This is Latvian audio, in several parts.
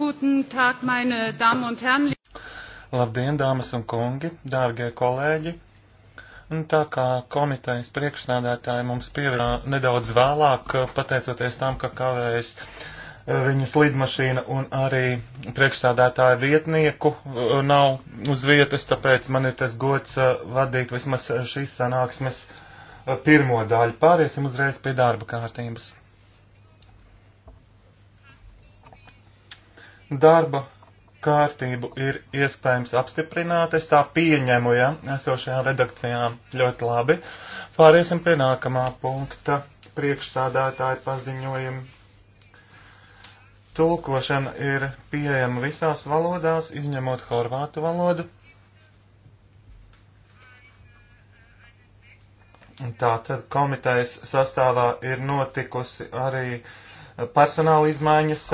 Guten Tag, meine Damen und Herren. Labdien, dāmas un kungi, dārgie kolēģi! Un tā kā komitejas priekšnādātāji mums pievērsās nedaudz vēlāk, pateicoties tam, ka kavējas eh, viņas lidmašīna un arī priekšstādātāja vietnieku eh, nav uz vietas, tāpēc man ir tas gods eh, vadīt vismaz šīs sanāksmes pirmo daļu. Pāriesim uzreiz pie darba kārtības. darba kārtību ir iespējams apstiprināt. Es tā pieņemu, ja esošajā redakcijā ļoti labi. Pāriesim pie nākamā punkta priekšsādātāja paziņojuma. Tulkošana ir pieejama visās valodās, izņemot horvātu valodu. Tātad komitejas sastāvā ir notikusi arī personāla izmaiņas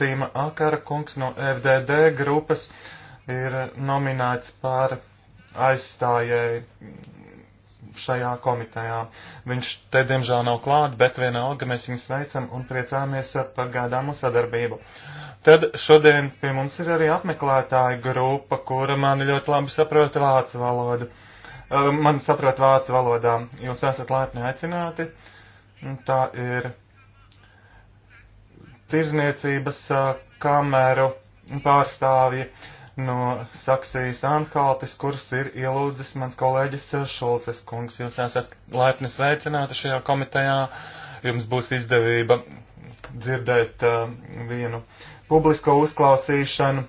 Tīma Akara kungs no FDD grupas ir nominēts par aizstājēju šajā komitejā. Viņš te diemžēl nav klāt, bet vienalga mēs viņu sveicam un priecāmies par gaidāmu sadarbību. Tad šodien pie mums ir arī apmeklētāja grupa, kura mani ļoti labi saprot vācu valodu. Man saprot vācu valodā. Jūs esat laipni aicināti. Tā ir tirzniecības kameru pārstāvji no Saksijas Anhaltis, kuras ir ielūdzis mans kolēģis Šulces kungs. Jūs esat laipni sveicināti šajā komitejā. Jums būs izdevība dzirdēt uh, vienu publisko uzklausīšanu,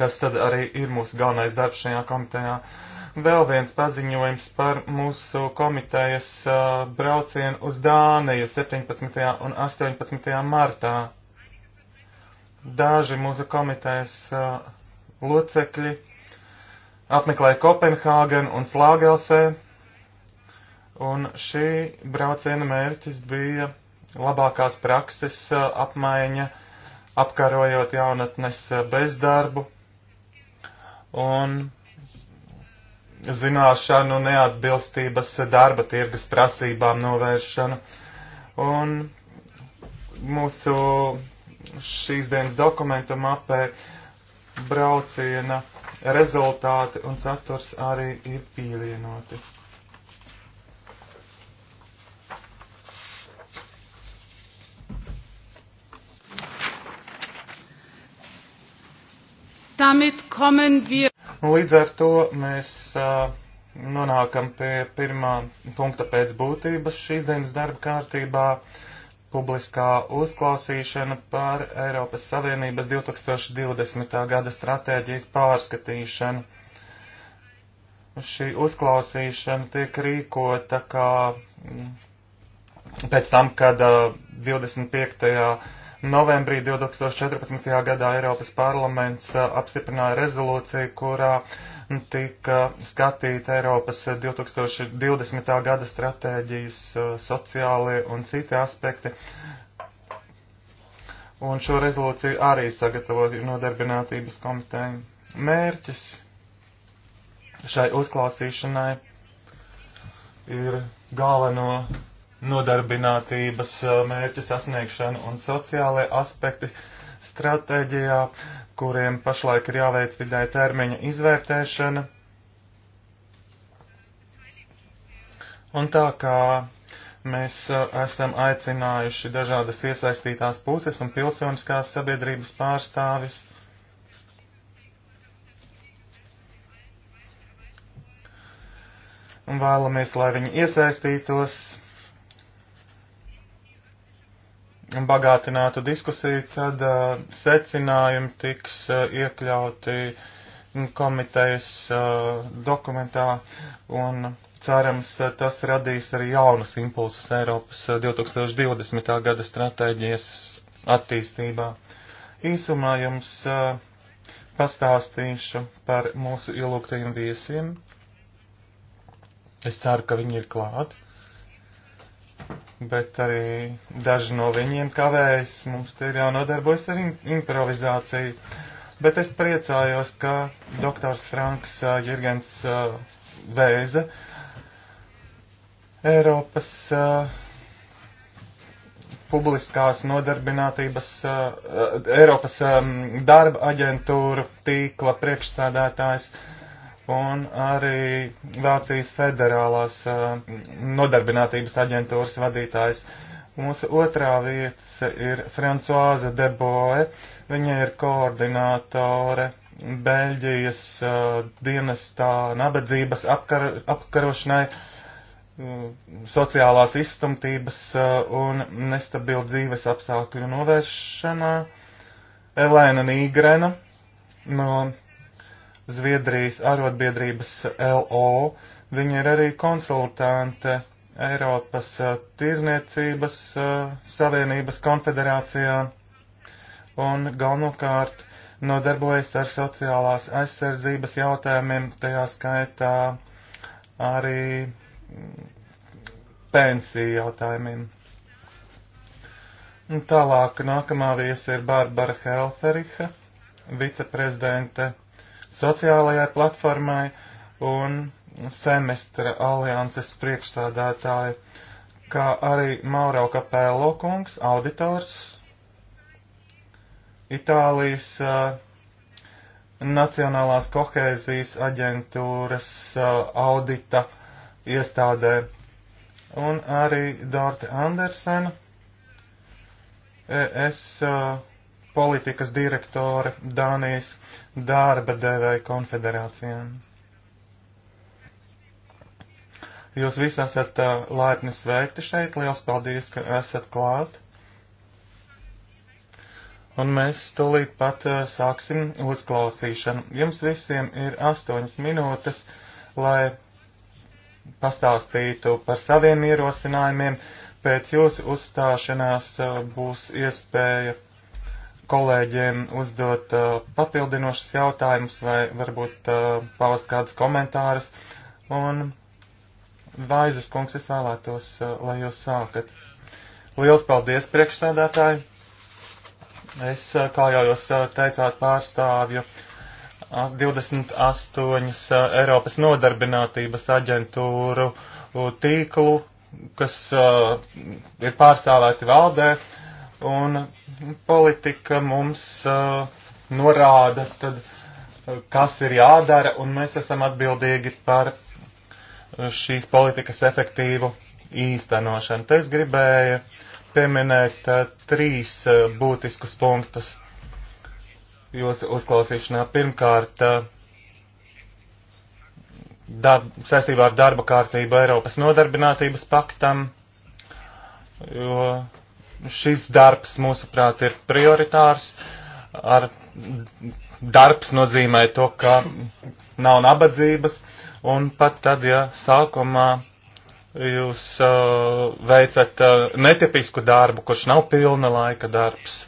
kas tad arī ir mūsu galvenais darbs šajā komitejā. Uh, Vēl viens paziņojums par mūsu komitejas braucienu uz Dāniju 17. un 18. martā. Daži mūsu komitejas locekļi apmeklēja Kopenhāgenu un Slāgelsē, un šī brauciena mērķis bija labākās prakses apmaiņa, apkarojot jaunatnes bezdarbu un zināšanu neatbilstības darba tirgus prasībām novēršanu. Un mūsu šīs dienas dokumentu mapē brauciena rezultāti un saturs arī ir pievienoti. Damit kommen wir. Nu, līdz ar to mēs uh, nonākam pie pirmā punkta pēc būtības šīs dienas darba kārtībā - publiskā uzklausīšana par Eiropas Savienības 2020. gada stratēģijas pārskatīšanu. Šī uzklausīšana tiek rīkota kā mm, pēc tam, kad uh, 25 Novembrī 2014. gadā Eiropas parlaments uh, apstiprināja rezolūciju, kurā tika skatīta Eiropas 2020. Uh, gada stratēģijas uh, sociālie un citi aspekti. Un šo rezolūciju arī sagatavoja nodarbinātības komiteja. Mērķis šai uzklausīšanai ir galveno nodarbinātības eh, mērķu sasniegšanu un sociālai aspekti stratēģijā, kuriem pašlaik ir jāveic vidē termiņa izvērtēšana. Un tā kā mēs eh, esam aicinājuši dažādas iesaistītās puses un pilsoniskās sabiedrības pārstāvis, un vēlamies, lai viņi iesaistītos bagātinātu diskusiju, tad uh, secinājumi tiks uh, iekļauti komitejas uh, dokumentā un cerams, uh, tas radīs arī jaunas impulsas Eiropas 2020. Uh, gada stratēģijas attīstībā. Īsumā jums uh, pastāstīšu par mūsu ilūgtajiem viesiem. Es ceru, ka viņi ir klāti bet arī daži no viņiem kavējas. Mums te ir jānodarbojas ar improvizāciju. Bet es priecājos, ka doktors Franks Jirgens Vēze Eiropas publiskās nodarbinātības Eiropas darba aģentūra tīkla priekšsādātājs un arī Vācijas federālās uh, nodarbinātības aģentūras vadītājs. Mūsu otrā vieta ir Francoāza Deboe. Viņa ir koordinātore Beļģijas uh, dienestā nabadzības apkar apkarošanai, uh, sociālās izstumtības un nestabilu dzīves apstākļu novēršanā. Elēna Nīgrena no Zviedrijas arotbiedrības LO. Viņa ir arī konsultante Eiropas uh, tirzniecības uh, savienības konfederācijā un galvenokārt nodarbojas ar sociālās aizsardzības jautājumiem, tajā skaitā arī mm, pensiju jautājumiem. Un tālāk nākamā viesa ir Bārbara Helferiha, viceprezidente sociālajai platformai un semestra alianses priekšstādātāji, kā arī Mauro Kapēlo kungs, auditors Itālijas uh, Nacionālās kohēzijas aģentūras uh, audita iestādē, un arī Dorte Andersena, ES uh, politikas direktore Dānijas darba devēja konfederācijām. Jūs visi esat uh, laipni sveikti šeit, liels paldies, ka esat klāt. Un mēs tūlīt pat uh, sāksim uzklausīšanu. Jums visiem ir astoņas minūtes, lai pastāstītu par saviem ierosinājumiem. Pēc jūsu uzstāšanās uh, būs iespēja kolēģiem uzdot uh, papildinošus jautājumus vai varbūt uh, paust kādus komentārus. Un Vaizes kungs, es vēlētos, uh, lai jūs sākat. Liels paldies, priekšsēdētāji! Es, uh, kā jau jūs uh, teicāt, pārstāvju uh, 28 uh, Eiropas nodarbinātības aģentūru uh, tīklu, kas uh, ir pārstāvēti valdē. Uh, un politika mums uh, norāda, tad, uh, kas ir jādara, un mēs esam atbildīgi par šīs politikas efektīvu īstenošanu. Te es gribēju pieminēt uh, trīs uh, būtiskus punktus jūsu uzklausīšanā. Pirmkārt, uh, darb, saistībā ar darba kārtību Eiropas nodarbinātības paktam, jo Šis darbs, mūsuprāt, ir prioritārs. Ar darbs nozīmē to, ka nav nabadzības, un pat tad, ja sākumā jūs uh, veicat uh, netipisku darbu, kurš nav pilna laika darbs,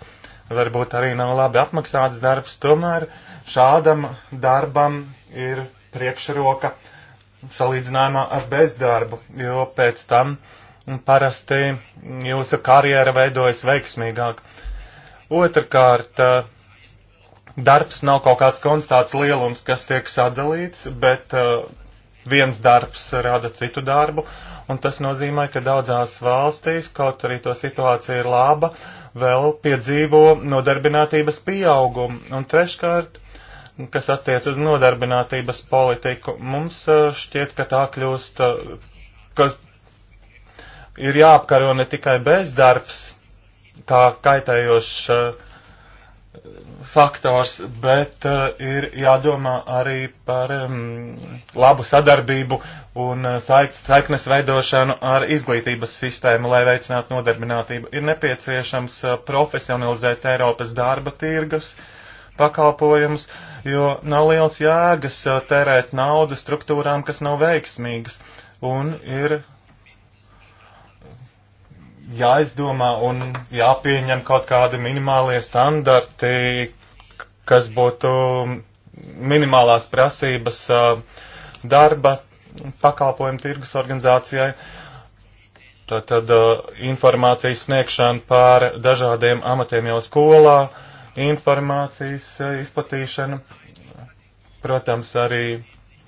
varbūt arī nav labi apmaksāts darbs, tomēr šādam darbam ir priekšroka salīdzinājumā ar bezdarbu, jo pēc tam uh, parasti jūsu karjera veidojas veiksmīgāk. Otrakārt, eh, darbs nav kaut kāds konstāts lielums, kas tiek sadalīts, bet eh, viens darbs rada citu darbu, un tas nozīmē, ka daudzās valstīs, kaut arī to situācija ir laba, vēl piedzīvo nodarbinātības pieaugumu. Un treškārt, kas attiec uz nodarbinātības politiku, mums eh, šķiet, ka tā kļūst, ka ir jāapkaro ne tikai bezdarbs, kā kaitējošs eh, faktors, bet eh, ir jādomā arī par labu sadarbību un eh, saiknes veidošanu ar izglītības sistēmu, lai veicinātu nodarbinātību. Ir nepieciešams profesionalizēt Eiropas darba tirgus pakalpojumus, jo nav liels jēgas terēt naudu struktūrām, kas nav veiksmīgas. Un ir jāizdomā un jāpieņem kaut kādi minimālie standarti, kas būtu minimālās prasības darba pakalpojumu tirgus organizācijai. Tātad informācijas sniegšana par dažādiem amatiem jau skolā, informācijas izplatīšana, protams, arī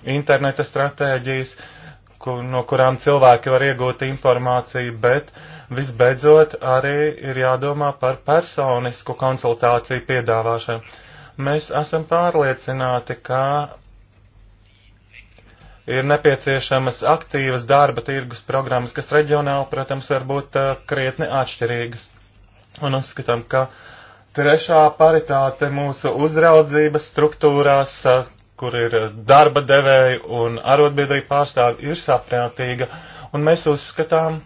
interneta stratēģijas, kur, no kurām cilvēki var iegūt informāciju, bet uh, Visbeidzot, arī ir jādomā par personisku konsultāciju piedāvāšanu. Mēs esam pārliecināti, ka ir nepieciešamas aktīvas darba tirgus programmas, kas reģionāli, protams, var būt uh, krietni atšķirīgas. Un uzskatām, ka trešā paritāte mūsu uzraudzības struktūrās, uh, kur ir darba devēji un arotbiedrība pārstāvi, ir saprātīga. Un mēs uzskatām,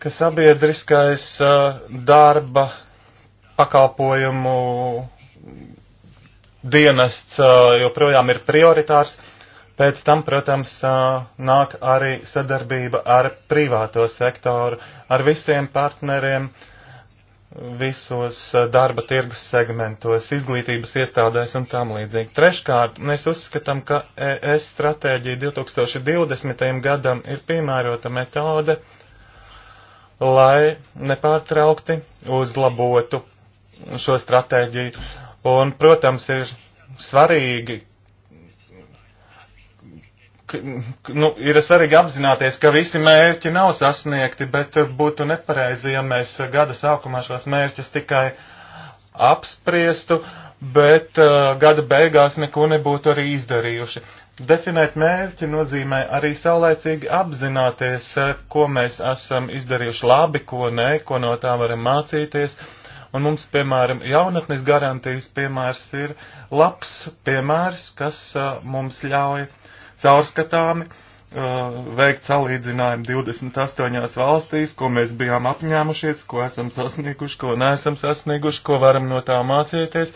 ka sabiedriskais uh, darba pakalpojumu dienests uh, joprojām ir prioritārs. Pēc tam, protams, uh, nāk arī sadarbība ar privāto sektoru, ar visiem partneriem visos darba tirgus segmentos, izglītības iestādēs un tam līdzīgi. Treškārt, mēs uzskatām, ka ES stratēģija 2020. gadam ir piemērota metode, lai nepārtraukti uzlabotu šo stratēģiju. Un, protams, ir svarīgi, ka, nu, ir svarīgi apzināties, ka visi mērķi nav sasniegti, bet būtu nepareizi, ja mēs gada sākumā šos mērķus tikai apspriestu bet uh, gada beigās neko nebūtu arī izdarījuši. Definēt mērķi nozīmē arī saulēcīgi apzināties, uh, ko mēs esam izdarījuši labi, ko nē, ko no tā varam mācīties. Un mums, piemēram, jaunatnes garantijas piemērs ir labs piemērs, kas uh, mums ļauj caurskatāmi uh, Uh, veikt salīdzinājumu 28 valstīs, ko mēs bijām apņēmušies, ko esam sasnieguši, ko neesam sasnieguši, ko varam no tā mācīties.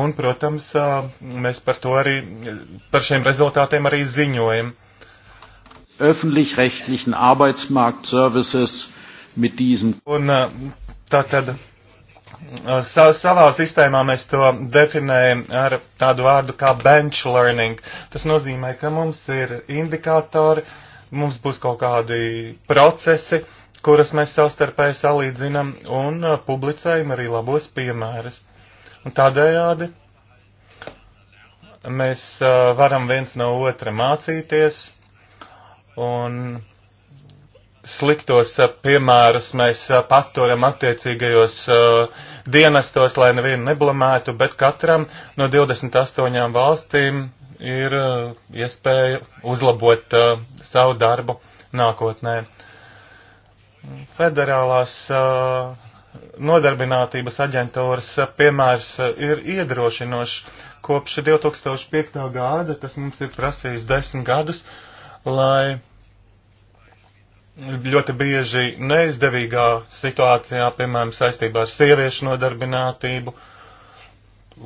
Un, protams, uh, mēs par to arī, par šiem rezultātiem arī ziņojam. Öffentlich-rechtlichen Arbeitsmarktservices mit diesem. Un uh, tātad sa savā sistēmā mēs to definējam ar tādu vārdu kā bench learning. Tas nozīmē, ka mums ir indikātori, mums būs kaut kādi procesi, kuras mēs savstarpēji salīdzinam un uh, publicējam arī labos piemērus. Un tādējādi mēs uh, varam viens no otra mācīties un sliktos uh, piemērus mēs paturam attiecīgajos uh, dienestos, lai nevienu neblamētu, bet katram no 28 valstīm ir uh, iespēja uzlabot uh, savu darbu nākotnē. Federālās uh, nodarbinātības aģentūras uh, piemērs uh, ir iedrošinošs. Kopš 2005. gada tas mums ir prasījis desmit gadus, lai ļoti bieži neizdevīgā situācijā, piemēram, saistībā ar sieviešu nodarbinātību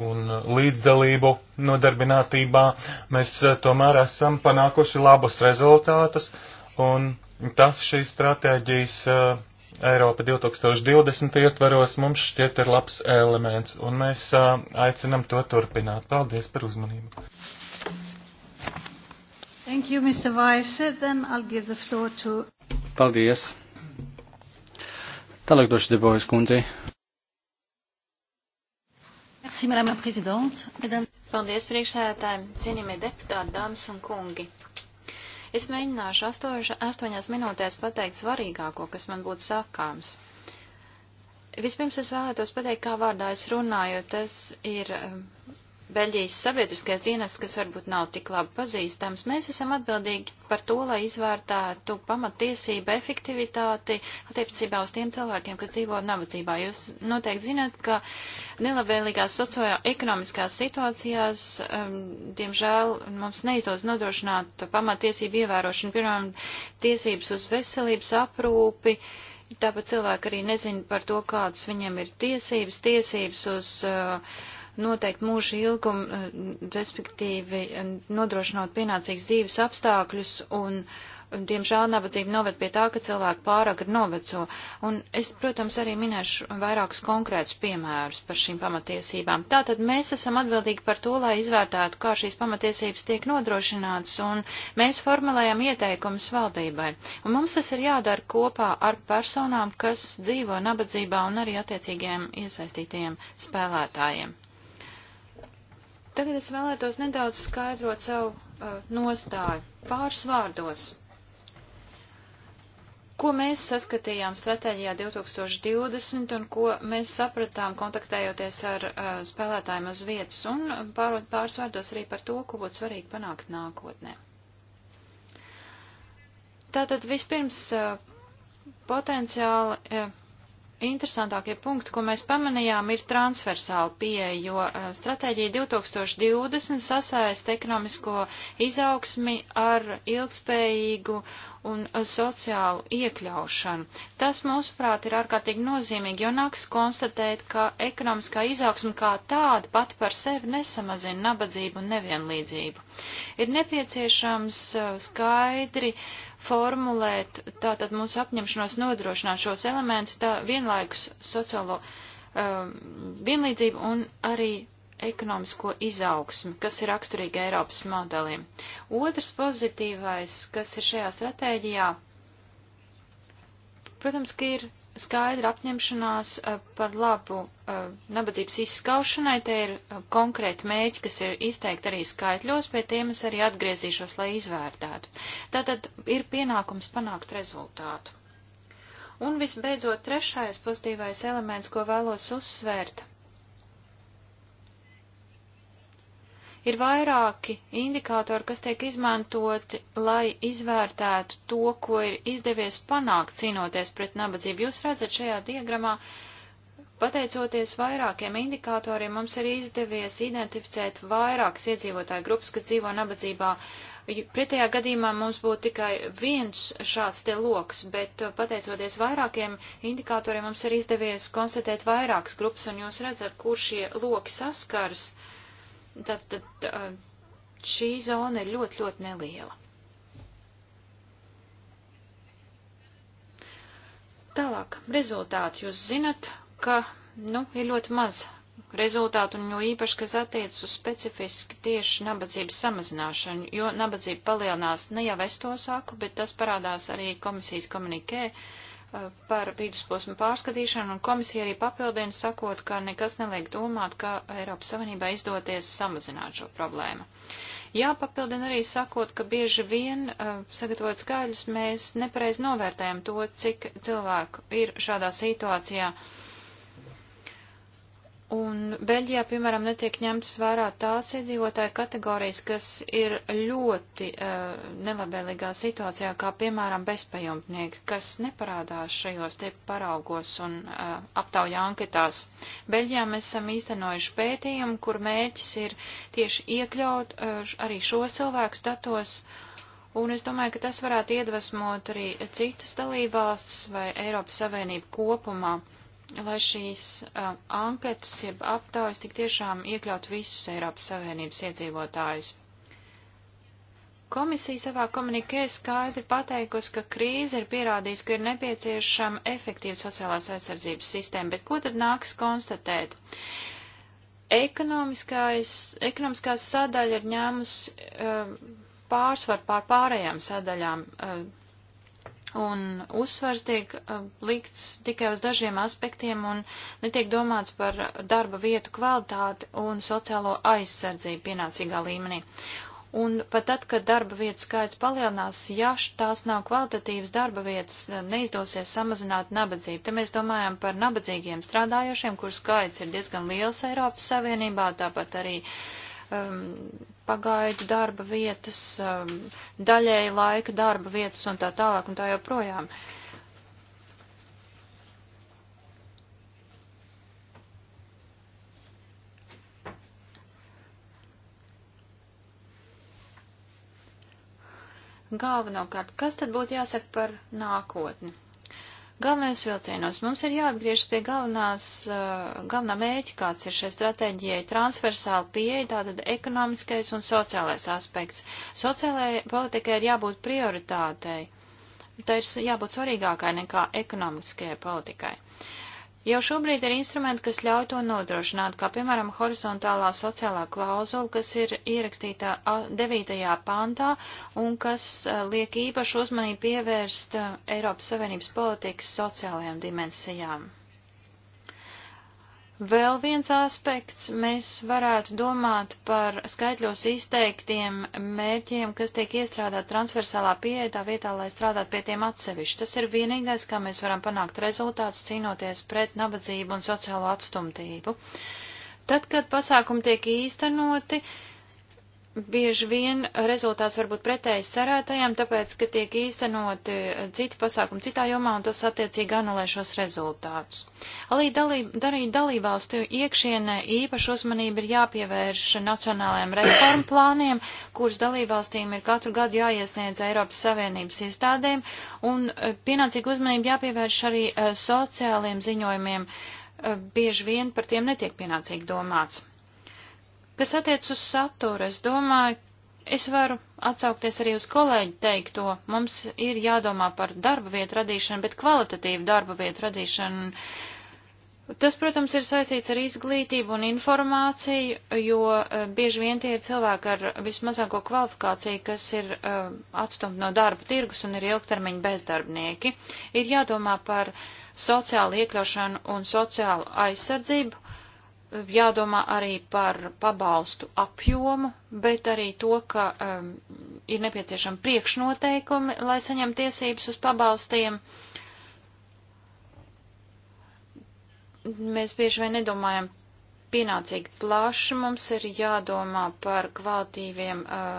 un līdzdalību nodarbinātībā, mēs eh, tomēr esam panākuši labus rezultātus, un tas šīs stratēģijas eh, Eiropa 2020 ietveros mums šķiet ir labs elements, un mēs eh, aicinam to turpināt. Paldies par uzmanību. Thank you, Mr. Weiser. Then I'll give the floor to Paldies! Tālāk došu Debojas kundzei. Merci, madame la présidente. Madame... Paldies priekšsēdētājiem, cienījamie deputāti, dāmas un kungi. Es mēģināšu astož, astoņās minūtēs pateikt svarīgāko, kas man būtu sakāms. Vispirms es vēlētos pateikt, kā vārdā es runāju. Tas ir um, Beļģijas sabiedriskais dienas, kas varbūt nav tik labi pazīstams, mēs esam atbildīgi par to, lai izvērtētu pamatiesību efektivitāti attiecībā uz tiem cilvēkiem, kas dzīvo nabadzībā. Jūs noteikti zināt, ka nelabvēlīgās socioekonomiskās situācijās, um, diemžēl, mums neizdos nodrošināt pamatiesību ievērošanu, piemēram, tiesības uz veselības aprūpi. Tāpat cilvēki arī nezina par to, kādas viņiem ir tiesības, tiesības uz uh, noteikt mūža ilgumu, eh, respektīvi eh, nodrošinot pienācīgas dzīves apstākļus un Diemžēl nabadzība noved pie tā, ka cilvēki pārāk ir noveco, un es, protams, arī minēšu vairākus konkrētus piemērus par šīm pamatiesībām. Tātad mēs esam atbildīgi par to, lai izvērtētu, kā šīs pamatiesības tiek nodrošinātas, un mēs formulējam ieteikumus valdībai. Un mums tas ir jādara kopā ar personām, kas dzīvo nabadzībā un arī attiecīgiem iesaistītajiem spēlētājiem. Tagad es vēlētos nedaudz skaidrot savu uh, nostāju pāris vārdos. Ko mēs saskatījām stratēģijā 2020 un ko mēs sapratām kontaktējoties ar uh, spēlētājiem uz vietas un pār, pāris vārdos arī par to, ko būtu svarīgi panākt nākotnē. Tātad vispirms uh, potenciāli. Uh, interesantākie punkti, ko mēs pamanījām, ir transversāla pieeja, jo eh, stratēģija 2020 sasaist ekonomisko izaugsmi ar ilgspējīgu un eh, sociālu iekļaušanu. Tas, mūsuprāt, ir ārkārtīgi nozīmīgi, jo nāks konstatēt, ka ekonomiskā izaugsme kā tāda pati par sevi nesamazina nabadzību un nevienlīdzību. Ir nepieciešams eh, skaidri uh, formulēt tātad mūsu apņemšanos nodrošināt šos elementus, tā vienlaikus sociālo um, vienlīdzību un arī ekonomisko izaugsmi, kas ir raksturīgi Eiropas modelim. Otrs pozitīvais, kas ir šajā stratēģijā, protams, ka ir skaidra apņemšanās eh, par labu eh, nabadzības izskaušanai. Te ir eh, konkrēti mērķi, kas ir izteikti arī skaitļos, pie tiem es arī atgriezīšos, lai izvērtētu. Tātad ir pienākums panākt rezultātu. Un visbeidzot, trešais pozitīvais elements, ko vēlos uzsvērt, Ir vairāki indikātori, kas tiek izmantoti, lai izvērtētu to, ko ir izdevies panākt cīnoties pret nabadzību. Jūs redzat šajā diagramā, pateicoties vairākiem indikātoriem, mums ir izdevies identificēt vairākas iedzīvotāju grupas, kas dzīvo nabadzībā. Pretējā gadījumā mums būtu tikai viens šāds te loks, bet uh, pateicoties vairākiem indikātoriem, mums ir izdevies konstatēt vairākas grupas, un jūs redzat, kur šie loki saskars. Uh, Tad, tad uh, šī zona ir ļoti, ļoti neliela. Tālāk, rezultāti. Jūs zinat, ka, nu, ir ļoti maz rezultātu, un jo īpaši, kas attiecas uz specifiski tieši nabadzības samazināšanu, jo nabadzība palielinās, ne jau es to saku, bet tas parādās arī komisijas komunikē, uh, par vidusposmu pārskatīšanu, un komisija arī papildina sakot, ka nekas neliek domāt, ka Eiropas Savienībā izdoties samazināt šo problēmu. Jāpapildina arī sakot, ka bieži vien, uh, sagatavot skaļus, mēs nepareiz novērtējam to, cik cilvēku ir šādā situācijā. Uh, Un Beļģijā, piemēram, netiek ņemtas vērā tās iedzīvotāju kategorijas, kas ir ļoti uh, eh, nelabēlīgā situācijā, kā piemēram bezpajumtnieki, kas neparādās šajos te paraugos un uh, aptauja anketās. Beļģijā mēs esam īstenojuši pētījumu, kur mēķis ir tieši iekļaut uh, arī šos cilvēkus datos. Un es domāju, ka tas varētu iedvesmot arī citas dalībvalstis vai Eiropas Savienību kopumā. Uh, lai šīs uh, anketas, jeb aptaujas tik tiešām iekļaut visus Eiropas Savienības iedzīvotājus. Komisija savā komunikē skaidri pateikusi, ka krīze ir pierādījusi, ka ir nepieciešama efektīva sociālās aizsardzības sistēma, bet ko tad nāks konstatēt? Ekonomiskā sadaļa ir ņēmusi uh, pārsvaru pār pārējām sadaļām. Uh, un uzsvars tiek uh, likts tikai uz dažiem aspektiem un netiek domāts par darba vietu kvalitāti un sociālo aizsardzību pienācīgā līmenī. Un pat tad, kad darba vietu skaits palielinās, ja tās nav kvalitatīvas darba vietas, neizdosies samazināt nabadzību. Te mēs domājam par nabadzīgiem strādājošiem, kur skaits ir diezgan liels Eiropas Savienībā, tāpat arī uh, um, pagaidu darba vietas, um, daļēji laika darba vietas un tā tālāk un tā joprojām. Galvenokārt, kas tad būtu jāsaka par nākotni? galvenais vilcienos. Mums ir jāatgriežas pie galvenās, eh, galvenā mēķa, kāds ir šai stratēģijai - transversāla pieeja, tātad ekonomiskais un sociālais aspekts. Sociālajai politikai ir jābūt prioritātei. Tā ir jābūt svarīgākai nekā ekonomiskajai politikai. Jau šobrīd ir instrumenti, kas ļauj to nodrošināt, kā piemēram horizontālā sociālā klauzula, kas ir ierakstīta 9. pāntā un kas liek īpašu uzmanību pievērst Eiropas Savienības politikas sociālajām dimensijām. Vēl viens aspekts, mēs varētu domāt par skaitļos izteiktiem mērķiem, kas tiek iestrādāt transversālā pieeja tā vietā, lai strādātu pie tiem atsevišķi. Tas ir vienīgais, kā mēs varam panākt rezultātus cīnoties pret nabadzību un sociālo atstumtību. Tad, kad pasākumi tiek īstenoti, uh, bieži vien rezultāts var būt pretējs cerētajam, tāpēc, ka tiek īstenoti eh, citi pasākumi citā jomā, un tas attiecīgi anulē šos rezultātus. Arī dalību dalībvalstu iekšienē īpaši uzmanība ir jāpievērš nacionālajiem reformu plāniem, kurus dalībvalstīm ir katru gadu jāiesniedz Eiropas Savienības iestādēm, un eh, pienācīga uzmanība jāpievērš arī eh, sociāliem ziņojumiem, bieži vien par tiem netiek pienācīgi domāts. Kas attiec uz saturu, es domāju, es varu atsaukties arī uz kolēģi teikto. Mums ir jādomā par darba vietu radīšanu, bet kvalitatīvu darba vietu radīšanu. Tas, protams, ir saistīts ar izglītību un informāciju, jo eh, bieži vien tie ir cilvēki ar vismazāko kvalifikāciju, kas ir uh, eh, atstumti no darba tirgus un ir ilgtermiņa bezdarbnieki. Ir jādomā par sociālu iekļaušanu un sociālu aizsardzību, jādomā arī par pabalstu apjomu, bet arī to, ka um, ir nepieciešami priekšnoteikumi, lai saņem tiesības uz pabalstiem. Mēs bieži vien nedomājam pienācīgi plaši, mums ir jādomā par kvalitīviem uh,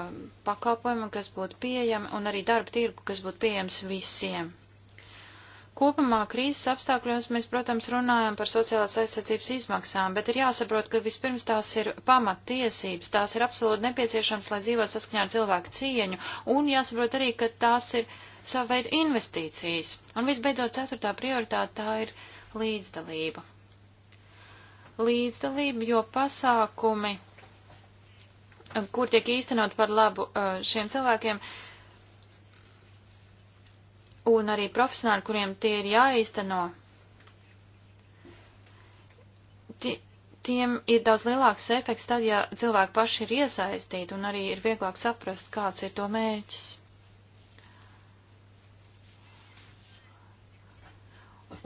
pakalpojumiem, kas būtu pieejami, un arī darba tirgu, kas būtu pieejams visiem. Kopumā krīzes apstākļos mēs, protams, runājam par sociālās aizsardzības izmaksām, bet ir jāsaprot, ka vispirms tās ir pamattiesības, tās ir absolūti nepieciešams, lai dzīvot saskaņā ar cilvēku cieņu, un jāsaprot arī, ka tās ir sava veida investīcijas. Un visbeidzot, ceturtā prioritāte tā ir līdzdalība. Līdzdalība, jo pasākumi, kur tiek īstenot par labu uh, šiem cilvēkiem, uh, un arī profesionāļi, kuriem tie ir jāīsteno, tie, tiem ir daudz lielāks efekts tad, ja cilvēki paši ir iesaistīti un arī ir vieglāk saprast, kāds ir to mēģis.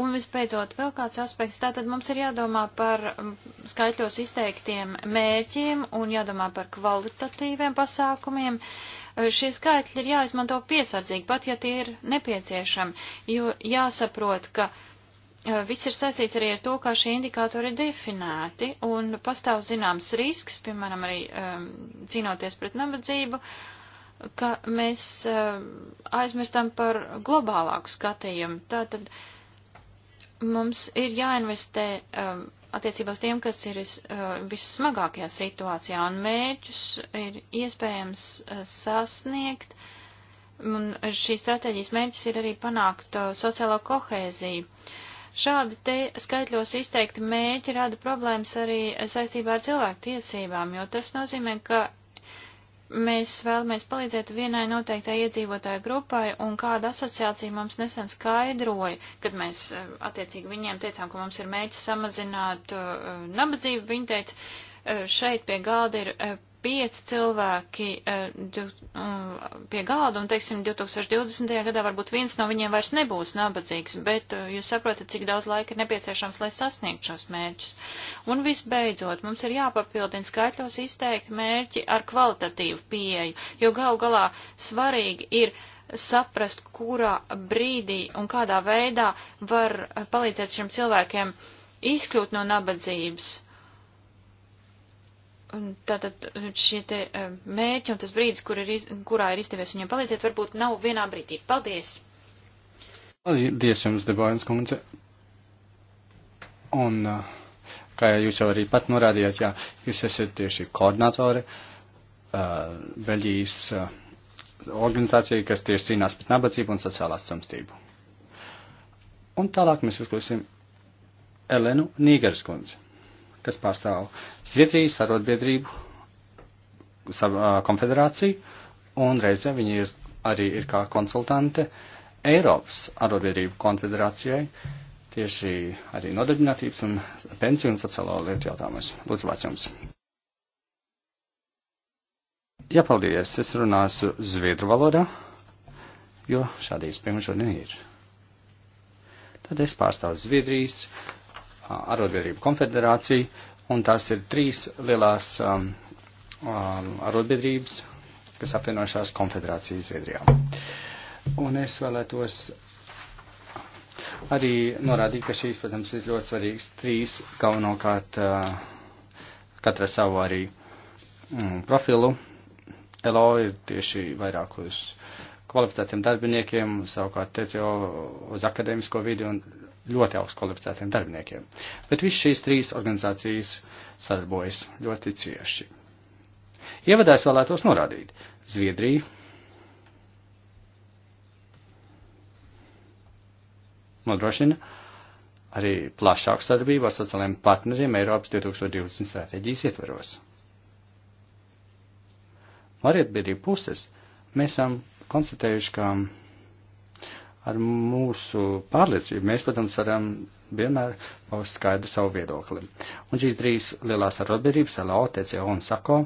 Un visbeidzot, vēl kāds aspekts. Tātad mums ir jādomā par um, skaitļos izteiktiem mērķiem un jādomā par kvalitatīviem pasākumiem. Uh, šie skaitļi ir jāizmanto piesardzīgi, pat ja tie ir nepieciešami, jo jāsaprot, ka viss ir saistīts arī ar to, kā šie indikātori ir definēti, un pastāv zināms risks, piemēram, arī um, cīnoties pret nabadzību, ka mēs um, aizmirstam par globālāku skatījumu. Tātad mums ir jāinvestē um, attiecībā uz tiem, kas ir vis, uh, vissmagākajā situācijā, un mērķus ir iespējams uh, sasniegt, un šīs stratēģijas mērķis ir arī panākt uh, sociālo kohēziju. Šādi te skaitļos izteikti mēķi rada problēmas arī saistībā ar cilvēku tiesībām, jo tas nozīmē, ka mēs vēlamies palīdzēt vienai noteiktai iedzīvotāju grupai, un kāda asociācija mums nesen skaidroja, kad mēs eh, attiecīgi viņiem teicām, ka mums ir mēģis samazināt uh, nabadzību, viņi teica, uh, šeit pie galda ir uh, pieci cilvēki eh, eh, pie galda, un, teiksim, 2020. gadā varbūt viens no viņiem vairs nebūs nabadzīgs, bet eh, jūs saprotat, cik daudz laika ir nepieciešams, lai sasniegtu šos mērķus. Un visbeidzot, mums ir jāpapildina skaitļos izteikti mērķi ar kvalitatīvu pieeju, jo gal galā svarīgi ir saprast, kurā brīdī un kādā veidā var palīdzēt šiem cilvēkiem izkļūt no nabadzības Un tātad uh, šie te uh, mērķi un tas brīdis, kur ir iz, kurā ir izdevies viņam palīdzēt, varbūt nav vienā brīdī. Paldies! Paldies jums, Debājums kundze! Un, uh, kā jūs jau arī pat norādījāt, jā, jūs esat tieši koordinatori Beļģijas organizācija, kas tieši cīnās pret nabadzību un sociālās samstību. Un tālāk mēs uzklausīsim Elenu Nīgaras kundzi kas pārstāv Zviedrijas arotbiedrību konfederāciju, un reizē viņi ir, arī ir kā konsultante Eiropas arotbiedrību konfederācijai, tieši arī nodarbinātības un pensiju un sociālo lietu jautājumos. Lūdzu, vārds jums. Jā, ja, paldies. Es runāšu zviedru valodā, jo šādi iespējami šodien ir. Tad es pārstāvu Zviedrijas arotbiedrību konfederācija, un tās ir trīs lielās um, um, arotbiedrības, kas apvienojušās konfederācijas Zviedrijā. Un es vēlētos arī norādīt, ka šīs, protams, ir ļoti svarīgas trīs galvenokārt uh, katra savu arī mm, profilu. LO ir tieši vairāk uz kvalificētiem darbiniekiem, savukārt TCO uz akadēmisko vidi un ļoti augstu kvalificētiem darbiniekiem. Bet viss šīs trīs organizācijas sadarbojas ļoti cieši. Ievadā es vēlētos norādīt Zviedriju, nodrošina arī plašāku sadarbību ar sociālajiem partneriem Eiropas 2020 stratēģijas ietveros. No arotbiedrību puses mēs esam konstatējuši, ka ar mūsu pārliecību mēs, protams, varam vienmēr paust skaidru savu viedokli. Un šīs trīs lielās arotbiedrības, LO, TCO un SAKO,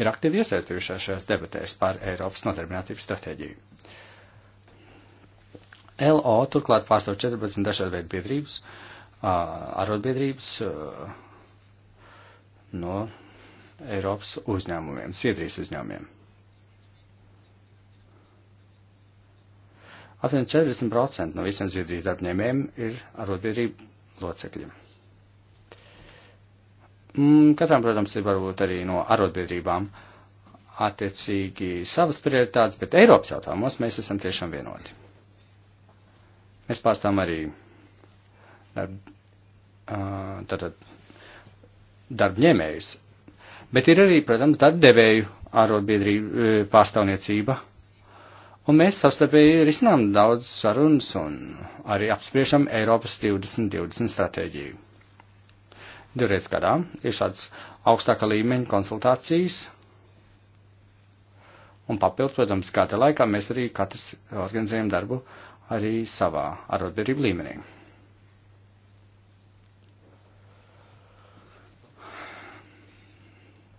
ir aktīvi iesaistījušās šajās debatēs par Eiropas nodarbinātības stratēģiju. LO turklāt pārstāv 14 dažādu veidu biedrības, arotbiedrības no Eiropas uzņēmumiem, Siedrijas uzņēmumiem. Apmēram 40% no visiem Zviedrijas darbņēmējiem ir arotbiedrību locekļi. Mm, katram, protams, ir varbūt arī no arotbiedrībām attiecīgi savas prioritātes, bet Eiropas jautājumos mēs esam tiešām vienoti. Mēs pārstāvam arī darb, tātad darbņēmējus, bet ir arī, protams, darbdevēju arotbiedrību pārstāvniecība Un mēs savstarpēji risinām daudz sarunas un arī apspriešam Eiropas 2020 stratēģiju. Divreiz gadā ir šāds augstāka līmeņa konsultācijas. Un papildus, protams, gada laikā mēs arī katrs organizējam darbu arī savā arotbiedrību līmenī.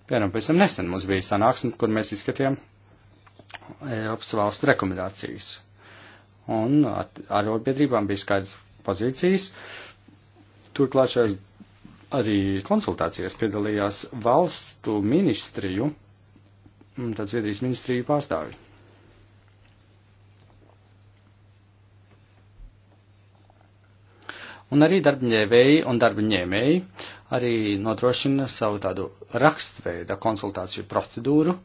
Piemēram, pēc tam nesen mums bija sanāksme, kur mēs izskatījām Eiropas valstu rekomendācijas. Un arotbiedrībām bija skaidrs pozīcijas. Turklāt šajās arī konsultācijās piedalījās valstu ministriju, mm, tad Zviedrijas ministriju pārstāvi. Un arī darbņēvēji un darbaņēmēji arī nodrošina savu tādu rakstveida konsultāciju procedūru,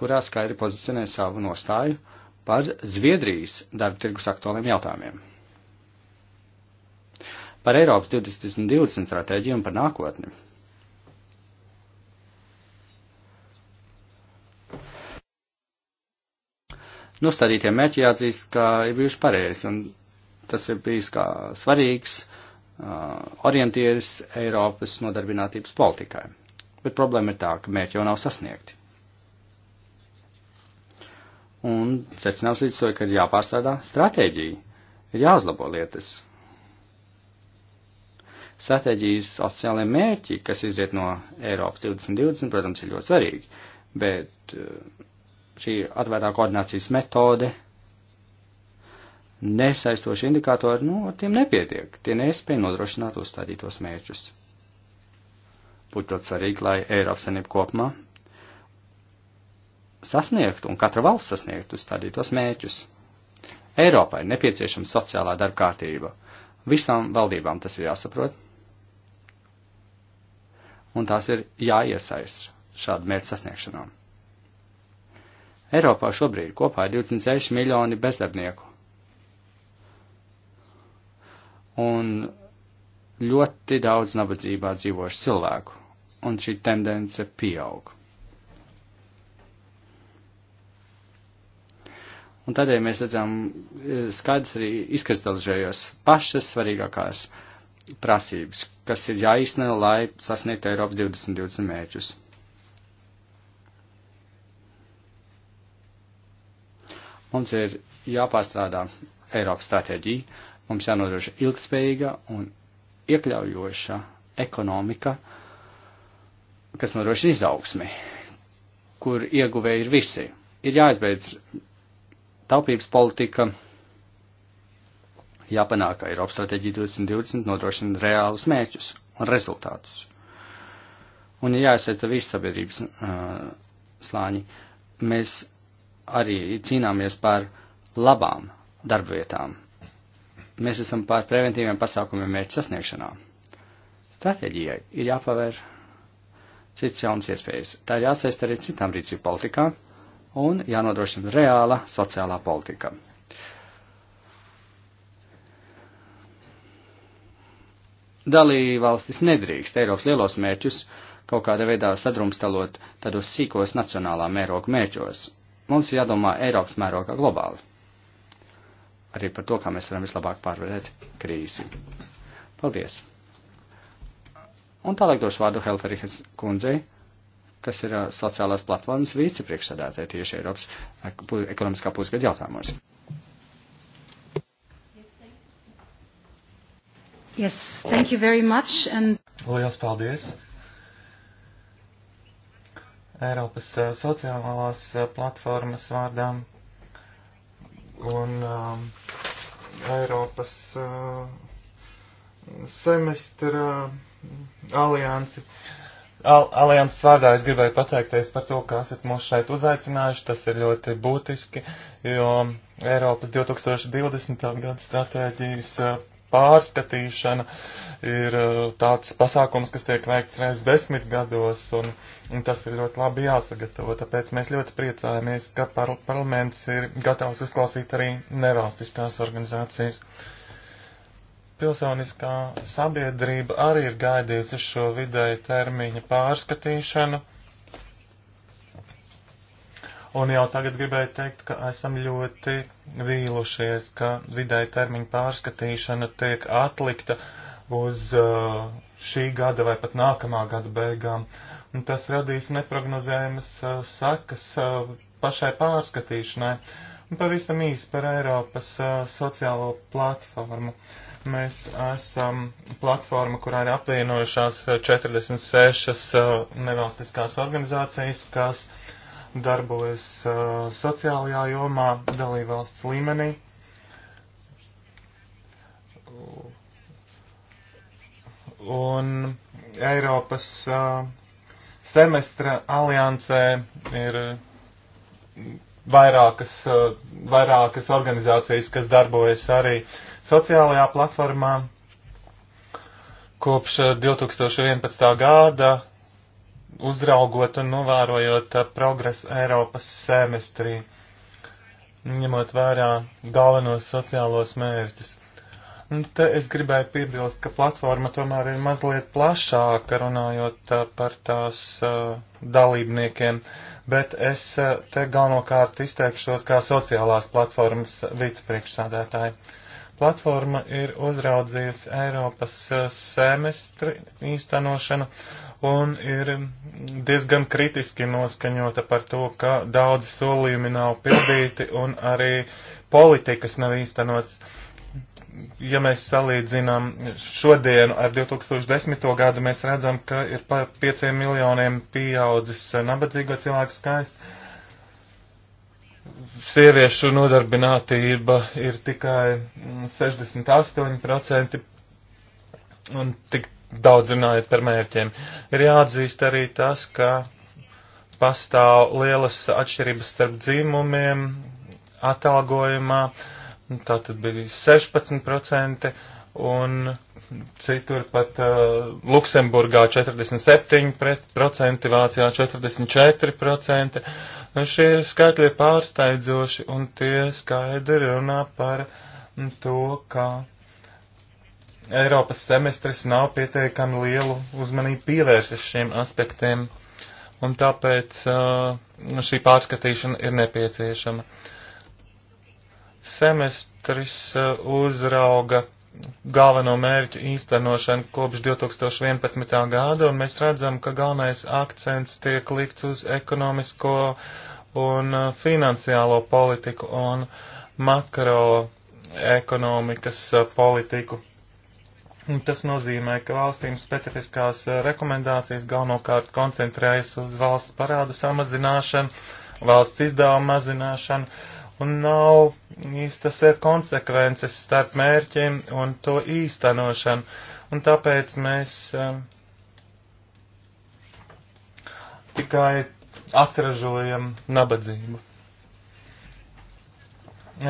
kurā skaidri pozicionē savu nostāju par Zviedrijas darba tirgus aktuāliem jautājumiem. Par Eiropas 2020 stratēģiju un par nākotni. Nostādītie mērķi jāatzīst, ka ir bijuši pareizi, un tas ir bijis kā svarīgs uh, orientieris Eiropas nodarbinātības politikai. Bet problēma ir tā, ka mērķi jau nav sasniegti un secināts līdz to, ka ir jāpārstrādā stratēģija, ir jāuzlabo lietas. Stratēģijas oficiālajie mērķi, kas izriet no Eiropas 2020, protams, ir ļoti svarīgi, bet eh, šī atvērtā koordinācijas metode, nesaistoši indikātori, nu, ar tiem nepietiek, tie nespēja nodrošināt uzstādītos mērķus. Būtu ļoti svarīgi, lai Eiropas Savienība kopumā sasniegt un katra valsts sasniegt uzstādītos mēķus. Eiropai ir nepieciešama sociālā darba kārtība. Visām valdībām tas ir jāsaprot. Un tās ir jāiesaist šādu mērķu sasniegšanā. Eiropā šobrīd kopā ir 26 miljoni bezdarbnieku. Un ļoti daudz nabadzībā dzīvošu cilvēku. Un šī tendence pieauga. Un tādēļ mēs redzam e, skaidrs arī izkristalizējos pašas svarīgākās prasības, kas ir jāizsnē, lai sasniegtu Eiropas 2020 mērķus. Mums ir jāpārstrādā Eiropas stratēģija, mums jānodrošina ilgspējīga un iekļaujoša ekonomika, kas nodrošina izaugsmi, kur ieguvēji ir visi. Ir jāizbeidz Taupības politika jāpanāk, ka Eiropas strateģija 2020 nodrošina reālus mērķus un rezultātus. Un ir jāiesaista visi sabiedrības uh, slāņi. Mēs arī cīnāmies par labām darbvietām. Mēs esam pār preventīviem pasākumiem mērķu sasniegšanā. Stratēģijai ir jāpavēr citas jaunas iespējas. Tā ir jāsaist arī citām rīcību politikām un jānodrošina reāla sociālā politika. Dalībvalstis nedrīkst Eiropas lielos mērķus kaut kādā veidā sadrumstalot tādos sīkos nacionālā mēroga mērķos. Mums jādomā Eiropas mērogā globāli. Arī par to, kā mēs varam vislabāk pārvarēt krīzi. Paldies! Un tālāk došu vārdu Helferikas kundzei kas ir sociālās platformas vicepriekšsēdētāja tieši Eiropas ekonomiskā pusgada jautājumos. Yes, thank you very much. And... Lielas paldies! Eiropas sociālās platformas vārdām un um, Eiropas uh, semestra aliansi. Uh, Al alianses vārdā es gribēju pateikties par to, ka esat mūs šeit uzaicinājuši. Tas ir ļoti būtiski, jo Eiropas 2020. gada stratēģijas eh, pārskatīšana ir eh, tāds pasākums, kas tiek veikts reiz desmit gados, un, un tas ir ļoti labi jāsagatavo. Tāpēc mēs ļoti priecājamies, ka par parlaments ir gatavs uzklausīt arī nevalstiskās organizācijas. Uh, Pilsoniskā sabiedrība arī ir gaidījusi šo vidēju termiņa pārskatīšanu. Un jau tagad gribēju teikt, ka esam ļoti vīlušies, ka vidēja termiņa pārskatīšana tiek atlikta uz uh, šī gada vai pat nākamā gada beigām. Un tas radīs neprognozējumas uh, sakas uh, pašai pārskatīšanai. Un pavisam īsi par Eiropas uh, sociālo platformu. Uh, Mēs esam platforma, kurā ir apvienojušās 46 eh, eh, nevalstiskās organizācijas, kas darbojas eh, sociālajā jomā dalībvalsts līmenī. Un Eiropas semestra aliansē ir vairākas, vairākas organizācijas, kas darbojas arī uh, Sociālajā platformā kopš 2011. Eh, gada uzraugot un novērojot eh, progresu Eiropas semestrī, ņemot vērā galvenos sociālos mērķus. Un te es gribēju piebilst, ka platforma tomēr ir mazliet plašāka runājot eh, par tās uh, dalībniekiem, bet es uh, te galvenokārt izteikšos kā sociālās platformas vicepriekšsādētāji. Uh, Platforma ir uzraudzījusi Eiropas eh, semestri īstenošanu un ir diezgan kritiski noskaņota par to, ka daudzi solījumi nav pildīti un arī politikas nav īstenots. Ja mēs salīdzinām šodienu ar 2010. gadu, mēs redzam, ka ir par 5 miljoniem pieaudzis nabadzīgo cilvēku skaits sieviešu nodarbinātība ir tikai 68% mm, un tik daudz runājot par mērķiem. Ir jāatzīst arī tas, ka pastāv lielas atšķirības starp dzīmumiem, atalgojumā, tā tad bija 16% un citur pat uh, Luksemburgā 47%, Vācijā 44%. Šie skaitļi ir pārsteidzoši un tie skaidri runā par to, ka Eiropas semestris nav pietiekami lielu uzmanību pievērsis šiem aspektiem un tāpēc uh, šī pārskatīšana ir nepieciešama. Semestris uh, uzrauga galveno mērķu īstenošanu kopš 2011. gada, un mēs redzam, ka galvenais akcents tiek likts uz ekonomisko un uh, finansiālo politiku un makroekonomikas uh, politiku. Tas nozīmē, ka valstīm specifiskās uh, rekomendācijas galvenokārt koncentrējas uz valsts parāda samazināšanu, valsts izdevuma mazināšanu, un nav īstas ir konsekvences starp mērķiem un to īstenošanu. Un tāpēc mēs um, tikai atražojam nabadzību.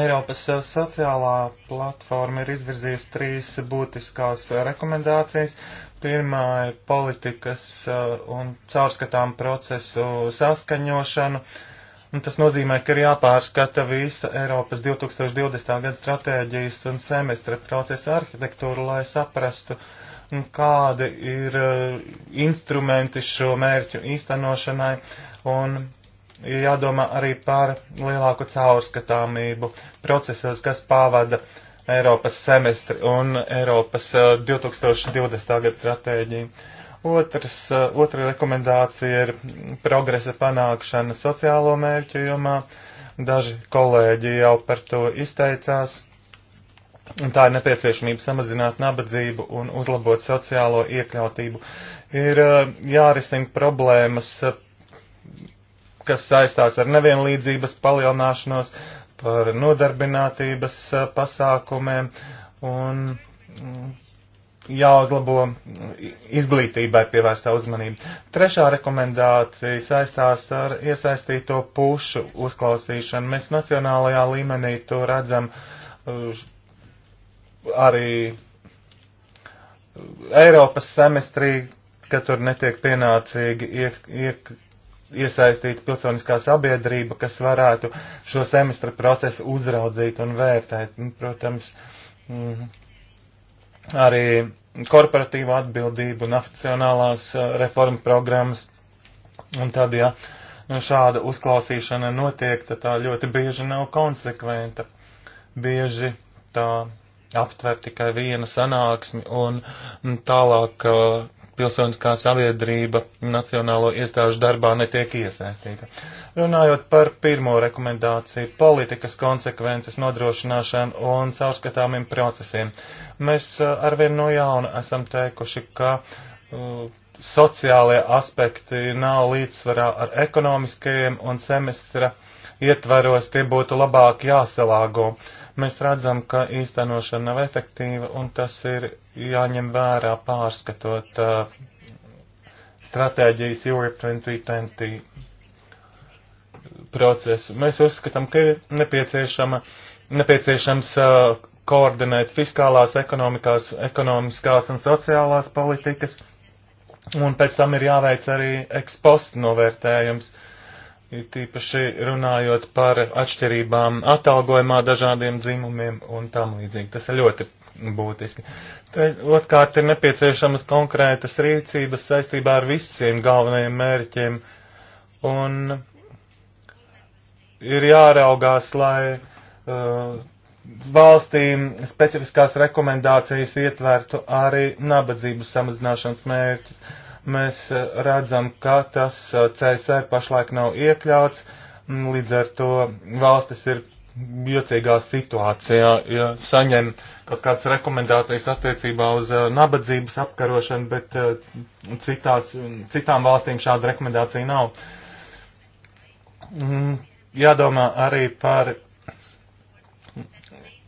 Eiropas sociālā platforma ir izvirzījusi trīs būtiskās rekomendācijas. Pirmā ir politikas uh, un caurskatām procesu saskaņošanu. Uh, Tas nozīmē, ka ir jāpārskata visa Eiropas 2020. gada stratēģijas un semestra procesa arhitektūra, lai saprastu, kādi ir uh, instrumenti šo mērķu īstenošanai un jādomā arī par lielāku caurskatāmību procesos, kas pavada Eiropas semestri un Eiropas 2020. Uh, gada stratēģiju Otrs, eh, otra rekomendācija ir progresa panākšana sociālo mērķu jomā. Daži kolēģi jau par to izteicās. Tā ir nepieciešamība samazināt nabadzību un uzlabot sociālo iekļautību. Ir eh, jārisina problēmas, eh, kas saistās ar nevienlīdzības palielināšanos, par nodarbinātības pasākumiem un mm, jāuzlabo izglītībai pievērstā uzmanība. Trešā rekomendācija saistās ar iesaistīto pušu uzklausīšanu. Mēs nacionālajā līmenī to redzam uh, arī Eiropas semestrī, ka tur netiek pienācīgi iek, iek, iesaistīta pilsoniskā sabiedrība, kas varētu šo semestra procesu uzraudzīt un vērtēt. Nu, protams, mm, arī korporatīvo atbildību un aficionālās eh, reforma programmas. Un tad, ja šāda uzklausīšana notiek, tad tā ļoti bieži nav konsekventa. Bieži tā aptver tikai vienu sanāksmi un tālāk eh, pilsoniskā sabiedrība nacionālo iestāžu darbā netiek iesaistīta. Runājot par pirmo rekomendāciju - politikas konsekvences nodrošināšanu un caurskatāmiem procesiem, mēs uh, arvien no jauna esam teikuši, ka uh, sociālie aspekti nav līdzsvarā ar ekonomiskajiem un semestra ietvaros tie būtu labāk jāsalāgo. Uh, mēs redzam, ka īstenošana nav efektīva, un tas ir jāņem vērā pārskatot uh, stratēģijas Europe 2020 procesu. Mēs uzskatām, ka ir nepieciešama, nepieciešams uh, koordinēt fiskālās, ekonomikās, ekonomiskās un sociālās politikas, un pēc tam ir jāveic arī ekspostu novērtējums. Uh, ir tīpaši runājot par atšķirībām atalgojumā dažādiem dzimumiem un tam līdzīgi. Tas ir ļoti būtiski. Te otrkārt ir nepieciešamas konkrētas rīcības saistībā ar visiem galvenajiem mērķiem un ir jāraugās, lai uh, valstīm specifiskās rekomendācijas ietvertu arī nabadzības samazināšanas mērķus. Uh, Mēs eh, redzam, ka tas eh, CSR e pašlaik nav iekļauts, mm, līdz ar to valstis ir jocīgā situācijā, ja saņem kaut kādas rekomendācijas attiecībā uz eh, nabadzības apkarošanu, bet citās, citām valstīm šāda rekomendācija nav. Mm, jādomā arī par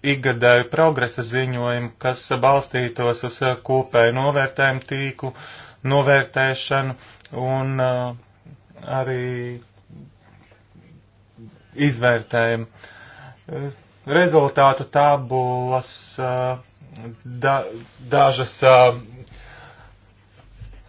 ikgadēju progresa ziņojumu, kas balstītos uz kopēju novērtējumu tīklu, uh, novērtēšanu un uh, arī izvērtējumu. Uh, rezultātu tabulas uh, da, dažas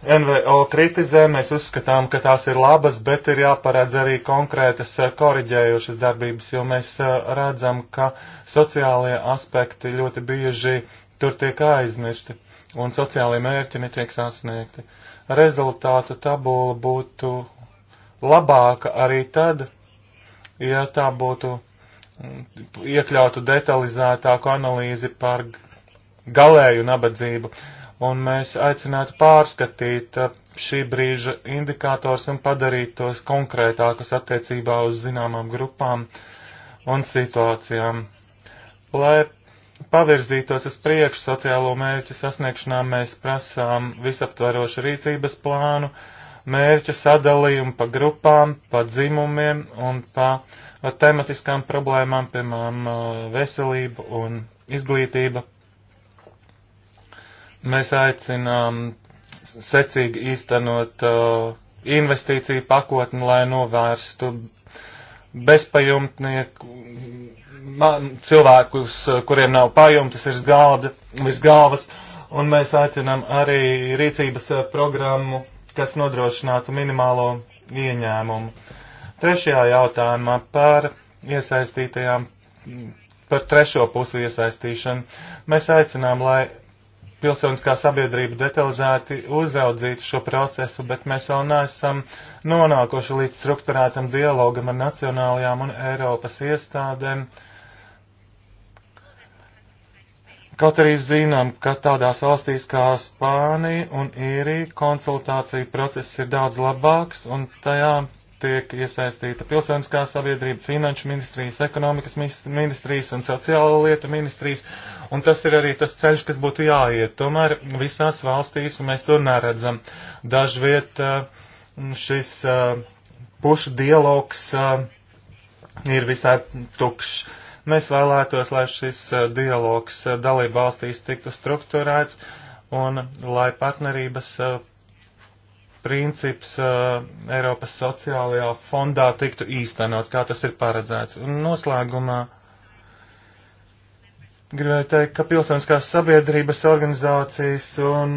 NVO kritizē, mēs uzskatām, ka tās ir labas, bet ir jāparedz arī konkrētas koriģējušas darbības, jo mēs redzam, ka sociālie aspekti ļoti bieži tur tiek aizmirsti un sociālie mērķi netiek sasniegti. Rezultātu tabula būtu labāka arī tad, ja tā būtu mm, iekļautu detalizētāku analīzi par galēju nabadzību, un mēs aicinātu pārskatīt uh, šī brīža indikators un padarīt tos konkrētākus attiecībā uz zināmām grupām un situācijām, lai pavirzītos uz priekšu sociālo mērķu sasniegšanā, mēs prasām visaptvarošu rīcības plānu, mērķu sadalījumu pa grupām, pa dzimumiem un pa tematiskām problēmām, piemēram, veselību un izglītība. Mēs aicinām secīgi īstenot investīciju pakotni, lai novērstu bezpajumtnieku, cilvēkus, kuriem nav pajumtes, ir galda, virs galvas, un mēs aicinām arī rīcības programmu, kas nodrošinātu minimālo ieņēmumu. Trešajā jautājumā par iesaistītajām, par trešo pusu iesaistīšanu. Mēs aicinām, lai pilsoniskā sabiedrība detalizēti uzraudzītu šo procesu, bet mēs vēl neesam nonākuši līdz struktūrētam dialogam ar nacionālajām un Eiropas iestādēm. Kaut arī zinām, ka tādās valstīs kā Spānija un Īrija konsultāciju process ir daudz labāks un tajā tiek iesaistīta pilsoniskā sabiedrība, finanšu ministrijas, ekonomikas ministrijas un sociālo lietu ministrijas, un tas ir arī tas ceļš, kas būtu jāiet. Tomēr visās valstīs mēs to neredzam. Dažviet šis pušu dialogs ir visai tukšs. Mēs vēlētos, lai šis dialogs dalība valstīs tiktu strukturēts un lai partnerības princips uh, Eiropas sociālajā fondā tiktu īstenots, kā tas ir paredzēts. Un noslēgumā gribēju teikt, ka pilsoniskās sabiedrības organizācijas un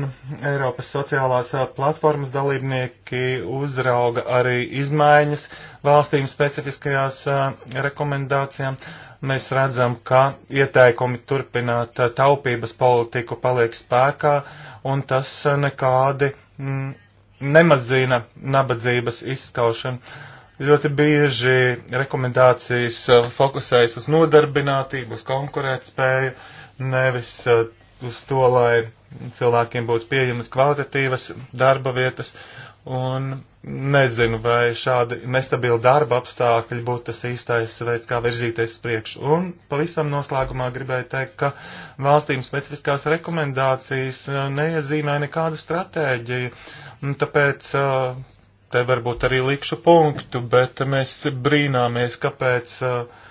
Eiropas sociālās uh, platformas dalībnieki uzrauga arī izmaiņas valstīm specifiskajās uh, rekomendācijām. Mēs redzam, ka ieteikumi turpināt uh, taupības politiku paliek spēkā, un tas uh, nekādi mm, nemazina nabadzības izskaušanu. Ļoti bieži rekomendācijas uh, fokusējas uz nodarbinātību, uz konkurētspēju, nevis uh, uz to, lai cilvēkiem būtu pieejamas kvalitatīvas darba vietas, un nezinu, vai šādi nestabili darba apstākļi būtu tas īstais veids, kā virzīties priekš. Un pavisam noslēgumā gribēju teikt, ka valstīm specifiskās rekomendācijas uh, neiezīmē nekādu stratēģiju, un tāpēc uh, te varbūt arī likšu punktu, bet mēs brīnāmies, kāpēc. Uh,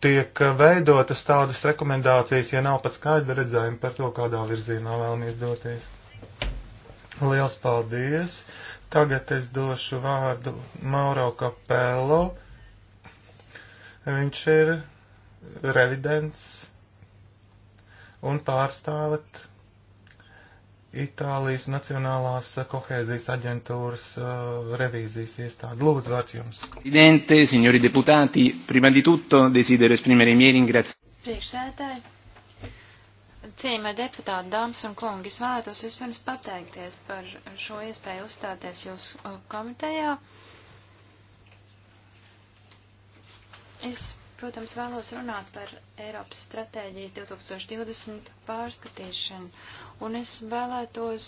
tiek veidotas tādas rekomendācijas, ja nav pat skaidra redzējuma par to, kādā virzienā vēlamies doties. Liels paldies! Tagad es došu vārdu Mauro Kapelo. Viņš ir revidents un pārstāvat Itālijas Nacionālās kohēzijas aģentūras uh, revīzijas iestāde. Lūdzu, vārds jums. Presidente, signori deputāti, prima di tutto desidero esprimere i miei ringraziamenti. Priekšsēdētāji, cienījamie deputāti, dāmas un kungi, es vēlētos vispirms pateikties par šo iespēju uzstāties jūsu uh, komitejā. Es Protams, vēlos runāt par Eiropas stratēģijas 2020 pārskatīšanu, un es vēlētos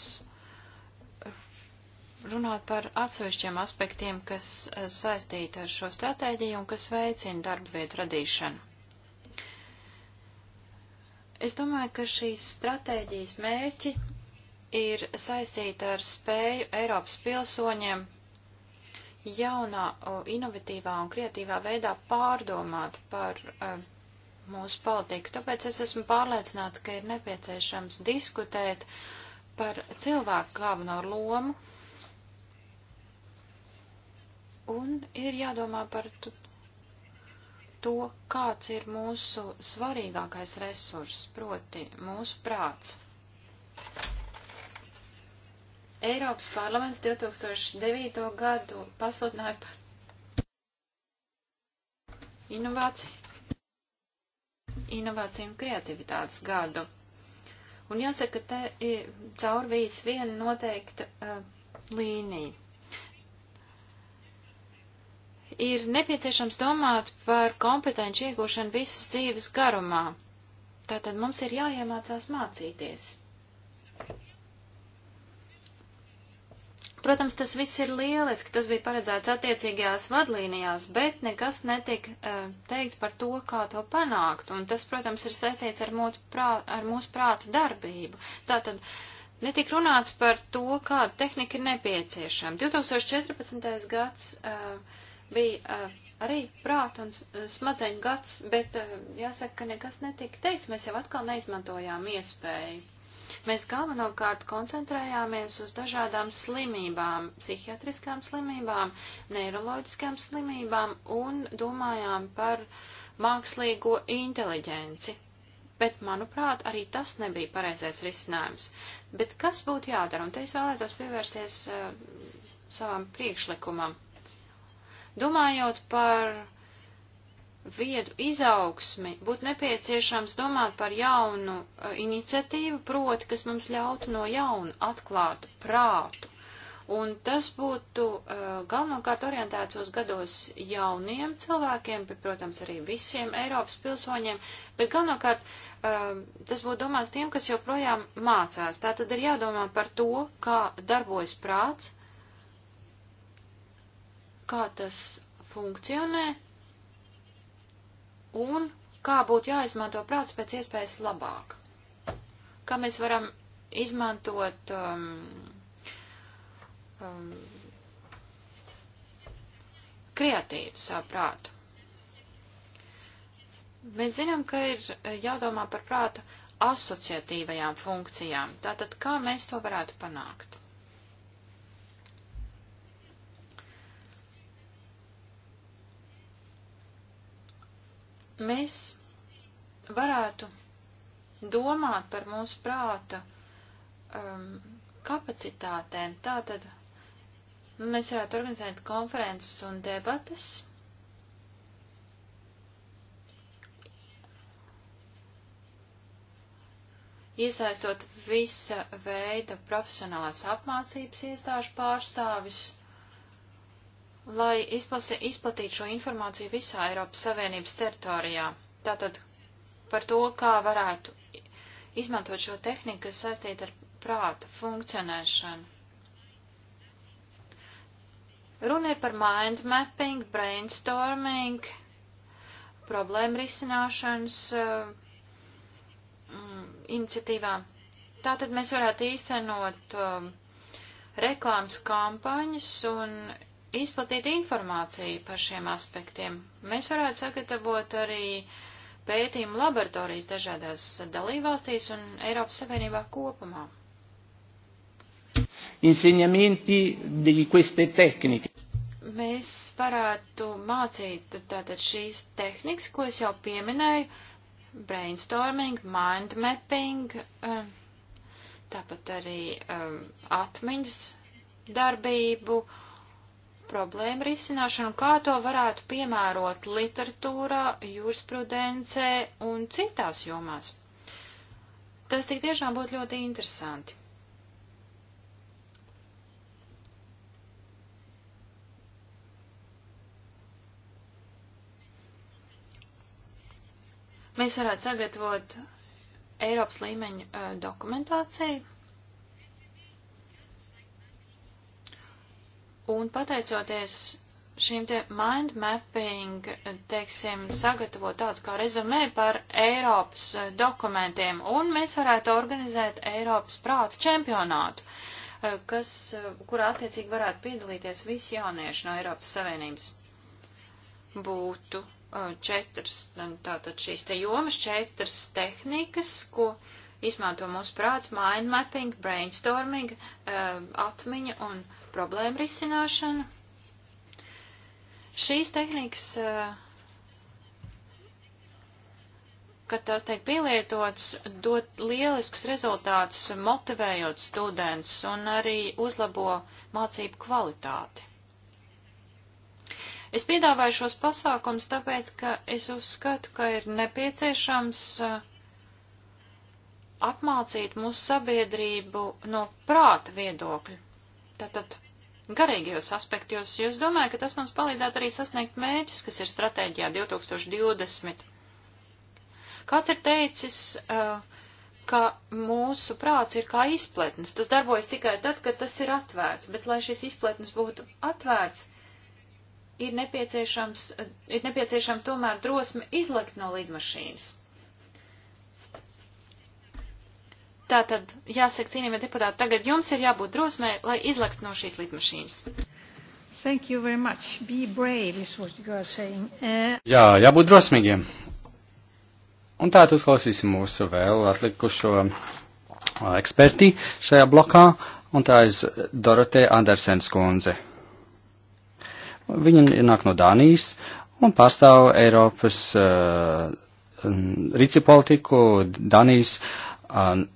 runāt par atsevišķiem aspektiem, kas eh, saistīti ar šo stratēģiju un kas veicina darba vietu radīšanu. Es domāju, ka šīs stratēģijas mērķi ir saistīti ar spēju Eiropas pilsoņiem jaunā, inovatīvā un kreatīvā veidā pārdomāt par e, mūsu politiku. Tāpēc es esmu pārliecināts, ka ir nepieciešams diskutēt par cilvēku galveno lomu un ir jādomā par to, kāds ir mūsu svarīgākais resurs, proti mūsu prāts. Eiropas parlaments 2009. gadu pasludināja par inovāciju, inovāciju un kreativitātes gadu. Un jāsaka, ka te caurvīs viena noteikta uh, līnija ir nepieciešams domāt par kompetenci iegūšanu visas dzīves garumā. Tātad mums ir jāiemācās mācīties. Protams, tas viss ir lieliski, tas bija paredzēts attiecīgajās vadlīnijās, bet nekas netika uh, eh, teikts par to, kā to panākt, un tas, protams, ir saistīts ar, prā, ar mūsu prāta darbību. Tātad netika runāts par to, kāda tehnika ir nepieciešama. 2014. gads uh, bija uh, arī prāta un smadzeņu gads, bet uh, jāsaka, ka nekas netika teikts, mēs jau atkal neizmantojām iespēju. Mēs galvenokārt koncentrējāmies uz dažādām slimībām, psihiatriskām slimībām, neiroloģiskām slimībām un domājām par mākslīgo inteliģenci. Bet, manuprāt, arī tas nebija pareizais risinājums. Bet kas būtu jādara? Un te es vēlētos pievērsties uh, savam priekšlikumam. Domājot par viedu izaugsmi, būtu nepieciešams domāt par jaunu uh, iniciatīvu, proti, kas mums ļautu no jauna atklāt prātu. Un tas būtu uh, galvenokārt orientēts uz gados jauniem cilvēkiem, bet, protams, arī visiem Eiropas pilsoņiem, bet galvenokārt uh, tas būtu domāts tiem, kas joprojām mācās. Tā tad ir jādomā par to, kā darbojas prāts, kā tas funkcionē, un kā būtu jāizmanto prāts pēc iespējas labāk. Kā mēs varam izmantot um, um, kreatīvu savu prātu. Mēs zinām, ka ir jādomā par prāta asociatīvajām funkcijām. Tātad, kā mēs to varētu panākt? mēs varētu domāt par mūsu prāta um, kapacitātēm. Tātad mēs varētu organizēt konferences un debatas. Iesaistot visa veida profesionālās apmācības iestāžu pārstāvis lai izplasi, izplatītu šo informāciju visā Eiropas Savienības teritorijā. Tātad par to, kā varētu izmantot šo tehniku, kas saistīta ar prātu funkcionēšanu. Runa ir par mind mapping, brainstorming, problēmu risināšanas um, iniciatīvām. Tātad mēs varētu īstenot um, reklāmas kampaņas un izplatīt informāciju par šiem aspektiem. Mēs varētu sagatavot arī pētījumu laboratorijas dažādās dalībvalstīs un Eiropas Savienībā kopumā. Insegnamenti di queste tecniche. Mēs varētu mācīt tātad šīs tehnikas, ko es jau pieminēju, brainstorming, mind mapping, eh, tāpat arī eh, atmiņas darbību, uh, problēmu risināšanu, kā to varētu piemērot literatūrā, jurisprudencē un citās jomās. Tas tik tiešām būtu ļoti interesanti. Mēs varētu sagatavot Eiropas līmeņa eh, dokumentāciju Un pateicoties šīm te mind mapping, teiksim, sagatavot tāds kā rezumē par Eiropas eh, dokumentiem, un mēs varētu organizēt Eiropas prāta čempionātu, eh, kas, eh, kurā attiecīgi varētu piedalīties visi jaunieši no Eiropas Savienības. Būtu četras, tātad šīs te jomas, četras tehnikas, ko izmanto mūsu prāts, mind mapping, brainstorming, atmiņa un problēmu risināšanu. Šīs tehnikas, eh, kad tās tiek pielietotas, dod lieliskus rezultātus, motivējot studentus un arī uzlabo mācību kvalitāti. Es piedāvāju šos pasākums tāpēc, ka es uzskatu, ka ir nepieciešams eh, apmācīt mūsu sabiedrību no prāta viedokļa. Tātad garīgajos aspektos, jo es domāju, ka tas mums palīdzētu arī sasniegt mērķus, kas ir stratēģijā 2020. Kāds ir teicis, uh, ka mūsu prāts ir kā izpletnes. Tas darbojas tikai tad, kad tas ir atvērts, bet lai šis izpletnes būtu atvērts, ir nepieciešams, ir nepieciešama tomēr drosme izlekt no lidmašīnas. Tātad, jāsaka, cienījamie deputāti, tagad jums ir jābūt drosmē, lai izlekt no šīs lidmašīnas. Thank you very much. Be brave is what you are saying. Uh... Jā, jābūt drosmīgiem. Un tātad uzklausīsim mūsu vēl atlikušo eksperti šajā blokā, un tā ir Dorotē Andersens kundze. Viņa nāk no Dānijas un pārstāv Eiropas uh, rīci politiku Dānijas uh,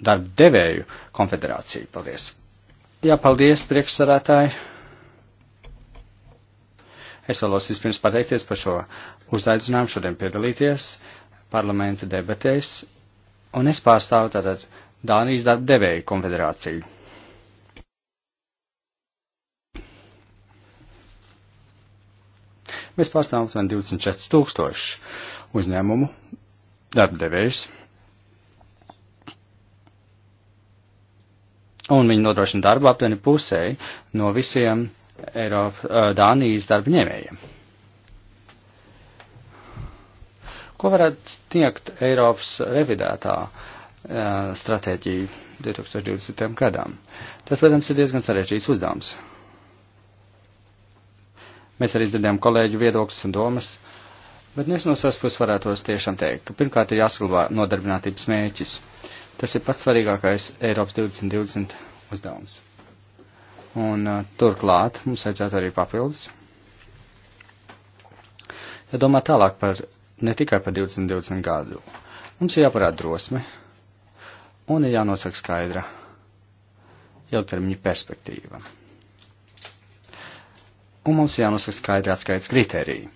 darba devēju konfederāciju. Paldies! Jā, paldies, priekšsarētāji! Es vēlos vispirms pateikties par šo uzaicinājumu šodien piedalīties parlamenta debatēs, un es pārstāvu tātad Dānijas darba devēju konfederāciju. Mēs pārstāvam aptuveni 24 tūkstošu uzņēmumu darba devējus un viņi nodrošina darbu aptuveni pusēji no visiem Eiropa, Dānijas darba ņēmējiem. Ko varētu sniegt Eiropas revidētā stratēģija 2020. gadām? Tas, protams, ir diezgan sarežģīts uzdevums. Mēs arī dzirdējām kolēģu viedokļus un domas, bet es no savas puses varētu tos tiešām teikt, ka pirmkārt ir jāsaglabā nodarbinātības mēķis. Uh, Tas ir pats svarīgākais Eiropas 2020 uzdevums. Un uh, turklāt mums vajadzētu arī papildus. Ja domā tālāk par ne tikai par 2020 gadu, mums ir jāparāda drosme un ir jānosaka skaidra ilgtermiņa perspektīva. Un mums ir jānosaka skaidri atskaits kritēriji.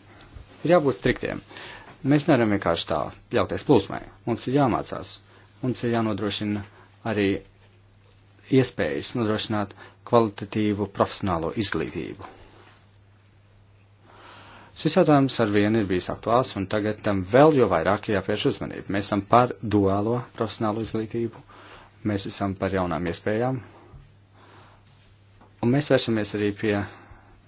Ir jābūt striktiem. Mēs nevaram vienkārši tā ļauties plūsmai. Mums ir jāmācās Mums ir jānodrošina arī iespējas nodrošināt kvalitatīvu profesionālo izglītību. Šis jautājums ar vienu ir bijis aktuāls, un tagad tam vēl jo vairāk jāpievērš uzmanība. Mēs esam par duālo profesionālo izglītību, mēs esam par jaunām iespējām, un mēs vēršamies arī pie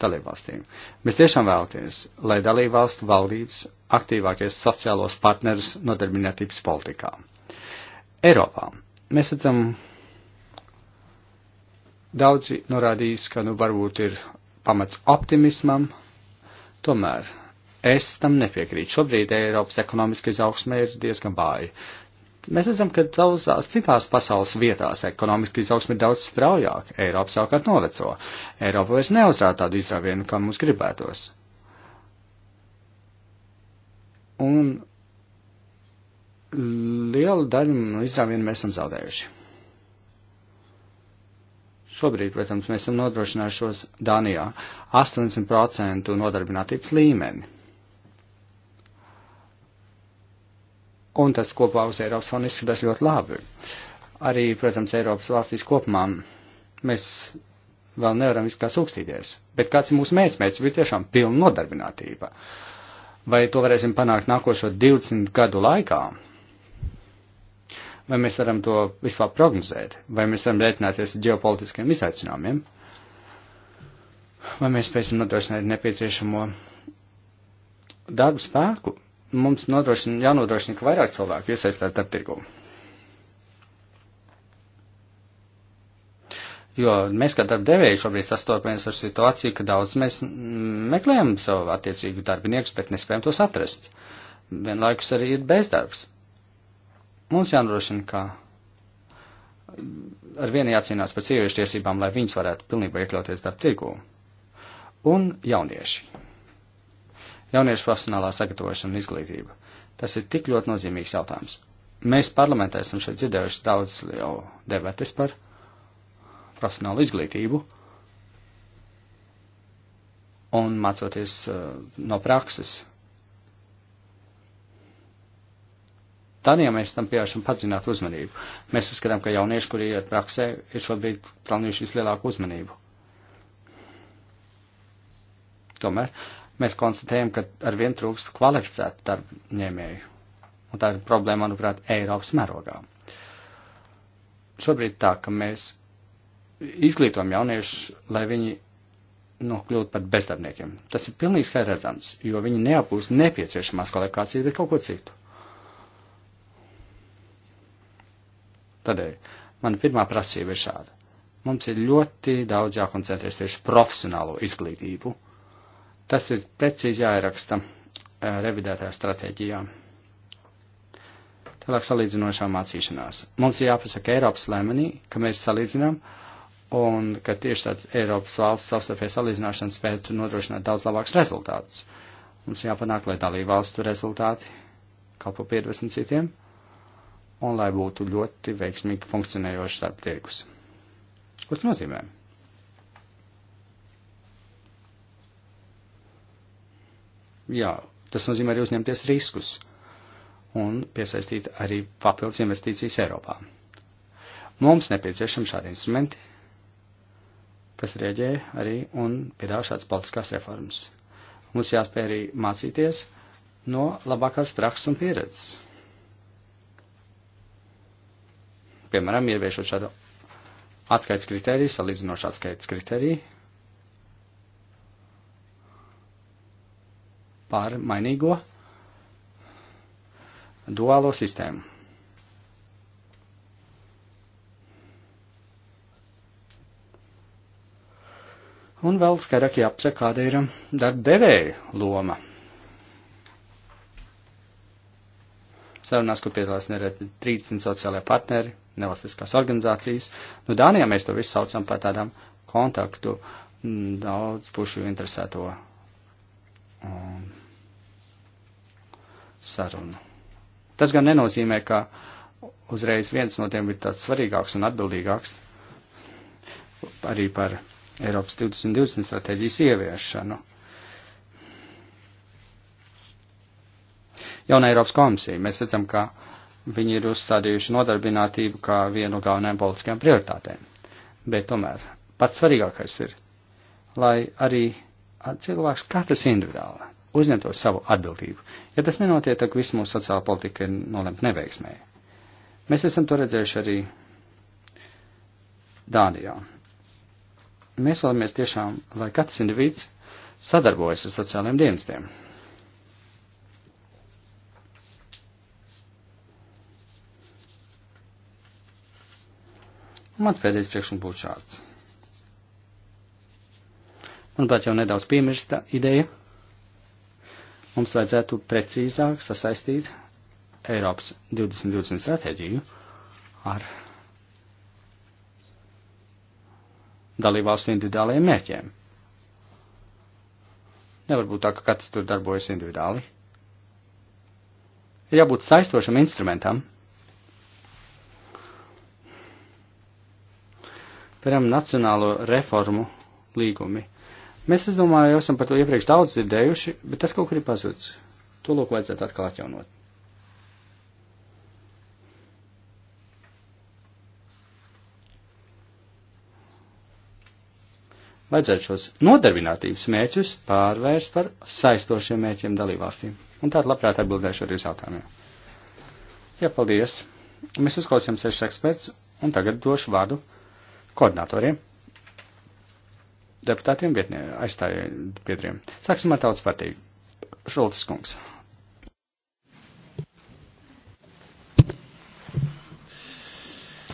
dalībvalstīm. Mēs tiešām vēlamies, lai dalībvalstu valdības aktīvākies sociālos partnerus nodarbinātības politikām Eiropā. Mēs redzam, daudzi norādījis, ka nu varbūt ir pamats optimismam, tomēr es tam nepiekrītu. Šobrīd Eiropas ekonomiska izaugsme ir diezgan bāja. Mēs redzam, ka daudzās citās pasaules vietās ekonomiski izaugsme ir daudz straujāk. Eiropa savukārt noveco. Eiropa vairs neuzrāda tādu izrāvienu, kā mums gribētos. Un lielu daļu no izdevumiem mēs esam zaudējuši. Šobrīd, protams, mēs esam nodrošinājušos Dānijā 80% nodarbinātības līmeni. Un tas kopā uz Eiropas fonu izskatās ļoti labi. Arī, protams, Eiropas valstīs kopumā mēs vēl nevaram visu kā sūkstīties. Bet kāds ir mūsu mērķis? Mērķis bija tiešām pilna nodarbinātība. Vai to varēsim panākt nākošo 20 gadu laikā? Vai mēs varam to vispār prognozēt? Vai mēs varam rēķināties ar ģeopolitiskiem izaicinājumiem? Vai mēs spēsim nodrošināt nepieciešamo darbu spēku? Mums nodrošina, jānodrošina, ka vairāk cilvēku iesaistās darba tirgū. Jo mēs, kā darba devēji, šobrīd sastopamies ar situāciju, ka daudz mēs meklējam savu attiecīgu darbinieku, bet nespējam tos atrast. Vienlaikus arī ir bezdarbs. Mums jānodrošina, ka ar vienu jācīnās par sieviešu tiesībām, lai viņas varētu pilnībā iekļauties darba tirgū. Un jaunieši. Jauniešu profesionālā sagatavošana un izglītība. Tas ir tik ļoti nozīmīgs jautājums. Mēs parlamentā esam šeit dzirdējuši daudz jau debates par profesionālu izglītību un mācoties uh, no prakses Tad, ja mēs tam pievēršam padziļinātu uzmanību, mēs uzskatām, ka jaunieši, kuri iet praksē, ir šobrīd pelnījuši vislielāku uzmanību. Tomēr mēs konstatējam, ka ar vien trūkst kvalificētu darbņēmēju. Un tā ir problēma, manuprāt, Eiropas mērogā. Šobrīd tā, ka mēs izglītojam jauniešus, lai viņi nokļūtu par bezdarbniekiem. Tas ir pilnīgi skaidrs redzams, jo viņi neapgūst nepieciešamās kvalifikācijas, bet kaut ko citu. Tādēļ eh, mana pirmā prasība ir šāda. Mums ir ļoti daudz jākoncentrēs tieši profesionālo izglītību. Tas ir precīzi jāieraksta eh, revidētajā stratēģijā. Tālāk salīdzinošā mācīšanās. Mums ir jāpasaka Eiropas līmenī, ka mēs salīdzinām, un ka tieši tāda Eiropas valsts savstarpēja salīdzināšana spētu nodrošināt daudz labākus rezultātus. Mums jāpanāk, lai dalību valstu rezultāti kalpo piedvesmu citiem, un lai būtu ļoti veiksmīgi funkcionējošs starp tirgus. Ko tas nozīmē? Jā, tas nozīmē arī uzņemties riskus un piesaistīt arī papildus investīcijas Eiropā. Mums nepieciešami šādi instrumenti, kas rieģē arī un piedāvā šādas politiskās reformas. Mums jāspēj arī mācīties no labākās prakses un pieredzes. piemēram, ieviešot šādu atskaits kriteriju, salīdzinošu atskaits kriteriju par mainīgo duālo sistēmu. Un vēl skaidrāk jāapsaka, kāda ir darba devēja loma sarunās, kur piedalās nereti 30 sociālajie partneri, nevalstiskās organizācijas. Nu, Dānijā mēs to visu saucam par tādām kontaktu mm, daudz pušu interesēto um, sarunu. Tas gan nenozīmē, ka uzreiz viens no tiem ir tāds svarīgāks un atbildīgāks arī par Eiropas 2020 stratēģijas ieviešanu. jauna Eiropas komisija. Mēs redzam, ka viņi ir uzstādījuši nodarbinātību kā vienu galvenajām politiskajām prioritātēm. Bet tomēr pats svarīgākais ir, lai arī cilvēks katrs individuāli uzņemtos savu atbildību. Ja tas nenotiek, tad viss mūsu sociāla politika ir nolemta neveiksmē. Mēs esam to redzējuši arī Dānijā. Mēs vēlamies tiešām, lai katrs individs sadarbojas ar sociālajiem dienestiem. Mans pēdējais priekšlikums būtu šāds. Manuprāt, jau nedaudz piemirsta ideja. Mums vajadzētu precīzāk sasaistīt Eiropas 2020 stratēģiju ar dalībvalstu individuālajiem mērķiem. Nevar būt tā, ka katrs tur darbojas individuāli. Ir jābūt saistošam instrumentam, Piemēram, nacionālo reformu līgumi. Mēs, es domāju, esam par to iepriekš daudz dzirdējuši, bet tas kaut kur ir pazudis. To lūk vajadzētu atkal atjaunot. Vajadzētu šos nodarbinātības mērķus pārvērst par saistošiem mērķiem dalībvalstīm. Un tātad labprāt atbildēšu arī uz jautājumiem. Jā, paldies. Mēs uzklausījām sešas eksperts, un tagad došu vārdu koordinatoriem, deputātiem, vietnie aizstāja piedriem. Sāksim ar tautas partiju. Šulcis kungs.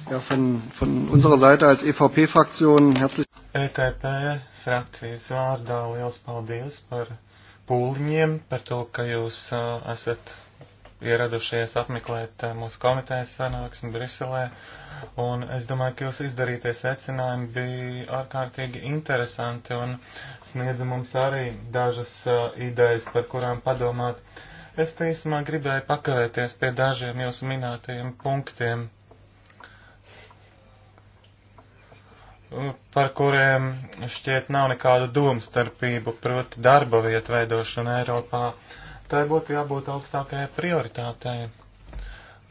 Ja, von, von unserer Seite als EVP-Fraktion herzlich. ETP frakcijas vārdā liels paldies par pūliņiem, par to, ka jūs uh, esat ieradušies apmeklēt eh, mūsu komitejas sanāksmi Briselē, un es domāju, ka jūs izdarītie secinājumi bija ārkārtīgi interesanti un sniedza mums arī dažas uh, idejas, par kurām padomāt. Es īsumā gribēju pakavēties pie dažiem jūsu minētajiem punktiem, par kuriem šķiet nav nekādu domstarpību, proti darba vietu veidošana Eiropā. Uh, tai būtu jābūt augstākajai prioritātei.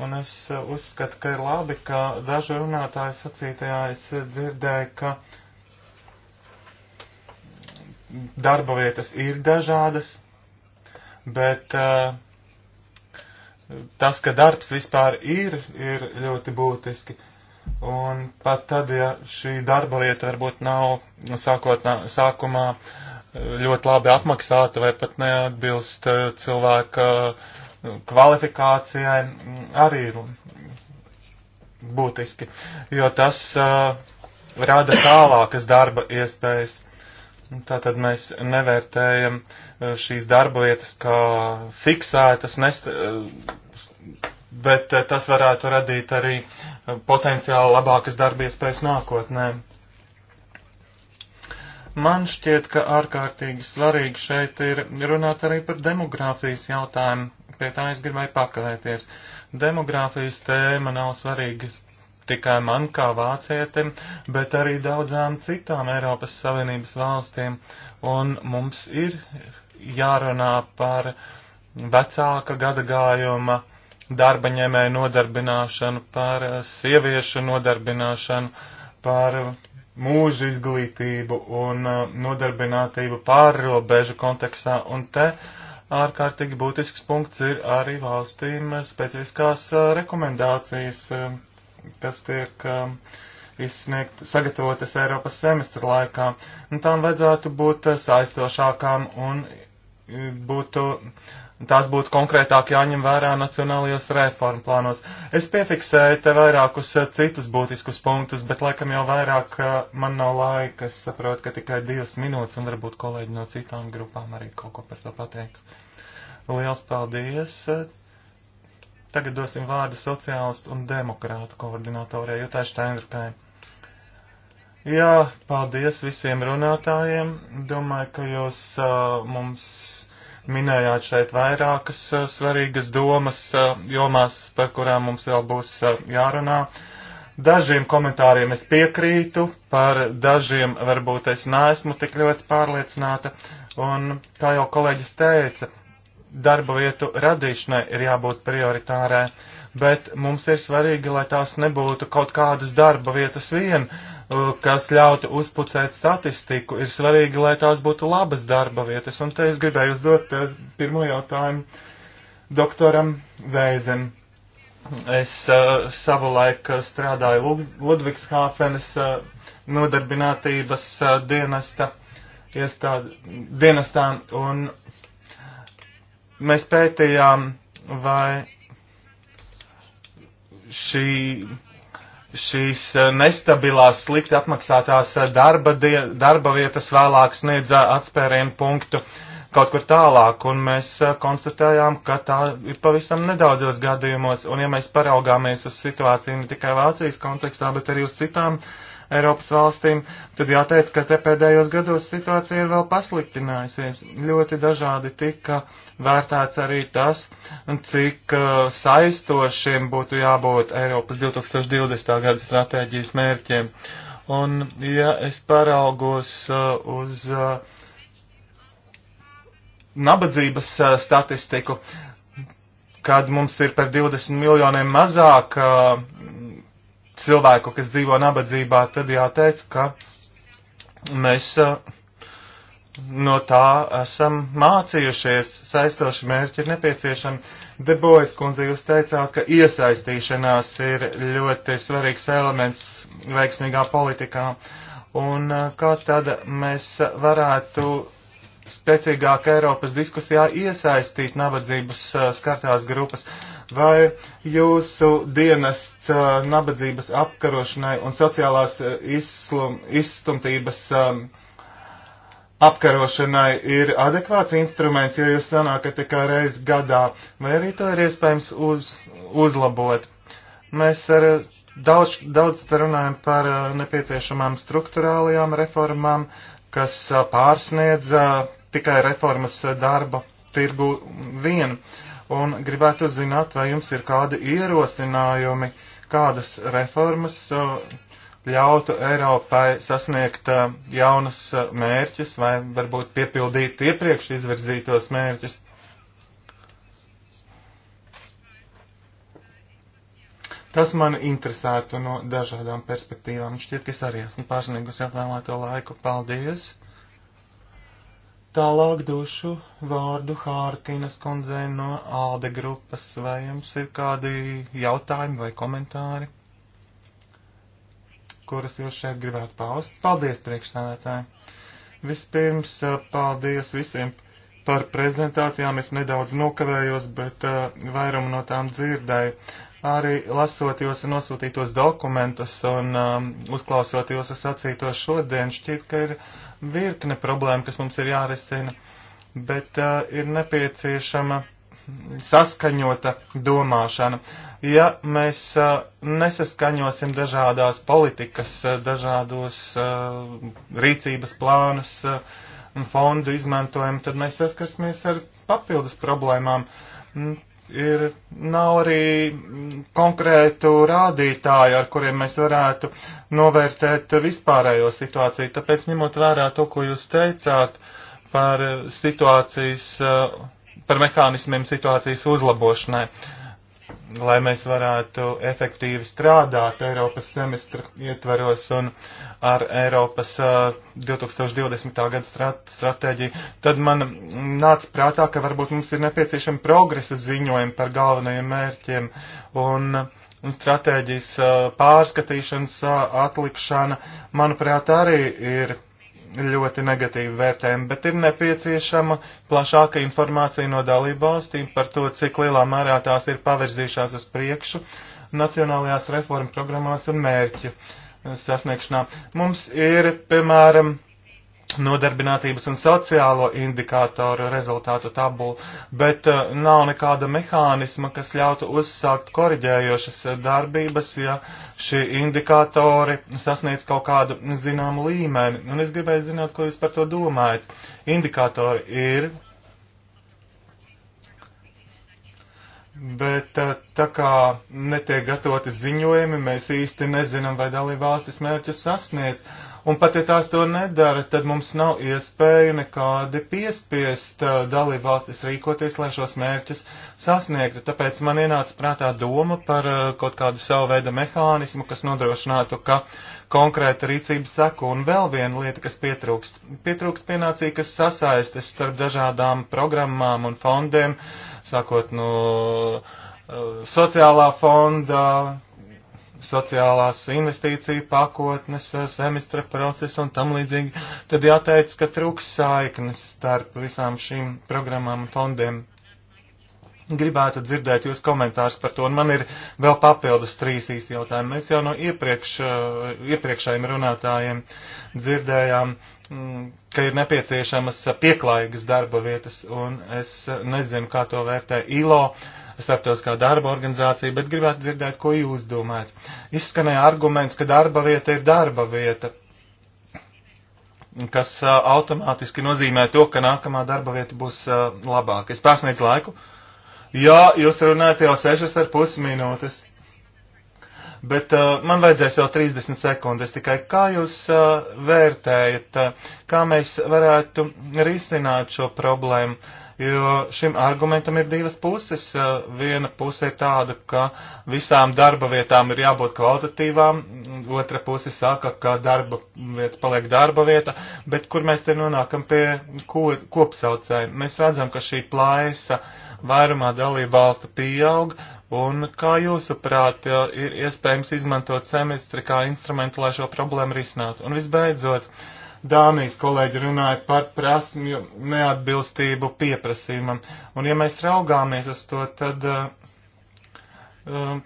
Un es uzskatu, ka ir labi, ka dažu runātāju sacītajā es dzirdēju, ka darba vietas ir dažādas, bet uh, tas, ka darbs vispār ir, ir ļoti būtiski. Un pat tad, ja šī darba vieta varbūt nav sākotnā, sākumā ļoti labi apmaksāta vai pat neatbilst eh, cilvēka eh, kvalifikācijai, mm, arī ir nu, būtiski, jo tas uh, rada tālākas darba iespējas. Tātad mēs nevērtējam šīs darba vietas kā fiksētas, nest, bet tas varētu radīt arī potenciāli labākas darba iespējas nākotnē. Man šķiet, ka ārkārtīgi svarīgi šeit ir runāt arī par demogrāfijas jautājumu. Pie tā es gribēju pakavēties. Demogrāfijas tēma nav svarīga tikai man kā vācietim, bet arī daudzām citām Eiropas Savienības valstīm. Un mums ir jārunā par vecāka gadagājuma darba ņēmēju nodarbināšanu, par sieviešu nodarbināšanu, par mūža izglītību un uh, nodarbinātību pārrobežu kontekstā, un te ārkārtīgi būtisks punkts ir arī valstīm specifiskās uh, rekomendācijas, um, kas tiek um, izsniegt, sagatavotas Eiropas semestra laikā. Un tām vajadzētu būt uh, saistošākām un būtu tās būtu konkrētāk jāņem vērā nacionālajos reformu plānos. Es piefiksēju te vairākus eh, citus būtiskus punktus, bet laikam jau vairāk eh, man nav laika. Es saprotu, ka tikai divas minūtes un varbūt kolēģi no citām grupām arī kaut ko par to pateiks. Liels paldies! Tagad dosim vārdu sociālistu un demokrātu koordinatorai Jutai Steinrukai. Jā, paldies visiem runātājiem. Domāju, ka jūs uh, mums minējāt šeit vairākas eh, svarīgas domas, eh, jomās, par kurām mums vēl būs eh, jārunā. Dažiem komentāriem es piekrītu, par dažiem varbūt es neesmu tik ļoti pārliecināta, un, kā jau kolēģis teica, darba vietu radīšanai ir jābūt prioritārai, bet mums ir svarīgi, lai tās nebūtu kaut kādas darba vietas vien, uh, kas ļautu uzpucēt statistiku. Ir svarīgi, lai tās būtu labas darba vietas. Un te es gribēju uzdot eh, pirmo jautājumu doktoram Veizem. Es uh, savulaik eh, strādāju Lud Ludvigshāfenes uh, nodarbinātības uh, dienesta iestād, dienestā, un mēs pētījām, vai šī šīs eh, nestabilās, slikti apmaksātās eh, darba, die, darba vietas vēlāk sniedz eh, atspērienu punktu kaut kur tālāk, un mēs konstatējām, ka tā ir pavisam nedaudzos gadījumos, un ja mēs paraugāmies uz situāciju ne tikai Vācijas kontekstā, bet arī uz citām uh, Eiropas valstīm, tad jāteic, ka te pēdējos gados situācija ir vēl pasliktinājusies. Ļoti dažādi tika vērtēts arī tas, cik uh, saistošiem būtu jābūt Eiropas 2020. gada stratēģijas mērķiem. Un, ja es paraugos uh, uz uh, nabadzības statistiku, kad mums ir par 20 miljoniem mazāk cilvēku, kas dzīvo nabadzībā, tad jāteic, ka mēs uh, no tā esam mācījušies. Saistoši mērķi ir nepieciešami. Debojas kundze, jūs teicāt, ka iesaistīšanās ir ļoti svarīgs elements veiksmīgā politikā. Un uh, kā tad mēs varētu spēcīgāk Eiropas diskusijā iesaistīt nabadzības uh, skartās grupas? Uh, Vai jūsu dienests nabadzības apkarošanai un sociālās izslum, izstumtības um, apkarošanai ir adekvāts instruments, ja jūs sanākat tikai reizi gadā, vai arī to ir iespējams uz, uzlabot? Mēs ar daudz, daudz runājam par nepieciešamām struktūrālajām reformām, kas pārsniedz tikai reformas darba tirgu vienu un gribētu zināt, vai jums ir kādi ierosinājumi, kādas reformas ļautu Eiropai sasniegt jaunas mērķus vai varbūt piepildīt iepriekš izvirzītos mērķus. Tas mani interesētu no dažādām perspektīvām. Šķiet, ka es arī esmu pārsniegusi atvēlēto laiku. Paldies! Tālāk došu vārdu Hārkinas kundzei no ALDE grupas. Vai jums ir kādi jautājumi vai komentāri, kuras jūs šeit gribētu paust? Paldies, priekšstādātāji! Vispirms, eh, paldies visiem par prezentācijām. Es nedaudz nokavējos, bet uh, vairumu no tām dzirdēju. Arī lasot jūsu nosūtītos dokumentus un um, uzklausot jūsu sacīto šodien, šķiet, ka ir. Uh, virkne problēmu, kas mums ir jārisina, bet uh, ir nepieciešama saskaņota domāšana. Ja mēs uh, nesaskaņosim dažādās politikas, uh, dažādos uh, rīcības plānus uh, un fondu izmantojumu, tad mēs saskarsimies ar papildus problēmām. Mm, ir, nav arī konkrētu rādītāju, ar kuriem mēs varētu novērtēt vispārējo situāciju. Tāpēc, ņemot vērā to, ko jūs teicāt par situācijas, par mehānismiem situācijas uzlabošanai, uh, lai mēs varētu efektīvi strādāt Eiropas semestra ietvaros un ar Eiropas uh, 2020. gada strat stratēģiju, tad man nāca prātā, ka varbūt mums ir nepieciešama progresa ziņojuma par galvenajiem mērķiem un, un stratēģijas uh, pārskatīšanas uh, atlikšana, manuprāt, arī ir ļoti negatīvi vērtējami, bet ir nepieciešama plašāka informācija no dalību valstīm par to, cik lielā mērā tās ir pavirzījušās uz priekšu nacionālajās reformu programmās un mērķu sasniegšanā. Mums ir, piemēram, nodarbinātības un sociālo indikātoru rezultātu tabulu, bet eh, nav nekāda mehānisma, kas ļautu uzsākt koriģējošas eh, darbības, ja šie indikātori sasniedz kaut kādu zināmu līmeni. Un es gribēju zināt, ko jūs par to domājat. Indikātori ir Bet eh, tā kā netiek gatavoti ziņojumi, mēs īsti nezinām, vai dalībvalstis mērķus sasniedz. Un pat ja tās to nedara, tad mums nav iespēju nekādi piespiest eh, dalībvalstis rīkoties, lai šos mērķus sasniegtu. Tāpēc man ienāca prātā doma par eh, kaut kādu savu veidu mehānismu, kas nodrošinātu, ka konkrēta rīcība seko. Un vēl viena lieta, kas pietrūkst. Pietrūkst pienācīgas sasaistes starp dažādām programmām un fondiem sākot no eh, sociālā fonda, sociālās investīcija pakotnes, eh, semestra procesa un tam līdzīgi, tad jāteic, ka trūks saiknes starp visām šīm programmām un fondiem. Gribētu dzirdēt jūs komentārus par to, un man ir vēl papildus trīs īsi jautājumi. Mēs jau no iepriekš, eh, iepriekšējiem runātājiem dzirdējām, mm, ka ir nepieciešamas pieklājīgas darba vietas, un es nezinu, kā to vērtē ILO, starptautiskā darba organizācija, bet gribētu dzirdēt, ko jūs domājat. Izskanēja arguments, ka darba vieta ir darba vieta, kas eh, automātiski nozīmē to, ka nākamā darba vieta būs eh, labāka. Es pārsniedzu laiku. Uh, Jā, jūs runājat jau 6,5 minūtes. Bet uh, man vajadzēs jau 30 sekundes tikai. Kā jūs uh, vērtējat, uh, kā mēs varētu risināt šo problēmu? Jo šim argumentam ir divas puses. Uh, viena puse ir tāda, ka visām darba vietām ir jābūt kvalitatīvām, otra puse saka, ka darba vieta paliek darba vieta, bet kur mēs te nonākam pie ko, kopsaucēja? Mēs redzam, ka šī plaisa. Uh, vairumā dalību valstu pieaug, un kā jūsuprāt ir iespējams izmantot semestri kā instrumentu, lai šo problēmu risinātu? Un visbeidzot, Dānijas kolēģi runāja par prasmju neatbilstību pieprasījumam, un ja mēs raugāmies uz to, tad. Uh, uh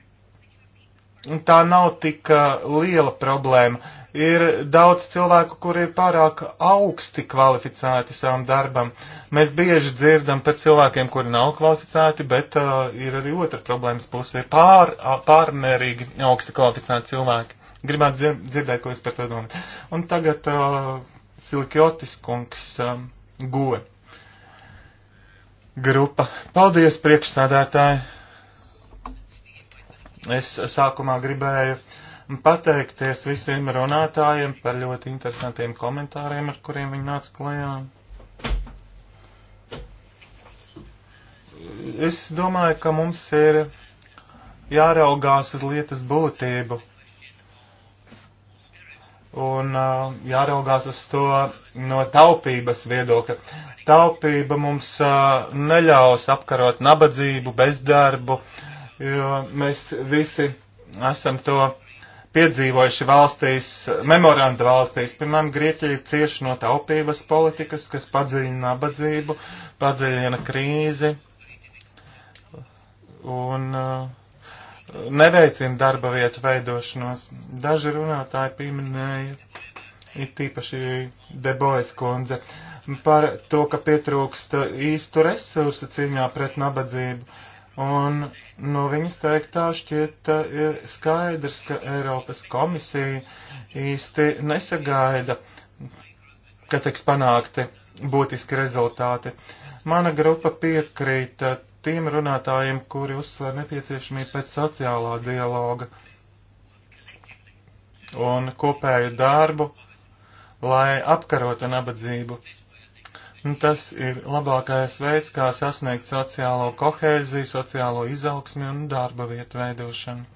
tā nav tik uh, liela problēma ir daudz cilvēku, kuri ir pārāk augsti kvalificēti savam darbam. Mēs bieži dzirdam par cilvēkiem, kuri nav kvalificēti, bet uh, ir arī otra problēmas puse - ir pār, pārmērīgi augsti kvalificēti cilvēki. Gribētu dzird, dzirdēt, ko es par to domāju. Un tagad uh, Silkjotis kungs um, goe. Grupa. Paldies, priekšsādātāji! Es sākumā gribēju pateikties visiem runātājiem par ļoti interesantiem komentāriem, ar kuriem viņi nāca klajā. Es domāju, ka mums ir jāraugās uz lietas būtību un uh, jāraugās uz to no taupības viedokļa. Taupība mums uh, neļaus apkarot nabadzību, bezdarbu, jo mēs visi esam to piedzīvojuši valstīs, memoranda valstīs, piemēram, Grieķija cieši no taupības politikas, kas padziļina nabadzību, padziļina krīzi un uh, neveicina darba vietu veidošanos. Daži runātāji pieminēja, it īpaši Debojas kundze, par to, ka pietrūkst īstu resursu cīņā pret nabadzību. Un No nu, viņas teiktā šķiet ir skaidrs, ka Eiropas komisija īsti nesagaida, ka tiks panākti būtiski rezultāti. Mana grupa piekrīt tiem runātājiem, kuri uzsver nepieciešamību pēc sociālā dialoga un kopēju darbu, lai apkarotu nabadzību. Nu, tas ir labākais veids, kā sasniegt sociālo kohēziju, sociālo izaugsmi un darba vietu veidošanu.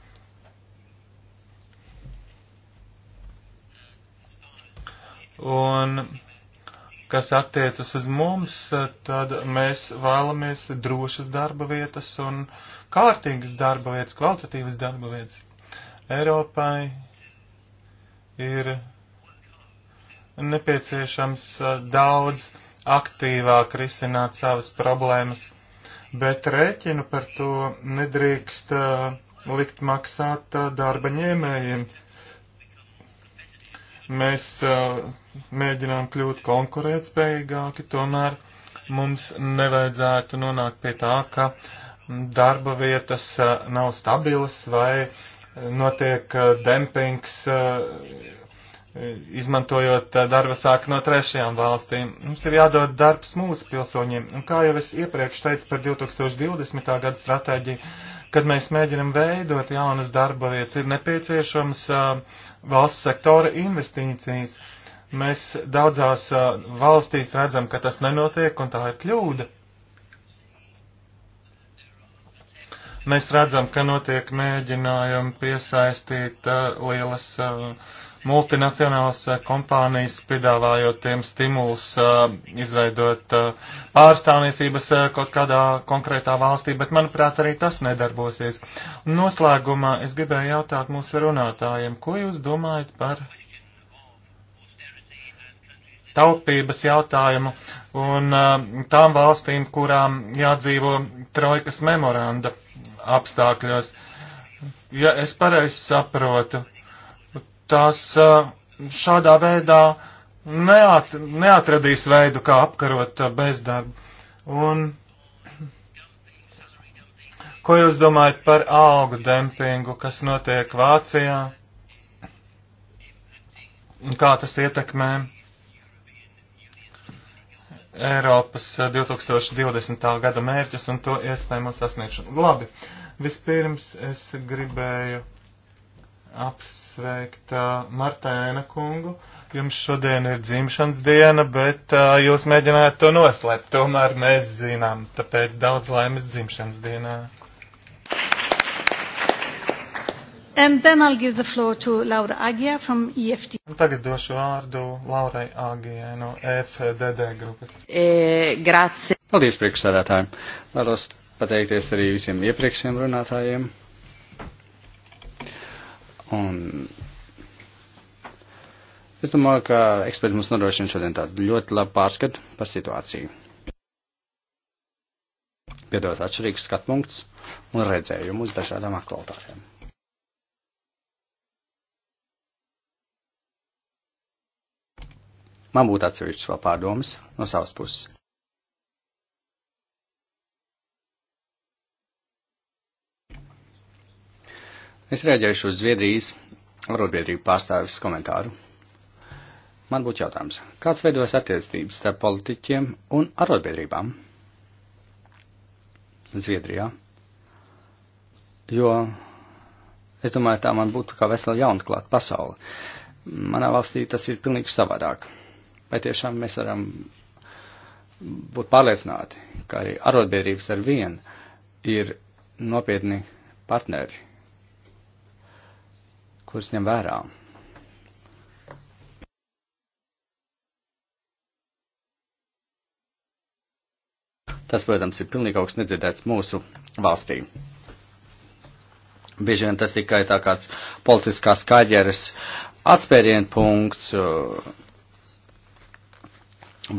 Un kas attiecas uz mums, tad mēs vēlamies drošas darba vietas un kārtīgas darba vietas, kvalitatīvas darba vietas. Eiropai ir nepieciešams uh, daudz aktīvāk risināt savas problēmas, bet rēķinu par to nedrīkst uh, likt maksāt uh, darba ņēmējiem. Mēs uh, mēģinām kļūt konkurētspējīgāki, tomēr mums nevajadzētu nonākt pie tā, ka darba vietas uh, nav stabilas vai uh, notiek uh, dempings izmantojot darba sāku no trešajām valstīm. Mums ir jādod darbs mūsu pilsoņiem, un kā jau es iepriekš teicu par 2020. gada stratēģiju, kad mēs mēģinam veidot jaunas darba vietas, ir nepieciešams uh, valsts sektora investīcijas. Mēs daudzās uh, valstīs redzam, ka tas nenotiek, un tā ir kļūda. Mēs redzam, ka notiek mēģinājumi piesaistīt uh, lielas uh, multinacionālas eh, kompānijas, piedāvājot tiem stimulus eh, izveidot eh, pārstāvniecības kaut kādā konkrētā valstī, bet manuprāt arī tas nedarbosies. Noslēgumā es gribēju jautāt mūsu runātājiem, ko jūs domājat par taupības jautājumu un tām valstīm, kurām jādzīvo trojkas memoranda apstākļos. Ja es pareizi saprotu, tās eh, šādā veidā neat, neatradīs veidu, kā apkarot eh, bezdarbu. Un ko jūs domājat par algu dempingu, kas notiek Vācijā? Kā tas ietekmē Eiropas 2020. Eh, gada mērķus un to iespējamo sasniegšanu? Labi, vispirms es gribēju apsveikt uh, Martēna kungu. Jums šodien ir dzimšanas diena, bet uh, jūs mēģinājāt to noslēpt. Tomēr mēs zinām, tāpēc daudz laimes dzimšanas dienā. And then I'll give the floor to Laura Agia from EFD. Tagad došu vārdu Laurai Agijai no e FDD grupas. E, grazie. Paldies, priekšsēdētāji. Vēlos pateikties arī visiem iepriekšējiem runātājiem. Un es domāju, ka eksperti mums nodrošina šodien tādu ļoti labu pārskatu par situāciju. Piedot atšķirīgs skatpunkts un redzējumu uz dažādām aktualitātēm. Man būtu atsevišķas vēl pārdomas no savas puses. Es reaģēšu uz Zviedrijas arotbiedrību pārstāvis komentāru. Man būtu jautājums, kāds veidos attiecības starp politiķiem un arotbiedrībām? Zviedrijā. Jo, es domāju, tā man būtu kā vesela jaunklāt pasaule. Manā valstī tas ir pilnīgi savādāk. Vai tiešām mēs varam būt pārliecināti, ka arī arotbiedrības ar vienu ir nopietni partneri kurus ņem vērā. Tas, protams, ir pilnīgi kaut kas nedzirdēts mūsu valstī. Bieži vien tas tikai tā kāds politiskās kaģeres atspērienu punkts, uh,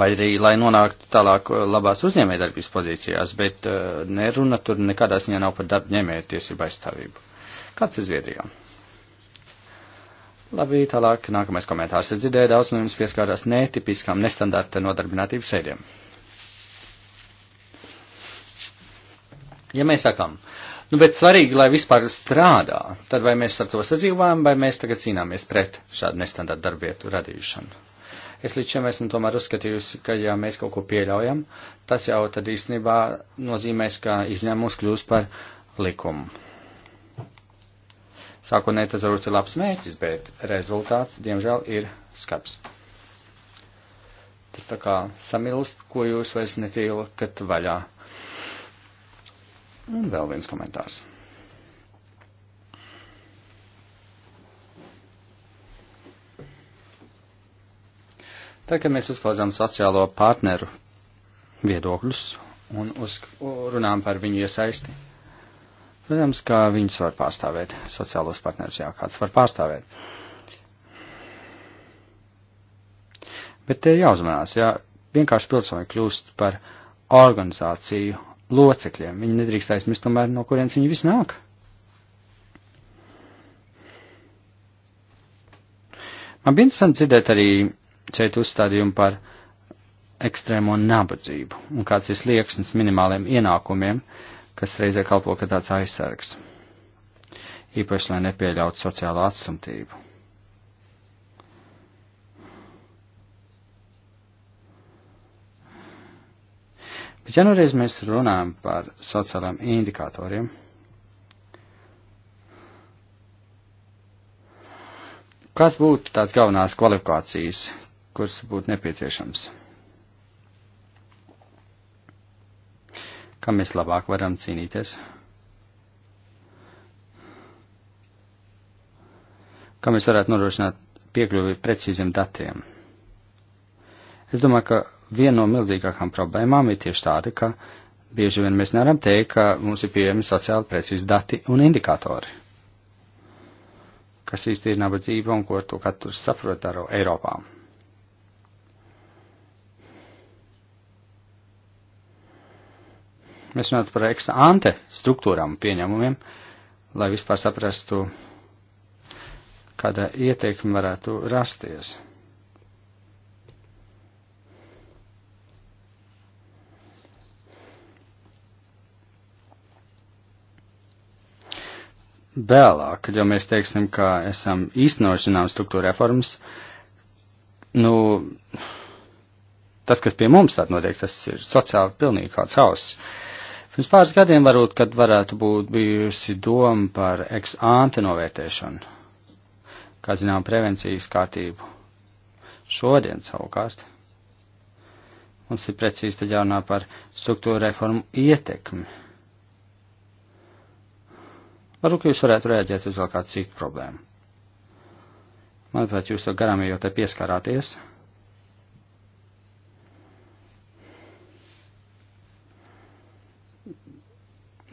vai arī, lai nonāktu tālāk uh, labās uzņēmējdarbības pozīcijās, bet uh, neruna tur nekādās ziņā nav par darba ņēmēju tiesību aizstāvību. Kāds ir Zviedrijā? Labi, tālāk nākamais komentārs. Es dzirdēju, daudz no jums pieskārās netipiskām, nestandarta nodarbinātības veidiem. Ja mēs sakām, nu, bet svarīgi, lai vispār strādā, tad vai mēs ar to sadzīvojam, vai mēs tagad cīnāmies pret šādu nestandarta darbietu radīšanu? Es līdz šim esmu tomēr uzskatījusi, ka ja mēs kaut ko pieļaujam, tas jau tad īstenībā nozīmēs, ka izņēmums kļūs par likumu. Sākotnēji tas varbūt ir labs mērķis, bet rezultāts, diemžēl, ir skarbs. Tas tā kā samilst, ko jūs vairs netīlkat vaļā. Un vēl viens komentārs. Tagad, kad mēs uzklausām sociālo partneru viedokļus un uz, runām par viņu iesaisti, Protams, ka viņus var pārstāvēt, sociālos partnerus jā, kāds var pārstāvēt. Bet te jāuzmanās, ja vienkārši pilsoņi kļūst par organizāciju locekļiem, viņi nedrīkst aizmirst tomēr, no kurienes viņi visi nāk. Man bija interesanti dzirdēt arī šeit uzstādījumu par ekstrēmo nabadzību un kāds ir slieksnis minimāliem ienākumiem. Uh, kas reizē kalpo kā tāds aizsargs, īpaši, lai nepieļautu sociālo atstumtību. Bet ja nu reiz mēs runājam par sociālajiem indikatoriem, kas būtu tās galvenās kvalifikācijas, kuras būtu nepieciešams? kā mēs labāk varam cīnīties. Kā mēs varētu nodrošināt piekļuvi precīziem datiem. Es domāju, ka viena no milzīgākām problēmām ir tieši tāda, ka bieži vien mēs nevaram teikt, ka mums ir pieejami sociāli precīzi dati un indikatori, kas īsti ir nabadzība un ko to katrs saprot ar Eiropām. Mēs runātu par eksta ante struktūrām un pieņēmumiem, lai vispār saprastu, kāda ieteikuma varētu rasties. vēlāk, kad jau mēs teiksim, ka esam īstenošanām struktūra reformas, nu, tas, kas pie mums tāda notiek, tas ir sociāli pilnīgi kāds hauss. Pirms pāris gadiem varbūt, kad varētu būt bijusi doma par ex-ante novērtēšanu, kā zinām, prevencijas kārtību. Šodien savukārt mums ir precīzi tad jārunā par struktūra reformu ietekmi. Varbūt jūs varētu rēģēt uz vēl kādu citu problēmu. Manuprāt, jūs to garām jau te pieskarāties.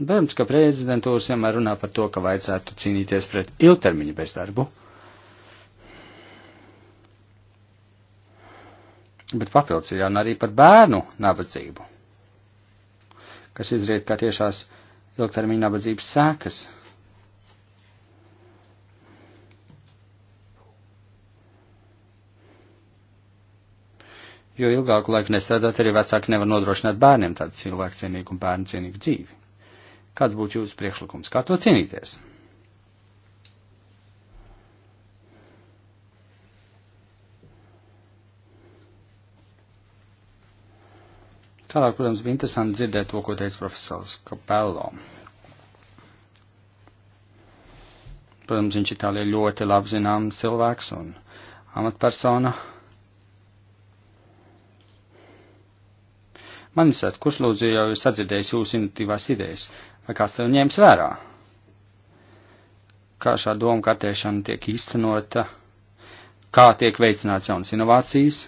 Protams, ka prezidentūras vienmēr runā par to, ka vajadzētu cīnīties pret ilgtermiņa bezdarbu. Bet papildus ir jārunā arī par bērnu nabadzību, kas izriet kā tiešās ilgtermiņa nabadzības sēkas. jo ilgāku laiku nestrādāt, arī vecāki nevar nodrošināt bērniem tādu cilvēku cienīgu un bērnu cienīgu dzīvi. Kāds būtu jūsu priekšlikums? Kā to cīnīties? Tālāk, protams, bija interesanti dzirdēt to, ko teica profesors Kapello. Protams, viņš Itālijā ļoti labi zināms cilvēks un amatpersona. Man izsaka, kurš lūdzu jau ir sadzirdējis jūsu innovatīvās idejas, Vai kāds to ņems vērā? Kā šā doma kartēšana tiek īstenota? Kā tiek veicināts jaunas inovācijas?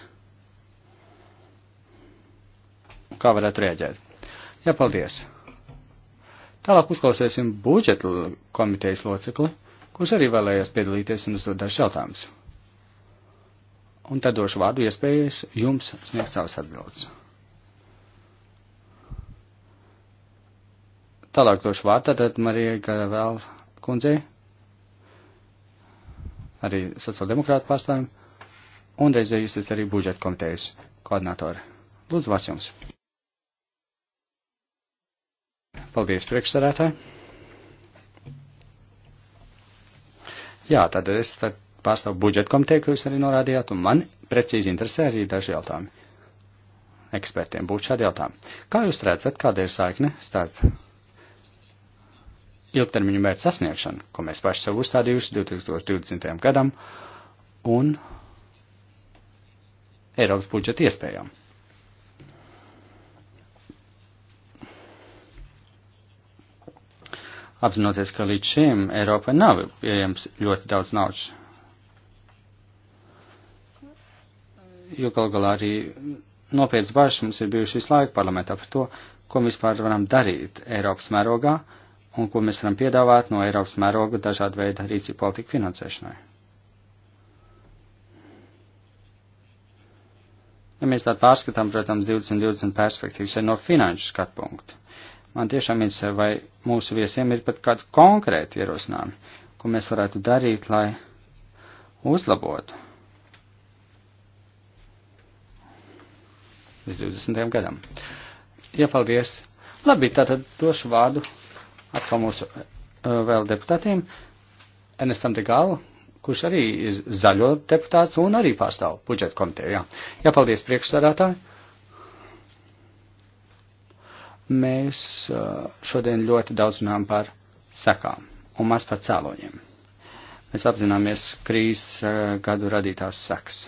Kā varētu rēģēt? Jā, paldies! Tālāk uzklausīsim budžeta komitejas locekli, kurš arī vēlējās piedalīties un uzdot dažus jautājumus. Un tad došu vārdu iespējas jums sniegt savas atbildes. Tālāk došu vārdu tad Marija Garavēl kundzei, arī sociāldemokrāta pārstāvjiem, un reizē jūs esat arī budžeta komitejas koordinātori. Lūdzu, vārds jums. Paldies, priekšsarētāji. Jā, tad es tad pārstāvu budžeta komiteju, ko jūs arī norādījāt, un man precīzi interesē arī daži jautājumi. Ekspertiem būtu šādi jautājumi. Kā jūs redzat, kāda ir saikne starp ilgtermiņu mērķu sasniegšanu, ko mēs paši sev uzstādījuši 2020. gadam, un Eiropas budžeta iespējām. Apzinoties, ka līdz šim Eiropai nav pieejams ļoti daudz naudas, jo gal galā arī nopietnas bažas mums ir bijušas visu laiku parlamentā par to, ko mēs vispār varam darīt Eiropas mērogā, uh, un ko mēs varam piedāvāt no Eiropas mēroga dažādu veidu rīcību politiku finansēšanai. Ja mēs tā pārskatām, protams, 2020 perspektīvas ir no finanšu skatu punktu. Man tiešām interesē, vai mūsu viesiem ir pat kādi konkrēti ierosinājumi, ko mēs varētu darīt, lai uzlabotu līdz 20. gadam. Ja paldies! Labi, tātad došu vārdu atkal mūsu uh, vēl deputātiem, Ernestam de Gala, kurš arī ir zaļo deputāts un arī pārstāv budžeta komiteju. Jā, jā paldies priekšsādātāji. Mēs uh, šodien ļoti daudz runājam par sekām un maz par cēloņiem. Mēs apzināmies krīzes uh, gadu radītās sekas.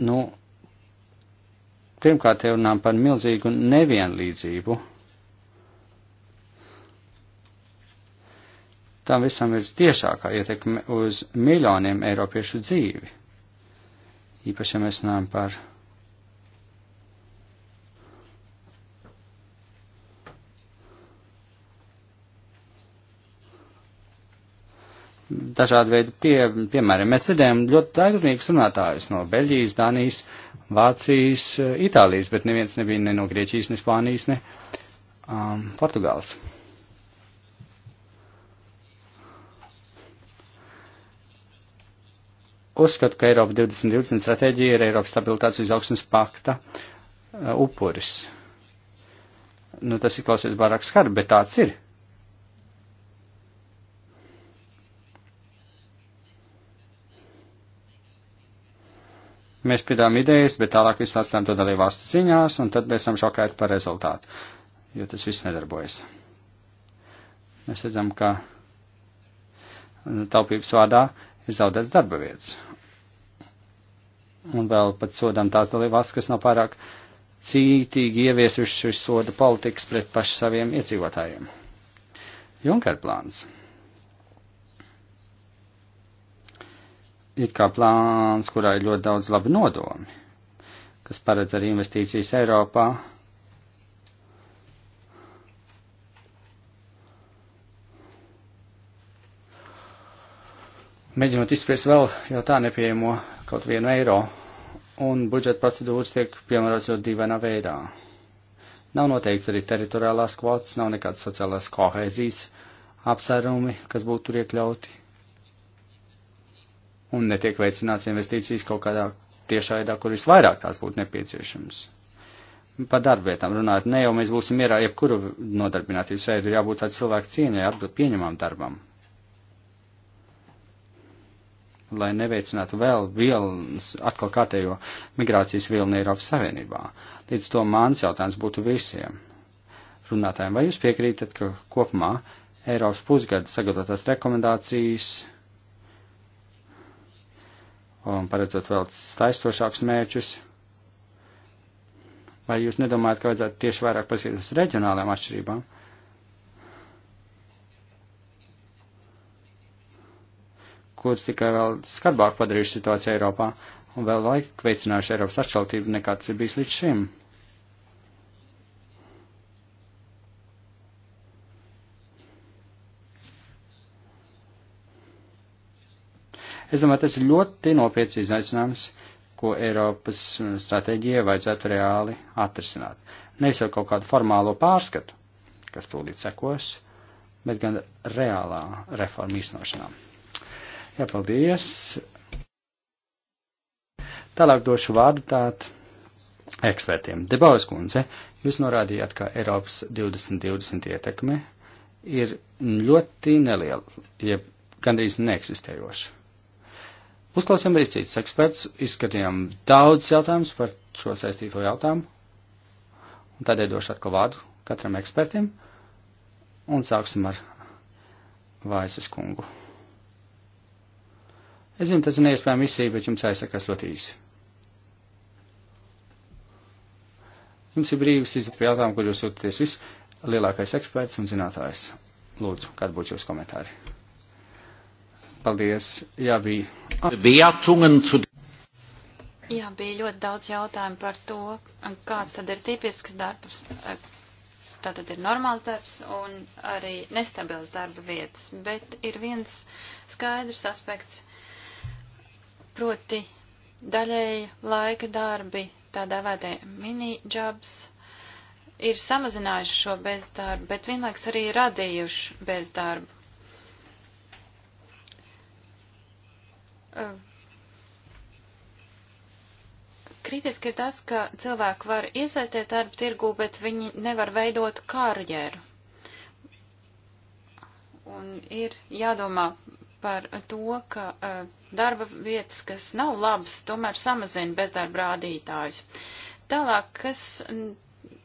Nu, pirmkārt jau runām par milzīgu nevienlīdzību. Tam visam ir tiešākā ietekme uz miljoniem eiropiešu dzīvi. Īpaši, ja mēs runājam par dažādi veidi pie, piemēram. Mēs redzējām ļoti aizrunīgus runātājus no Beļģijas, Danijas, Vācijas, Itālijas, bet neviens nebija ne no Grieķijas, ne Spānijas, ne um, Portugāls. Uzskatu, ka Eiropa 2020 stratēģija ir Eiropas stabilitātes izaugsmas pakta uh, upuris. Nu, tas ir klausies vairāk skarbi, bet tāds ir. Mēs piedām idejas, bet tālāk visu atstājam to dalību valstu ziņās, un tad mēs esam šokēti par rezultātu, jo tas viss nedarbojas. Mēs redzam, ka nu, taupības vārdā ir zaudēts darba vietas. Un vēl pat sodām tās dalībvalstis, kas nav pārāk cītīgi ieviesuši soda politikas pret pašu saviem iedzīvotājiem. Junker plāns. it kā plāns, kurā ir ļoti daudz labi nodomi, kas paredz arī investīcijas Eiropā. Mēģinot izspiest vēl jau tā nepieejamo kaut vienu eiro, un budžeta procedūras tiek piemērots ļoti dīvainā veidā. Nav noteikts arī teritoriālās kvotas, nav nekādas sociālās kohēzijas apsērumi, kas būtu tur iekļauti un netiek veicināts investīcijas kaut kādā tiešā veidā, kur visvairāk tās būtu nepieciešams. Par darbvietām runājot, ne jau mēs būsim mierā jebkuru nodarbinātību, šeit ir jābūt tāds cilvēku cieņai, atbild pieņemam darbam. Lai neveicinātu vēl vielas, atkal kārtējo migrācijas vilni Eiropas Savienībā. Līdz to mans jautājums būtu visiem runātājiem. Vai jūs piekrītat, ka kopumā Eiropas pusgada sagatavotās rekomendācijas un paredzot vēl staistošākus mērķus. Vai jūs nedomājat, ka vajadzētu tieši vairāk paskatīties uz reģionālām atšķirībām? kuras tikai vēl skarbāk padarījuši situāciju Eiropā un vēl laika veicinājuši Eiropas atšķaltību nekā tas ir bijis līdz šim. Es domāju, tas ir ļoti nopietns izaicinājums, ko Eiropas uh, stratēģijai vajadzētu reāli atrisināt. Nevis ar kaut kādu formālo pārskatu, kas tūlīt sekos, bet gan reālā reforma īstenošanā. Jā, paldies! Tālāk došu vārdu tāt ekspertiem. Debaujas kundze, jūs norādījāt, ka Eiropas 2020 ietekme ir ļoti neliela, jeb gandrīz neeksistējoša. Uzklausījām arī citus ekspertus, izskatījām daudz jautājumus par šo saistīto jautājumu, un tādēļ došu atkal vārdu katram ekspertim, un sāksim ar Vaisas kungu. Es zinu, tas ir neiespējami izsīk, bet jums aizsakas ļoti īsi. Jums ir brīvs izpētīt jautājumu, kur jūs jūtaties vislielākais eksperts un zinātājs. Lūdzu, kādi būtu jūsu komentāri? Paldies, jā, bija. Jā, bija ļoti daudz jautājumu par to, kāds tad ir tipisks darbs, tātad ir normāls darbs un arī nestabils darba vietas, bet ir viens skaidrs aspekts, proti daļēji laika darbi, tādā vēdē mini-jobs, ir samazinājuši šo bezdarbu, bet vienlaiks arī radījuši bezdarbu. Eh, kritiski ir tas, ka cilvēki var iesaistīt darba tirgu, bet viņi nevar veidot karjeru. Un ir jādomā par to, ka uh, darba vietas, kas nav labas, tomēr samazina bezdarba rādītājus. Tālāk, kas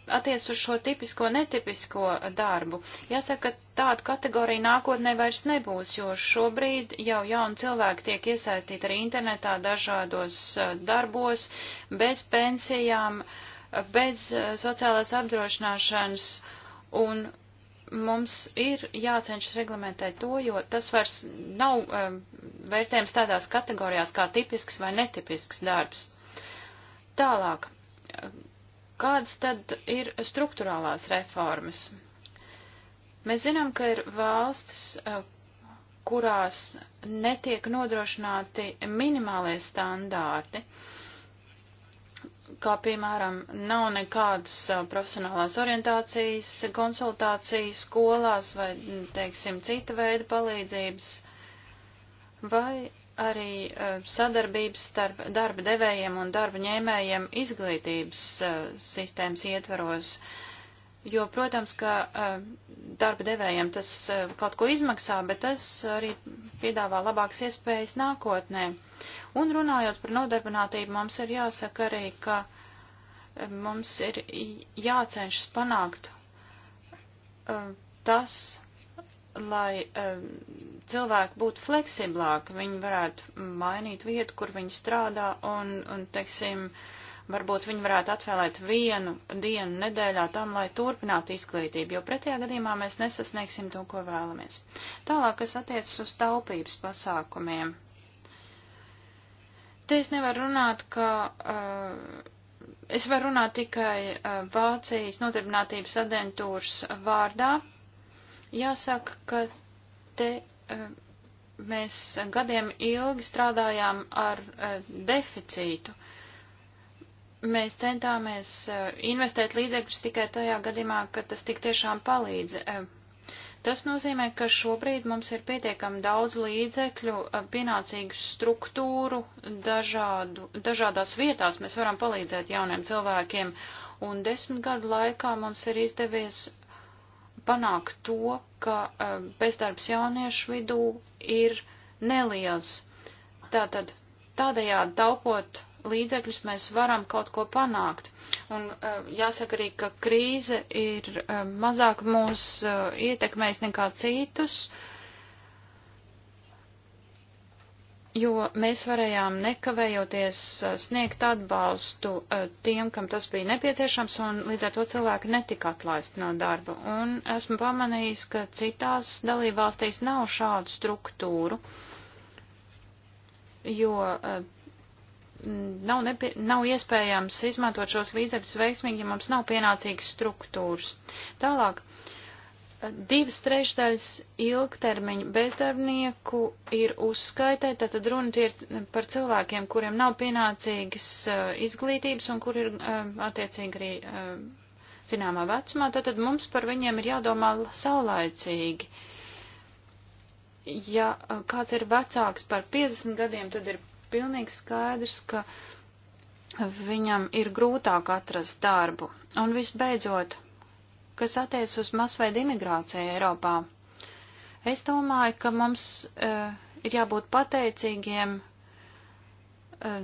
attiec uz šo tipisko, netipisko darbu. Jāsaka, ka tāda kategorija nākotnē vairs nebūs, jo šobrīd jau jauni cilvēki tiek iesaistīti arī internetā dažādos eh, darbos, bez pensijām, bez eh, sociālās apdrošināšanas, un mums ir jācenšas reglamentēt to, jo tas vairs nav eh, vērtējams tādās kategorijās kā tipisks vai netipisks darbs. Tālāk Kādas tad ir struktūrālās reformas? Mēs zinām, ka ir valstis, eh, kurās netiek nodrošināti minimālie standārti, kā piemēram nav nekādas eh, profesionālās orientācijas, konsultācijas skolās vai, teiksim, cita veida palīdzības, vai arī eh, sadarbības starp darba devējiem un darba ņēmējiem izglītības eh, sistēmas ietvaros. Jo, protams, ka eh, darba devējiem tas kaut ko izmaksā, bet tas arī piedāvā labākas iespējas nākotnē. Un runājot par nodarbinātību, mums ir jāsaka arī, ka mums ir jācenšas panākt tas, lai um, cilvēki būtu fleksiblāki, viņi varētu mainīt vietu, kur viņi strādā un, un teiksim, varbūt viņi varētu atvēlēt vienu dienu nedēļā tam, lai turpinātu izglītību, jo pretējā gadījumā mēs nesasniegsim to, ko vēlamies. Tālāk, kas attiecas uz taupības pasākumiem. Te es nevaru runāt, ka. Uh, Es varu runāt tikai uh, Vācijas nodarbinātības aģentūras vārdā, Jāsaka, ka te eh, mēs gadiem ilgi strādājām ar eh, deficītu. Mēs centāmies eh, investēt līdzekļus tikai tajā gadījumā, ka tas tik tiešām palīdz. Tas nozīmē, ka šobrīd mums ir pietiekami daudz līdzekļu, pienācīgu struktūru, dažādu, dažādās vietās mēs varam palīdzēt jauniem cilvēkiem, un desmit gadu laikā mums ir izdevies panākt to, ka e, bezdarbs jauniešu vidū ir neliels. Tātad tādējādi taupot līdzekļus mēs varam kaut ko panākt. Un e, jāsaka arī, ka krīze ir e, mazāk mūs ietekmējis nekā citus jo mēs varējām nekavējoties sniegt atbalstu tiem, kam tas bija nepieciešams, un līdz ar to cilvēki netika atlaisti no darba. Un esmu pamanījis, ka citās dalībvalstīs nav šādu struktūru, jo nav, nepie, nav iespējams izmantot šos līdzekļus veiksmīgi, ja mums nav pienācīgas struktūras. Tālāk divas trešdaļas ilgtermiņa bezdarbnieku ir uzskaitē, tātad runa ir par cilvēkiem, kuriem nav pienācīgas uh, izglītības un kur ir uh, attiecīgi arī uh, zināmā vecumā, tātad mums par viņiem ir jādomā saulaicīgi. Ja kāds ir vecāks par 50 gadiem, tad ir pilnīgi skaidrs, ka viņam ir grūtāk atrast darbu. Un visbeidzot, kas attiec uz masveidu imigrāciju Eiropā. Es domāju, ka mums uh, ir jābūt pateicīgiem uh,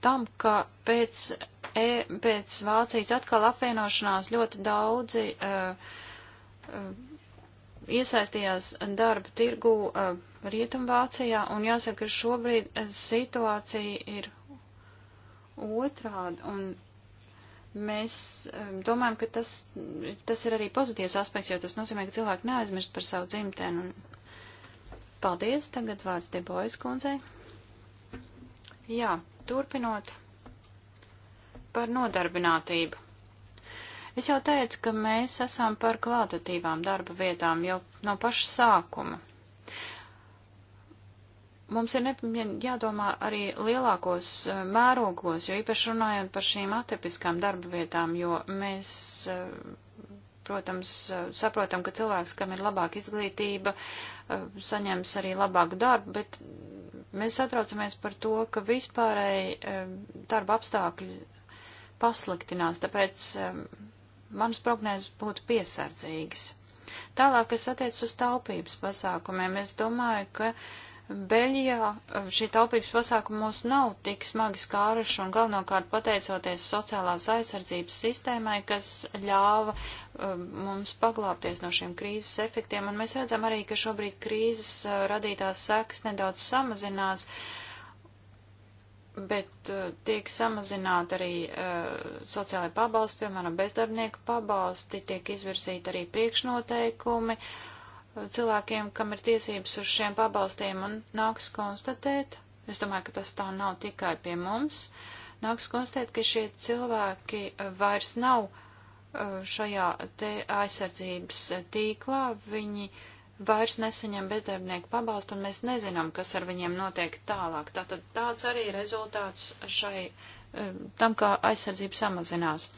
tam, ka pēc, e, pēc Vācijas atkal apvienošanās ļoti daudzi uh, uh, iesaistījās darba tirgu uh, Rietumvācijā, un jāsaka, ka šobrīd situācija ir otrādi. Un mēs domājam, ka tas, tas ir arī pozitīvs aspekts, jo tas nozīmē, ka cilvēki neaizmirst par savu dzimteni. Un paldies, tagad vārds te bojas kundzei. Jā, turpinot par nodarbinātību. Es jau teicu, ka mēs esam par kvalitatīvām darba vietām jau no paša sākuma mums ir jādomā arī lielākos eh, mērogos, jo īpaši runājot par šīm atipiskām darba vietām, jo mēs, eh, protams, eh, saprotam, ka cilvēks, kam ir labāka izglītība, saņems arī labāku darbu, bet mēs satraucamies par to, ka vispārēji darba apstākļi pasliktinās, tāpēc manas prognēzes būtu piesardzīgas. Tālāk, kas attiec uz taupības pasākumiem, es domāju, ka uh, Beļģijā eh, šī taupības pasākuma mūs nav tik smagi skāruši un galvenokārt pateicoties sociālās aizsardzības sistēmai, kas ļāva um, mums paglāpties no šiem krīzes efektiem. Un mēs redzam arī, ka šobrīd krīzes uh, radītās sekas nedaudz samazinās, bet uh, tiek samazināt arī uh, sociālai pabalsti, piemēram, bezdarbnieku pabalsti, tiek izvirzīti arī priekšnoteikumi. Uh, cilvēkiem, kam ir tiesības uz šiem pabalstiem, un nāks konstatēt, es domāju, ka tas tā nav tikai pie mums, nāks konstatēt, ka šie cilvēki vairs nav uh, šajā te aizsardzības tīklā, viņi vairs nesaņem bezdarbnieku pabalstu, un mēs nezinām, kas ar viņiem notiek tālāk. Tātad tāds arī rezultāts šai, uh, tam, kā aizsardzība samazinās.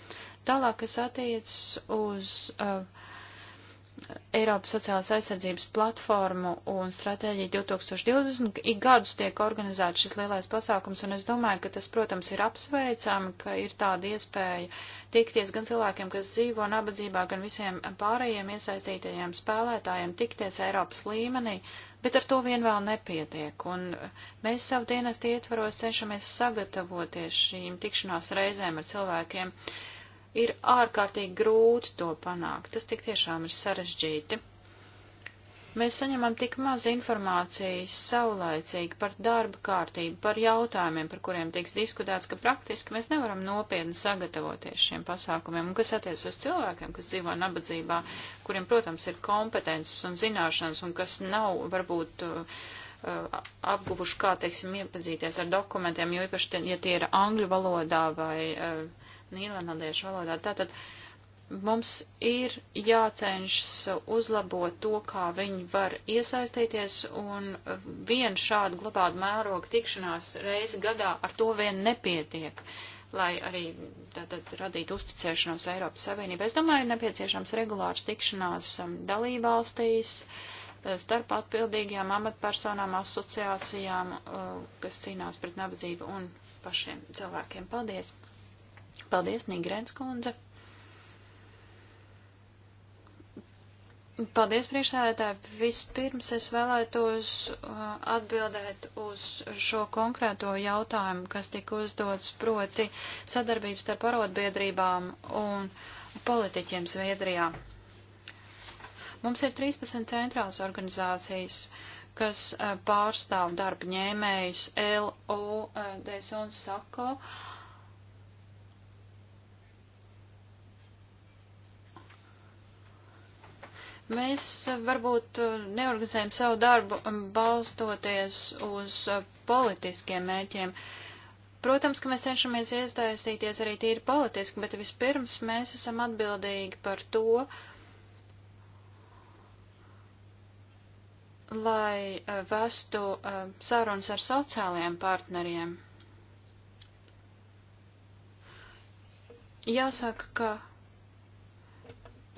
Tālāk, kas attiec uz uh, Eiropas sociālās aizsardzības platformu un stratēģiju 2020. Ik gadus tiek organizēts šis lielais pasākums, un es domāju, ka tas, protams, ir apsveicami, ka ir tāda iespēja tikties gan cilvēkiem, kas dzīvo nabadzībā, gan visiem pārējiem iesaistītajiem spēlētājiem, tikties Eiropas līmenī, bet ar to vien vēl nepietiek, un mēs savu dienestu ietvaros cenšamies sagatavoties šīm tikšanās reizēm ar cilvēkiem. Uh, ir ārkārtīgi grūti to panākt. Tas tik tiešām ir sarežģīti. Mēs saņemam tik maz informācijas saulaicīgi par darba kārtību, par jautājumiem, par kuriem tiks diskutēts, ka praktiski mēs nevaram nopietni sagatavoties šiem pasākumiem. Un kas attiec uz cilvēkiem, kas dzīvo nabadzībā, kuriem, protams, ir kompetences un zināšanas un kas nav varbūt uh, apguvuši, kā, teiksim, iepazīties ar dokumentiem, jo īpaši, ja tie ir angļu valodā vai. Uh, nīderlandiešu valodā. Tātad mums ir jācenšas uzlabot to, kā viņi var iesaistīties, un vien šādu globālu mērogu tikšanās reizi gadā ar to vien nepietiek, lai arī tātad radītu uzticēšanos Eiropas Savienībai. Es domāju, ir nepieciešams regulārs tikšanās um, dalībvalstīs eh, starp atbildīgajām amatpersonām, asociācijām, eh, kas cīnās pret nabadzību un pašiem cilvēkiem. Paldies! Paldies, Nigrēns kundze. Paldies, priekšsēdētāji. Vispirms es vēlētos uh, atbildēt uz šo konkrēto jautājumu, kas tika uzdots proti sadarbības starp arotbiedrībām un politiķiem Zviedrijā. Mums ir 13 centrāls organizācijas, kas uh, pārstāv darba ņēmējus LO, DSO un SAKO. Uh, Mēs eh, varbūt eh, neorganizējam savu darbu balstoties uz eh, politiskiem mēķiem. Protams, ka mēs cenšamies iestāstīties arī tīri politiski, bet vispirms mēs esam atbildīgi par to, lai vestu sarunas ar sociālajiem partneriem. Jāsaka, ka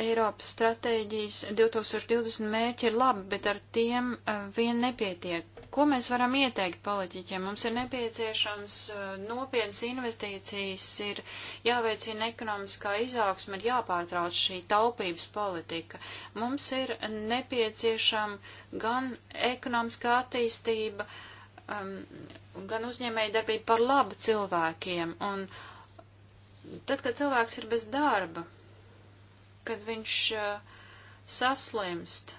Eiropas stratēģijas 2020 mērķi ir labi, bet ar tiem eh, vien nepietiek. Ko mēs varam ieteikt politiķiem? Mums ir nepieciešams eh, nopietnas investīcijas, ir jāveicina ekonomiskā izaugsme, ir jāpārtrauc šī taupības politika. Mums ir nepieciešama gan ekonomiskā attīstība, um, gan uzņēmēja darbība par labu cilvēkiem. Un tad, kad cilvēks ir bez darba, kad viņš eh, saslimst,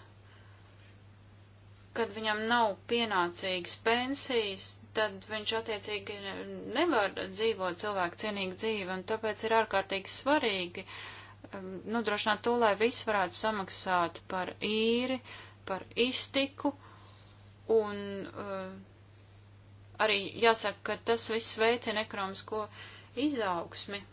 kad viņam nav pienācīgas pensijas, tad viņš attiecīgi nevar dzīvot cilvēku cienīgu dzīvi, un tāpēc ir ārkārtīgi svarīgi ehm, nodrošināt to, lai viss varētu samaksāt par īri, par iztiku, un uh, arī jāsaka, ka tas viss veicina ekonomisko izaugsmi.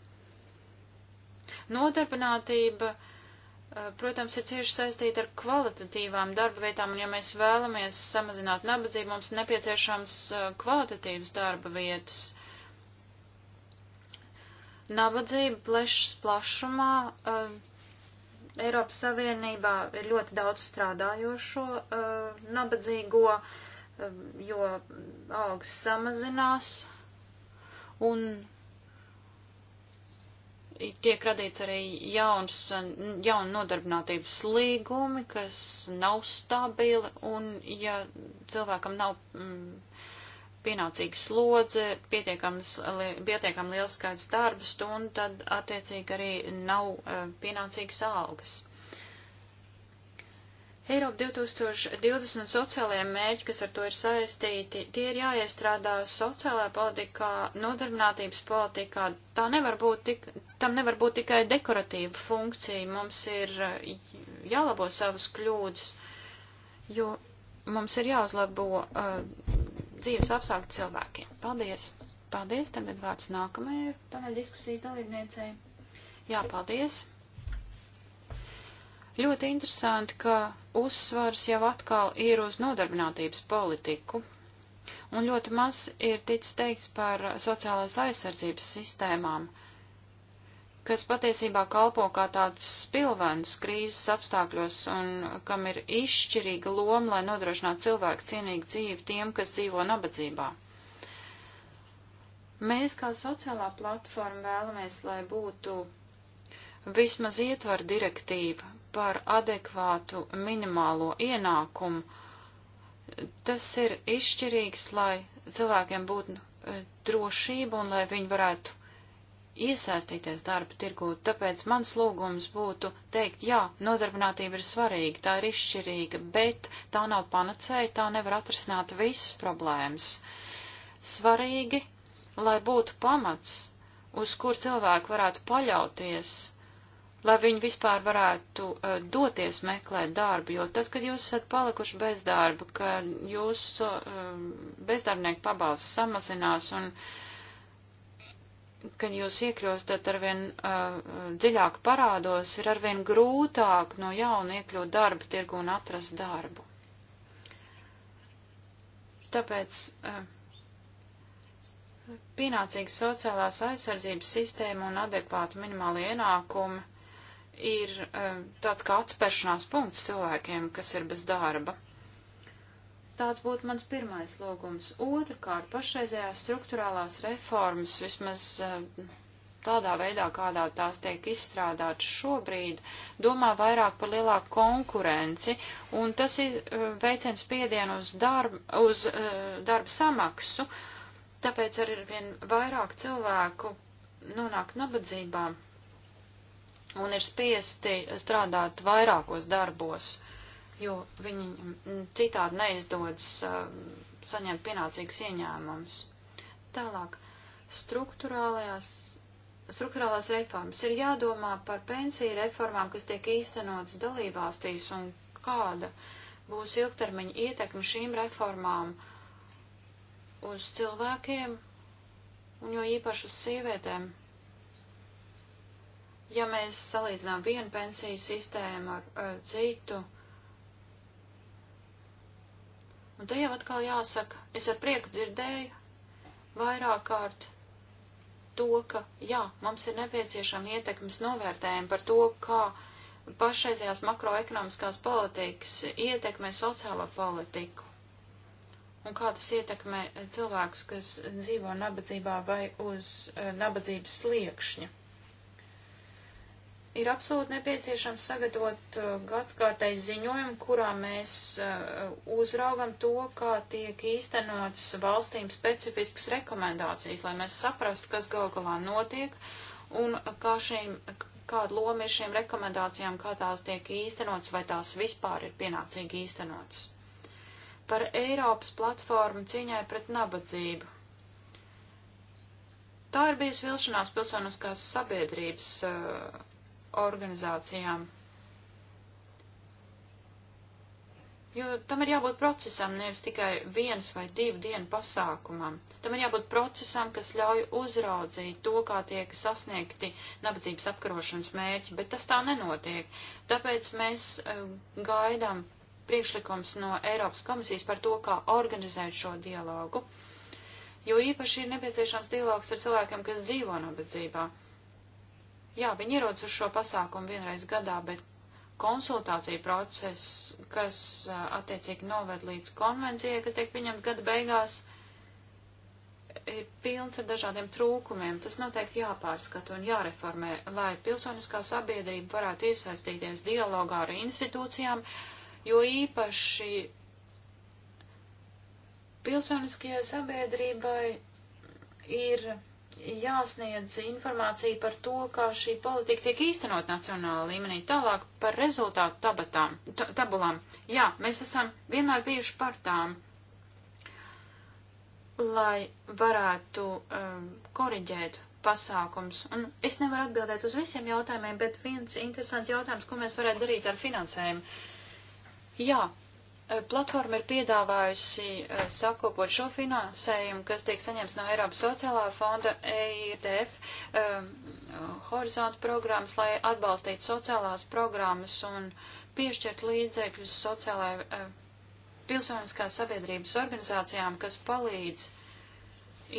Nodarbinātība, eh, protams, ir cieši saistīta ar kvalitatīvām darba vietām, un ja mēs vēlamies samazināt nabadzību, mums nepieciešams eh, kvalitatīvas darba vietas. Nabadzība plešas plašumā. Uh, Eiropas Savienībā ir ļoti daudz strādājošo uh, nabadzīgo, uh, jo algas samazinās, un tiek radīts arī jauns, jauna nodarbinātības līgumi, kas nav stabili, un ja cilvēkam nav mm, pienācīga slodze, pietiekams, li, pietiekam liels skaits darba stundu, tad attiecīgi arī nav uh, pienācīgas algas. Eiropa 2020 un sociālajie mērķi, kas ar to ir saistīti, tie ir jāiestrādā sociālajā politikā, nodarbinātības politikā. Tā nevar būt tik, tam nevar būt tikai dekoratīva funkcija. Mums ir eh, jālabo savas kļūdas, jo mums ir jāuzlabo uh, dzīves apstākļi cilvēkiem. Paldies! Paldies! Tagad vārds nākamajai paneļa diskusijas dalībniecei. Jā, paldies! Ļoti interesanti, ka uzsvars jau atkal ir uz nodarbinātības politiku, un ļoti maz ir ticis teikts par sociālās aizsardzības sistēmām, kas patiesībā kalpo kā tāds spilvens krīzes apstākļos un kam ir izšķirīga loma, lai nodrošinātu cilvēku cienīgu dzīvi tiem, kas dzīvo nabadzībā. Mēs kā sociālā platforma vēlamies, lai būtu vismaz ietvar direktīva, par adekvātu minimālo ienākumu, tas ir izšķirīgs, lai cilvēkiem būtu e, drošība un lai viņi varētu iesaistīties darba tirgū. Tāpēc mans lūgums būtu teikt, jā, nodarbinātība ir svarīga, tā ir izšķirīga, bet tā nav panacēja, tā nevar atrisināt visas problēmas. Svarīgi, lai būtu pamats, uz kur cilvēki varētu paļauties, lai viņi vispār varētu uh, doties meklēt darbu, jo tad, kad jūs esat palikuši bez darba, ka jūsu uh, eh, bezdarbnieku pabalsts samazinās un kad jūs iekļūstat arvien uh, dziļāk parādos, ir arvien grūtāk no jauna iekļūt darba tirgu un atrast darbu. Tāpēc uh, pienācīga sociālās aizsardzības sistēma un adekvāta minimāla ienākuma ir eh, tāds kā atspēršanās punkts cilvēkiem, kas ir bez darba. Tāds būtu mans pirmais logums. Otrakārt, pašreizējās struktūrālās reformas, vismaz eh, tādā veidā, kādā tās tiek izstrādātas šobrīd, domā vairāk par lielāku konkurenci, un tas ir eh, veicina spiedienu uz darbu, uz darba samaksu, tāpēc arī vien vairāk cilvēku nonāk nabadzībā un ir spiesti strādāt vairākos darbos, jo viņi citādi neizdodas uh, saņemt pienācīgus ieņēmumus. Tālāk, struktūrālajās struktūrālās reformas ir jādomā par pensiju reformām, kas tiek īstenotas dalībvalstīs un kāda būs ilgtermiņa ietekme šīm reformām uz cilvēkiem un jo īpaši uz sievietēm. Ja mēs salīdzinām vienu pensiju sistēmu ar uh, citu, un te jau atkal jāsaka, es ar prieku dzirdēju vairāk kārt to, ka jā, mums ir nepieciešama ietekmes novērtējuma par to, kā pašreizējās makroekonomiskās politikas ietekmē sociālo politiku un kā tas ietekmē cilvēkus, kas dzīvo nabadzībā vai uz eh, nabadzības sliekšņa ir absolūti nepieciešams sagatavot uh, gadskārtais ziņojumu, kurā mēs uh, uzraugam to, kā tiek īstenotas valstīm specifiskas rekomendācijas, lai mēs saprastu, kas gal galā notiek un kā šīm, kāda loma ir šīm rekomendācijām, kā tās tiek īstenotas, vai tās vispār ir pienācīgi īstenotas. Par Eiropas platformu cīņai pret nabadzību. Tā ir bijusi vilšanās pilsoniskās sabiedrības uh, organizācijām. Jo tam ir jābūt procesam, nevis tikai viens vai divu dienu pasākumam. Tam ir jābūt procesam, kas ļauj uzraudzīt to, kā tiek sasniegti nabadzības apkarošanas mērķi, bet tas tā nenotiek. Tāpēc mēs uh, gaidām priekšlikums no Eiropas komisijas par to, kā organizēt šo dialogu. Jo īpaši ir nepieciešams dialogs ar cilvēkiem, kas dzīvo nabadzībā. No Jā, viņi ierodas uz šo pasākumu vienreiz gadā, bet konsultācija process, kas attiecīgi noved līdz konvencijai, kas tiek pieņemta gada beigās, ir pilns ar dažādiem trūkumiem. Tas noteikti jāpārskata un jāreformē, lai pilsoniskā sabiedrība varētu iesaistīties dialogā ar institūcijām, jo īpaši pilsoniskajai sabiedrībai ir jāsniedz informācija par to, kā šī politika tiek īstenot nacionāla līmenī. Tālāk par rezultātu tabatām, tabulām. Jā, mēs esam vienmēr bijuši par tām, lai varētu um, koriģēt pasākums. Un es nevaru atbildēt uz visiem jautājumiem, bet viens interesants jautājums, ko mēs varētu darīt ar finansējumu. Jā, Eh, platforma ir piedāvājusi eh, sakopot šo finansējumu, kas tiek saņemts no Eiropas sociālā fonda EIDF um, eh, horizontu programmas, lai atbalstītu sociālās programmas un piešķirt līdzekļus sociālai uh, pilsoniskās sabiedrības organizācijām, kas palīdz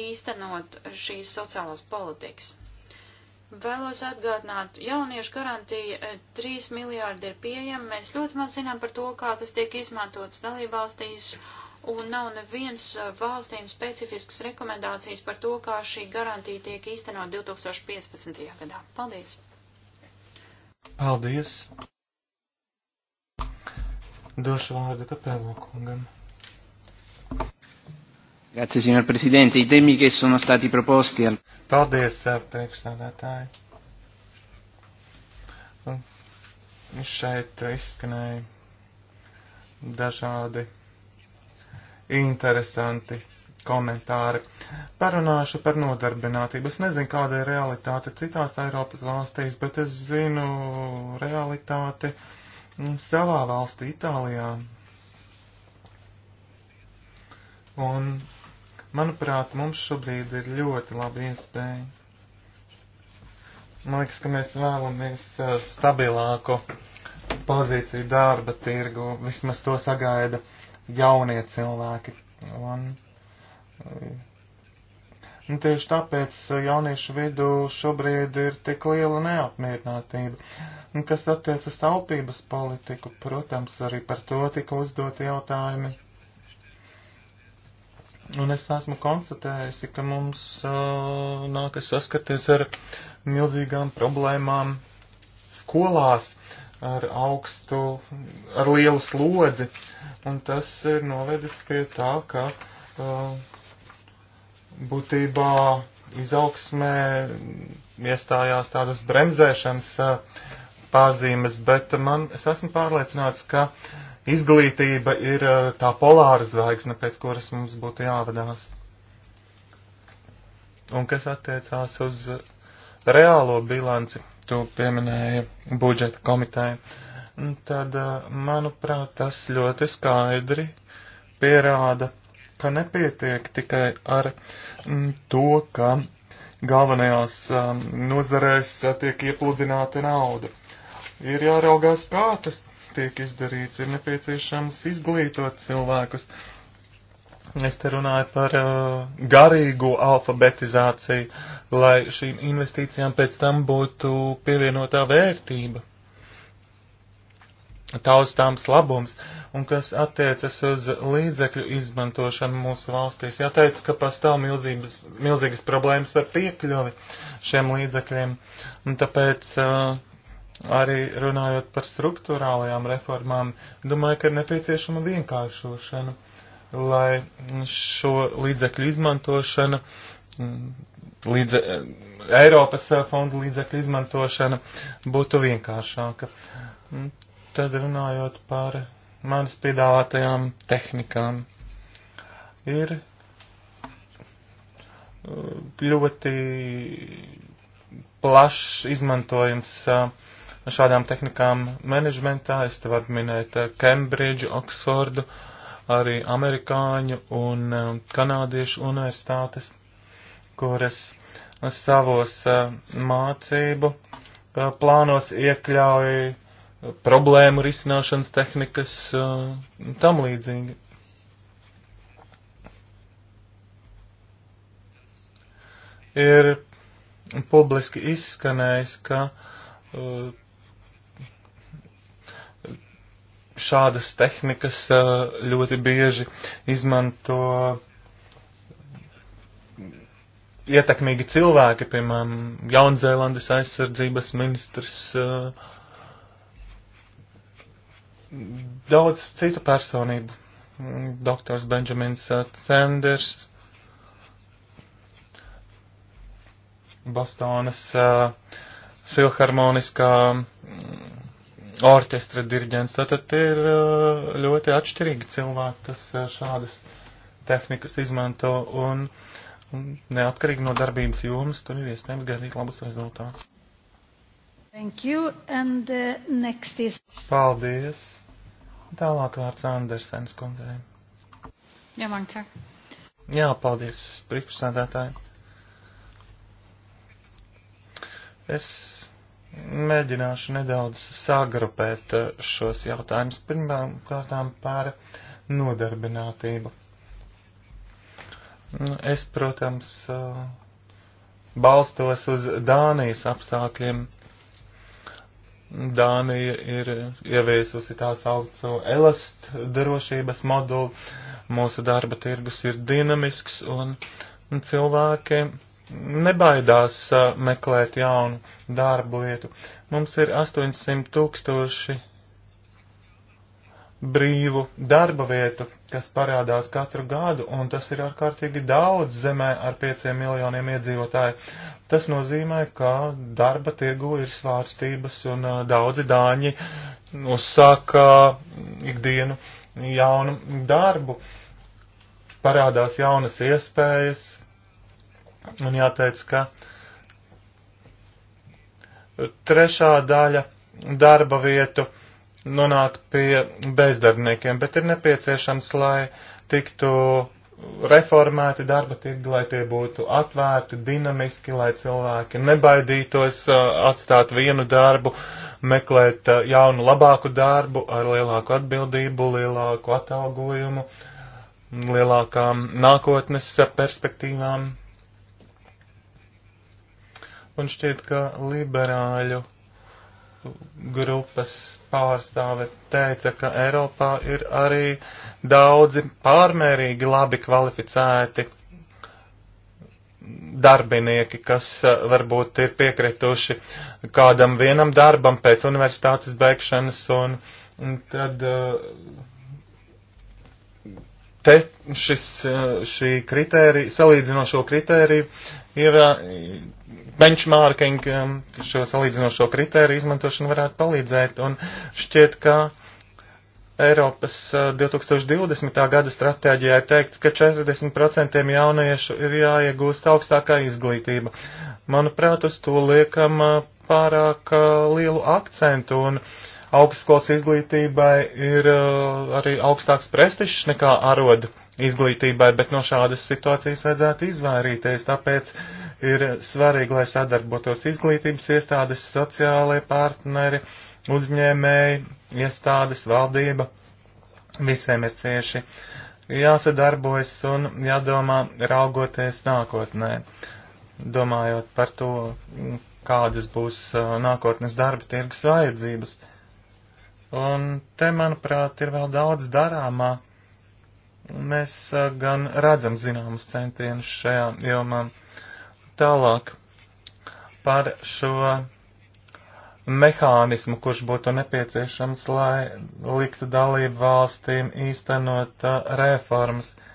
īstenot šīs sociālās politikas. Vēlos atgādināt, jauniešu garantija 3 eh, miljārdi ir pieejama. Mēs ļoti maz zinām par to, kā tas tiek izmantots dalībvalstīs, un nav neviens eh, valstīm specifisks rekomendācijas par to, kā šī garantija tiek īstenot 2015. gadā. Paldies! Paldies! Došu vārdu kapelo kungam. Grazie, signor Presidente. I temi che sono stati proposti al... Paldies, eh, priekšstādātāji. Šeit izskanēja dažādi interesanti komentāri. Parunāšu par nodarbinātību. Es nezinu, kāda ir realitāte citās Eiropas valstīs, bet es zinu realitāti savā valstī, Itālijā. Un Manuprāt, mums šobrīd ir ļoti laba iespēja. Man liekas, ka mēs vēlamies uh, stabilāku pozīciju darba tirgu, vismaz to sagaida jaunie cilvēki. Un, un uh, nu, tieši tāpēc uh, jauniešu vidū šobrīd ir tik liela neapmierinātība. Un, kas attiec uz taupības politiku, protams, arī par to tika uzdoti jautājumi. Un es esmu konstatējusi, ka mums uh, nākas saskarties ar milzīgām problēmām skolās, ar augstu, ar lielu slodzi. Un tas ir novedis pie tā, ka uh, būtībā izaugsmē iestājās tādas bremzēšanas. Uh, pazīmes, bet man, es esmu pārliecināts, ka izglītība ir tā polāra zvaigzne, pēc kuras mums būtu jāvadās. Un kas attiecās uz reālo bilanci, tu pieminēji budžeta komiteju, tad, manuprāt, tas ļoti skaidri pierāda, ka nepietiek tikai ar to, ka galvenajās nozarēs tiek iepludināta nauda ir jāraugās, kā tas tiek izdarīts, ir nepieciešams izglītot cilvēkus. Es te runāju par uh, garīgu alfabetizāciju, lai šīm investīcijām pēc tam būtu pievienotā vērtība, taustāms labums, un kas attiecas uz līdzekļu izmantošanu mūsu valstīs. Jā, teicu, ka pastāv milzīgas, milzīgas problēmas ar piekļuvi šiem līdzekļiem, un tāpēc uh, Arī runājot par struktūrālajām reformām, domāju, ka ir nepieciešama vienkāršošana, lai šo līdzekļu izmantošana, līdze, Eiropas fondu līdzekļu izmantošana būtu vienkāršāka. Tad runājot par manas piedāvātajām tehnikām, ir ļoti plašs izmantojums uh, šādām tehnikām menedžmentā. Es te varu minēt eh, Cambridge, Oksfordu, arī amerikāņu un eh, kanādiešu universitātes, kuras savos eh, mācību plānos iekļauj problēmu risināšanas tehnikas tam līdzīgi. Ir publiski izskanējis, ka uh, šādas tehnikas eh, ļoti bieži izmanto ietekmīgi cilvēki, piemēram, Jaunzēlandes aizsardzības ministrs, eh, daudz citu personību, doktors Benjamins Sanders, Bostonas eh, filharmoniskā orķestra diriģents. Tātad tie ir eh, ļoti atšķirīgi cilvēki, kas eh, šādas tehnikas izmanto un, un neatkarīgi no darbības jomas, tur ir iespējams gaidīt labus rezultātus. Thank you. And uh, next is. Paldies. Tālāk vārds Andersens kundzei. Jā, man čak. Jā, paldies, priekšsādātāji. Es Mēģināšu nedaudz sagrupēt eh, šos jautājumus pirmām kārtām par nodarbinātību. Nu, es, protams, eh, balstos uz Dānijas apstākļiem. Dānija ir ieviesusi tā sauco elast drošības modulu. Mūsu darba tirgus ir dinamisks un cilvēki nebaidās uh, meklēt jaunu darbu vietu. Mums ir 800 tūkstoši brīvu darba vietu, kas parādās katru gadu, un tas ir ārkārtīgi daudz zemē ar pieciem miljoniem iedzīvotāju. Tas nozīmē, ka darba tirgu ir svārstības, un uh, daudzi dāņi uzsāka ikdienu jaunu darbu. Parādās jaunas iespējas, Un jāteic, ka trešā daļa darba vietu nonāk pie bezdarbniekiem, bet ir nepieciešams, lai tiktu reformēti darba tirgi, lai tie būtu atvērti, dinamiski, lai cilvēki nebaidītos uh, atstāt vienu darbu, meklēt uh, jaunu, labāku darbu ar lielāku atbildību, lielāku atalgojumu, lielākām nākotnes uh, perspektīvām un šķiet, ka liberāļu grupas pārstāve teica, ka Eiropā ir arī daudzi pārmērīgi labi kvalificēti darbinieki, kas varbūt ir piekrituši kādam vienam darbam pēc universitātes beigšanas un, un tad uh, te šis, eh, šī kritērija, salīdzinošo kritēriju, ir benchmarking, eh, šo salīdzinošo kritēriju izmantošana varētu palīdzēt. Un šķiet, ka Eiropas 2020. Eh, gada stratēģijā ir teikts, ka 40% jauniešu ir jāiegūst augstākā izglītība. Manuprāt, uz to liekam pārāk lielu akcentu. Un, uh, augstskolas izglītībai ir uh, arī augstāks prestižs nekā arodu izglītībai, bet no šādas situācijas vajadzētu izvairīties, tāpēc ir svarīgi, lai sadarbotos izglītības iestādes, sociālai partneri, uzņēmēji, iestādes, valdība. Visiem ir cieši jāsadarbojas un jādomā raugoties nākotnē, domājot par to, kādas būs uh, nākotnes darba tirgus vajadzības. Un te, manuprāt, ir vēl daudz darāmā. Mēs gan redzam zināmas centienus šajā jomā. Tālāk par šo mehānismu, kurš būtu nepieciešams, lai liktu dalību valstīm īstenot reformas. Uh,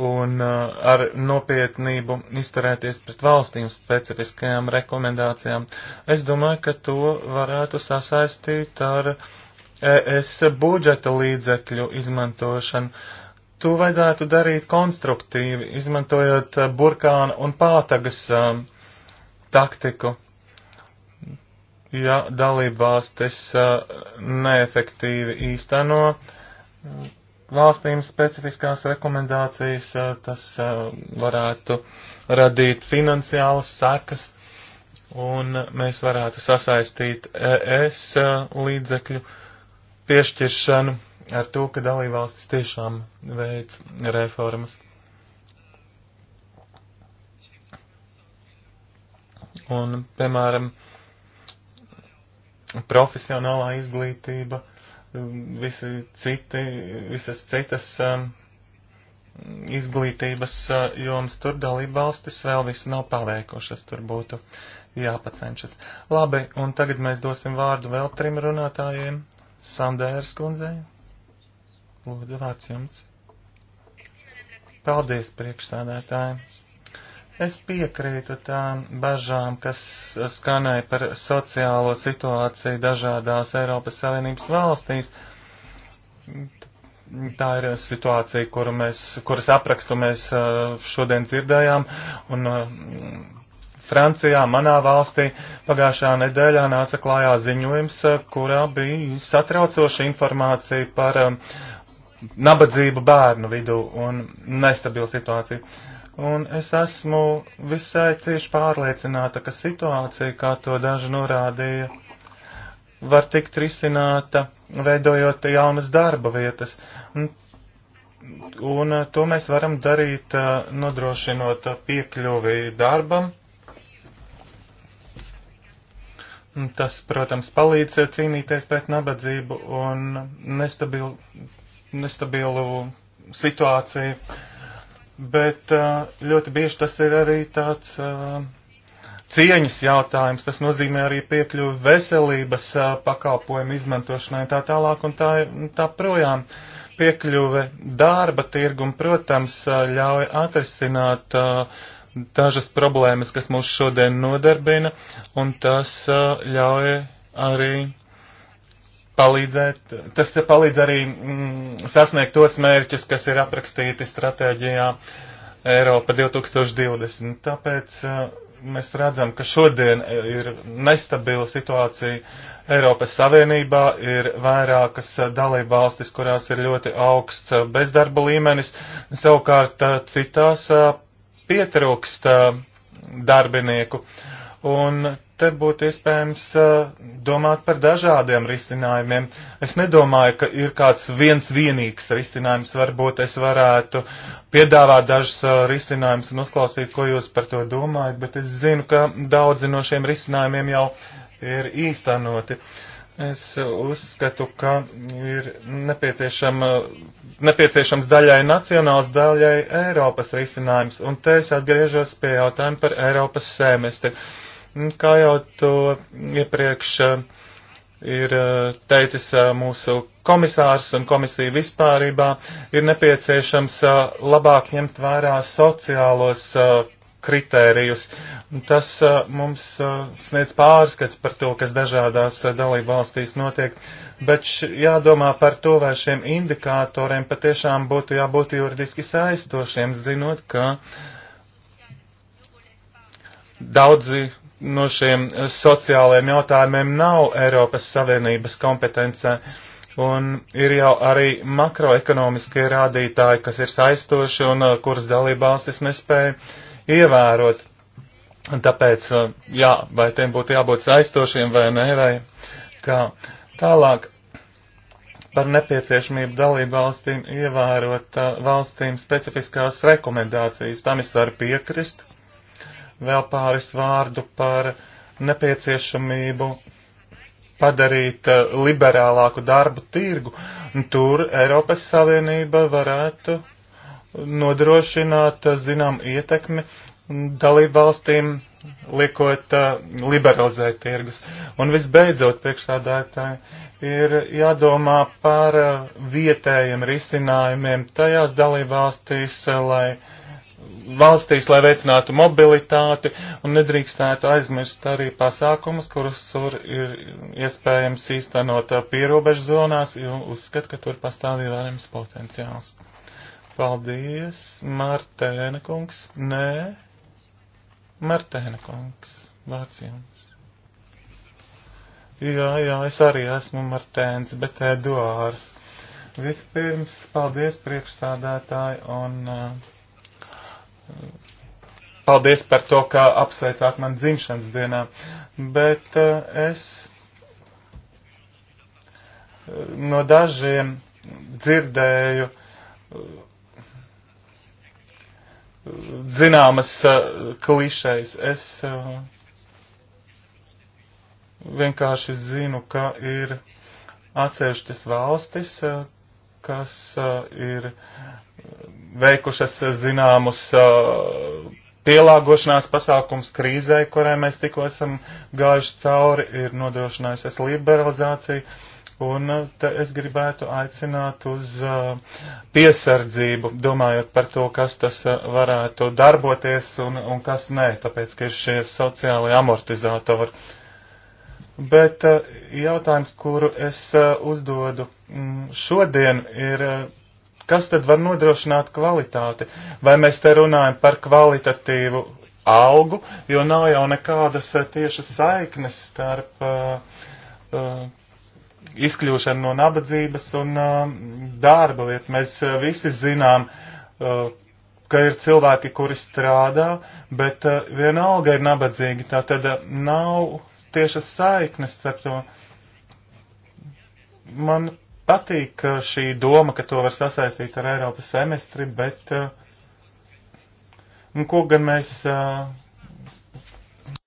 un uh, ar nopietnību izturēties pret valstīm specifiskajām rekomendācijām. Es domāju, ka to varētu sasaistīt ar ES budžeta līdzekļu izmantošanu. To vajadzētu darīt konstruktīvi, izmantojot uh, burkāna un pātagas um, taktiku. Ja dalībvalstis uh, neefektīvi īsteno uh, valstīm specifiskās rekomendācijas, eh, tas eh, varētu radīt finansiālas sekas, un mēs varētu sasaistīt ES eh, līdzekļu piešķiršanu ar to, ka dalībvalstis tiešām veic reformas. Un, piemēram, profesionālā izglītība visi citi, visas citas um, izglītības uh, jomas tur dalība valstis vēl visu nav paveikušas, tur būtu jāpacenšas. Labi, un tagad mēs dosim vārdu vēl trim runātājiem. Sandērs kundzei, lūdzu vārds jums. Paldies priekšsādētājiem. Es piekrītu tām bažām, kas skanēja par sociālo situāciju dažādās Eiropas Savienības valstīs. Tā ir situācija, kuru mēs, kuras aprakstu mēs uh, šodien dzirdējām, un uh, Francijā, manā valstī, pagājušā nedēļā nāca klājā ziņojums, uh, kurā bija satraucoša informācija par um, nabadzību bērnu vidū un nestabilu situāciju. Uh, un es esmu visai cieši pārliecināta, ka situācija, kā to daži norādīja, var tikt risināta, veidojot jaunas darba vietas. Un, un eh, to mēs varam darīt, eh, nodrošinot piekļuvi darbam. Tas, protams, palīdz cīnīties pret nabadzību un nestabilu, nestabilu situāciju bet uh, ļoti bieži tas ir arī tāds uh, cieņas jautājums. Tas nozīmē arī piekļuvi veselības uh, pakalpojumu izmantošanai tā tālāk un tā, tā projām. Piekļuve darba tirgum, protams, ļauj atrisināt dažas problēmas, kas mūs šodien nodarbina, un tas ļauj arī palīdzēt, tas palīdz arī mm, sasniegt tos mērķus, kas ir aprakstīti stratēģijā Eiropa 2020. Tāpēc uh, mēs redzam, ka šodien eh, ir nestabila situācija Eiropas Savienībā, ir vairākas eh, dalība valstis, kurās ir ļoti augsts bezdarba līmenis, savukārt citās pietrūkst darbinieku. Un te būtu iespējams eh, domāt par dažādiem risinājumiem. Es nedomāju, ka ir kāds viens vienīgs risinājums. Varbūt es varētu piedāvāt dažus eh, risinājumus un uzklausīt, ko jūs par to domājat, bet es zinu, ka daudzi no šiem risinājumiem jau ir īstenoti. Es uzskatu, ka ir nepieciešama, nepieciešams daļai nacionāls, daļai Eiropas risinājums, un te es atgriežos pie jautājuma par Eiropas semestri. Uh, Mm, kā jau to iepriekš eh, ir eh, teicis eh, mūsu komisārs un komisija vispārībā, ir nepieciešams labāk ņemt vērā sociālos kritērijus. Tas mums sniedz pārskats par to, kas dažādās dalību valstīs notiek, bet jādomā par to, vai šiem indikātoriem patiešām būtu jābūt juridiski saistošiem, zinot, ka daudzi no šiem sociālajiem jautājumiem nav Eiropas Savienības kompetencē. Un ir jau arī makroekonomiskie rādītāji, kas ir saistoši un uh, kuras dalībvalstis nespēja ievērot. Tāpēc, uh, jā, vai tiem būtu jābūt saistošiem vai nē, vai kā. Tālāk par nepieciešamību dalībvalstīm ievērot uh, valstīm specifiskās rekomendācijas. Tam es varu piekrist vēl pāris vārdu par nepieciešamību padarīt eh, liberālāku darbu tirgu. Tur Eiropas Savienība varētu nodrošināt, eh, zinām, ietekmi dalību valstīm, liekot eh, liberalizēt tirgus. Un visbeidzot, priekšstādātāji, ir jādomā par vietējiem risinājumiem tajās dalību valstīs, lai valstīs, lai veicinātu mobilitāti un nedrīkstētu aizmirst arī pasākumus, kurus tur ir iespējams īstenot pierobežu zonās, jo uzskat, ka tur pastāv ievērams potenciāls. Paldies, Martēna kungs. Nē, Martēna kungs, vārds jums. Jā, jā, es arī esmu Martēns, bet Eduārs. Vispirms, paldies priekšsādātāji un uh, paldies par to, ka apsveicāt man dzimšanas dienā, bet eh, es eh, no dažiem dzirdēju eh, zināmas klišejas. Es vienkārši zinu, ka ir atsevišķas valstis, kas uh, ir veikušas zināmus uh, pielāgošanās pasākums krīzē, kurai mēs tikko esam gājuši cauri, ir nodrošinājusies liberalizāciju. Un uh, te es gribētu aicināt uz uh, piesardzību, domājot par to, kas tas uh, varētu darboties un, un kas nē, tāpēc, ka ir šie sociālai amortizatori. Uh, Bet eh, jautājums, kuru es eh, uzdodu mm, šodien, ir, eh, kas tad var nodrošināt kvalitāti? Vai mēs te runājam par kvalitatīvu algu, jo nav jau nekādas tiešas saiknes starp izkļūšanu no nabadzības un darba vietu. Mēs visi zinām, ka ir cilvēki, kuri strādā, bet vienalga ir nabadzīgi. Tā tad nav tiešas saiknes starp to. Man patīk šī doma, ka to var sasaistīt ar Eiropas semestri, bet uh, nu, ko gan mēs. Uh,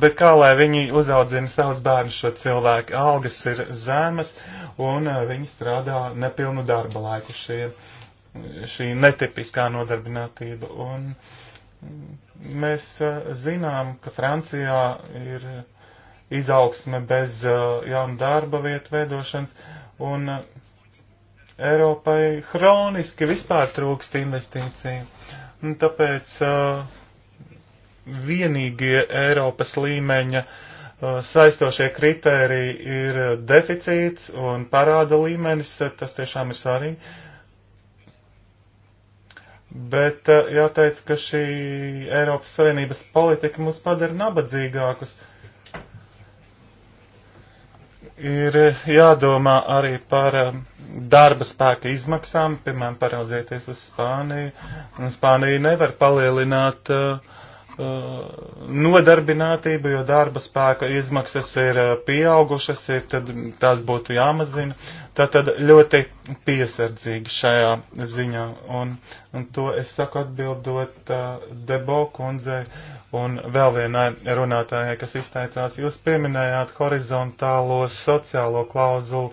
bet kā lai viņi uzaudzina savus bērnus šo cilvēku? Algas ir zemas un uh, viņi strādā nepilnu darba laiku šie, šī netipiskā nodarbinātība. Un, mm, Mēs eh, zinām, ka Francijā ir izaugsme bez eh, jaunu darba vietu veidošanas, un eh, Eiropai hroniski vispār trūkst investīciju. Un tāpēc vienīgie Eiropas līmeņa saistošie kriteriji ir deficīts un parāda līmenis, tas tiešām ir svarīgi Bet eh, jāteic, ka šī Eiropas Savienības politika mūs padara nabadzīgākus. Ir jādomā arī par eh, darba spēka izmaksām, piemēram, paraudzieties uz Spāniju. Spānija nevar palielināt uh, Uh, nodarbinātību, jo darba spēka izmaksas ir uh, pieaugušas, ir, tad tās būtu jāmazina. Tātad ļoti piesardzīgi šajā ziņā. Un, un to es saku atbildot uh, Debo kundzei un vēl vienai runātājai, kas izteicās. Jūs pieminējāt horizontālo sociālo klauzulu